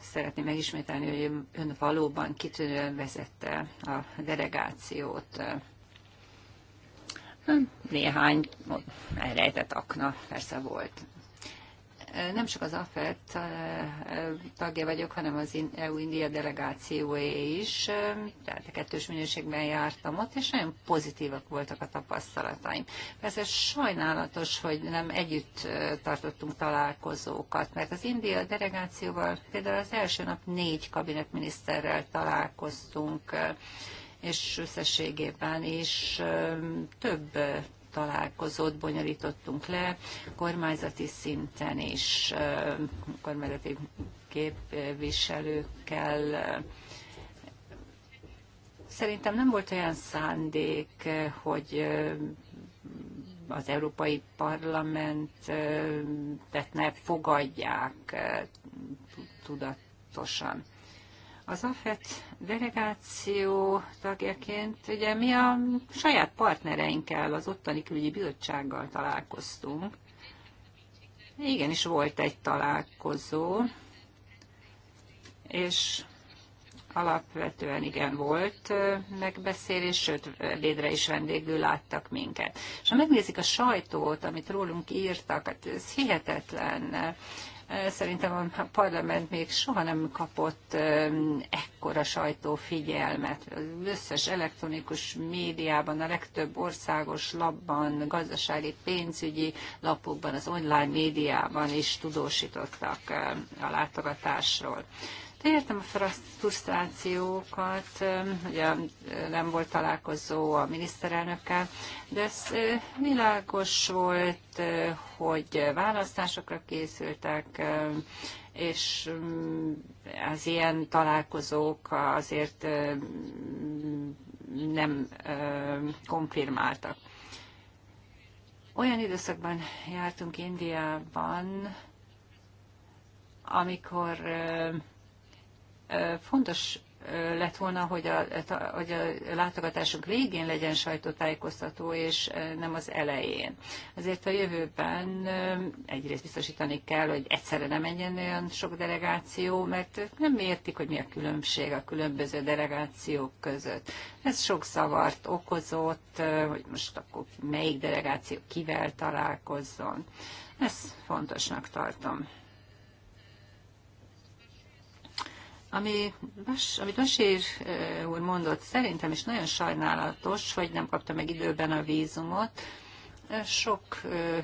[SPEAKER 3] Szeretném megismételni, hogy ön valóban kitűnően vezette a delegációt. Néhány elrejtett akna persze volt. Nem csak az AFET eh, eh, tagja vagyok, hanem az EU-India delegációé is. Tehát a kettős minőségben jártam ott, és nagyon pozitívak voltak a tapasztalataim. Persze sajnálatos, hogy nem együtt eh, tartottunk találkozókat, mert az India delegációval például az első nap négy kabinetminiszterrel találkoztunk, és összességében is több találkozót bonyolítottunk le, kormányzati szinten is, kormányzati képviselőkkel, szerintem nem volt olyan szándék, hogy az Európai Parlamentet ne fogadják tudatosan. Az AFET delegáció tagjaként ugye mi a saját partnereinkkel, az ottani külügyi bizottsággal találkoztunk. Igen, is volt egy találkozó, és alapvetően igen volt megbeszélés, sőt, védre is vendégül láttak minket. És ha megnézik a sajtót, amit rólunk írtak, hát ez hihetetlen. Szerintem a parlament még soha nem kapott ekkora sajtófigyelmet. Az összes elektronikus médiában, a legtöbb országos labban, gazdasági pénzügyi lapokban, az online médiában is tudósítottak a látogatásról. Értem a frusztrációkat, ugye nem volt találkozó a miniszterelnökkel, de ez világos volt, hogy választásokra készültek, és az ilyen találkozók azért nem konfirmáltak. Olyan időszakban jártunk Indiában, amikor Fontos lett volna, hogy a, hogy a látogatások végén legyen sajtótájékoztató, és nem az elején. Azért a jövőben egyrészt biztosítani kell, hogy egyszerre nem menjen olyan sok delegáció, mert nem értik, hogy mi a különbség a különböző delegációk között. Ez sok szavart okozott, hogy most akkor melyik delegáció kivel találkozzon. Ezt fontosnak tartom. Ami, amit Basír úr mondott, szerintem is nagyon sajnálatos, hogy nem kapta meg időben a vízumot. Sok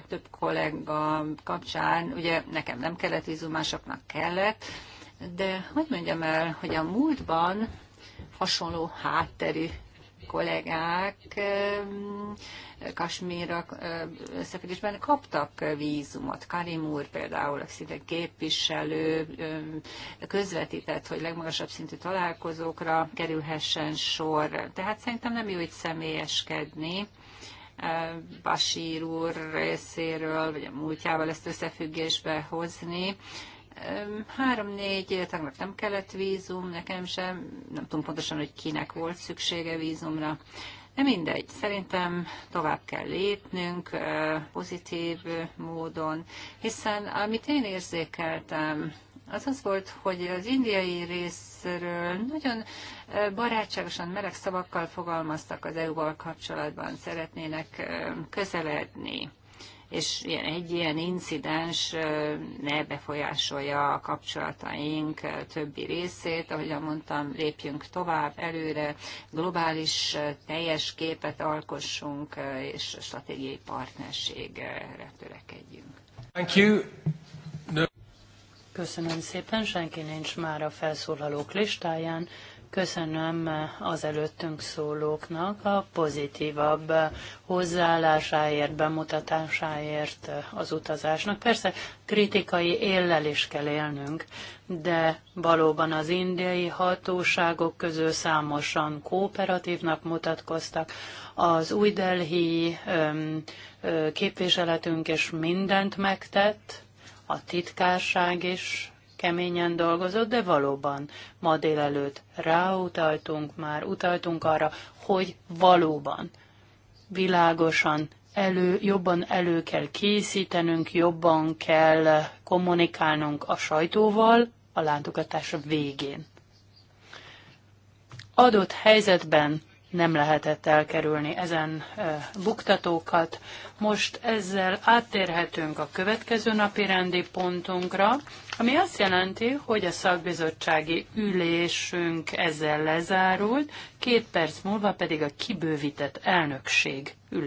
[SPEAKER 3] több kollega kapcsán, ugye nekem nem kellett vízum, másoknak kellett, de hogy mondjam el, hogy a múltban hasonló hátterű kollégák Kasmírra összefüggésben kaptak vízumot. Karim úr például, szinte képviselő közvetített, hogy legmagasabb szintű találkozókra kerülhessen sor. Tehát szerintem nem jó itt személyeskedni. Basír úr részéről, vagy a múltjával ezt összefüggésbe hozni. Három-négy tagnak nem kellett vízum, nekem sem, nem tudom pontosan, hogy kinek volt szüksége vízumra. De mindegy, szerintem tovább kell lépnünk pozitív módon, hiszen amit én érzékeltem, az az volt, hogy az indiai részről nagyon barátságosan, meleg szavakkal fogalmaztak az EU-val kapcsolatban, szeretnének közeledni és ilyen, egy ilyen incidens ne befolyásolja a kapcsolataink többi részét. Ahogy mondtam, lépjünk tovább, előre, globális teljes képet alkossunk, és stratégiai partnerségre törekedjünk.
[SPEAKER 1] Thank you. No.
[SPEAKER 2] Köszönöm szépen, senki nincs már a felszólalók listáján, Köszönöm az előttünk szólóknak a pozitívabb hozzáállásáért, bemutatásáért az utazásnak. Persze kritikai éllel is kell élnünk, de valóban az indiai hatóságok közül számosan kooperatívnak mutatkoztak. Az új Delhi képviseletünk is mindent megtett, a titkárság is keményen dolgozott, de valóban ma délelőtt ráutaltunk már, utaltunk arra, hogy valóban világosan elő, jobban elő kell készítenünk, jobban kell kommunikálnunk a sajtóval a látogatás végén. Adott helyzetben nem lehetett elkerülni ezen buktatókat. Most ezzel áttérhetünk a következő napi rendi pontunkra, ami azt jelenti, hogy a szakbizottsági ülésünk ezzel lezárult, két perc múlva pedig a kibővített elnökség ülés.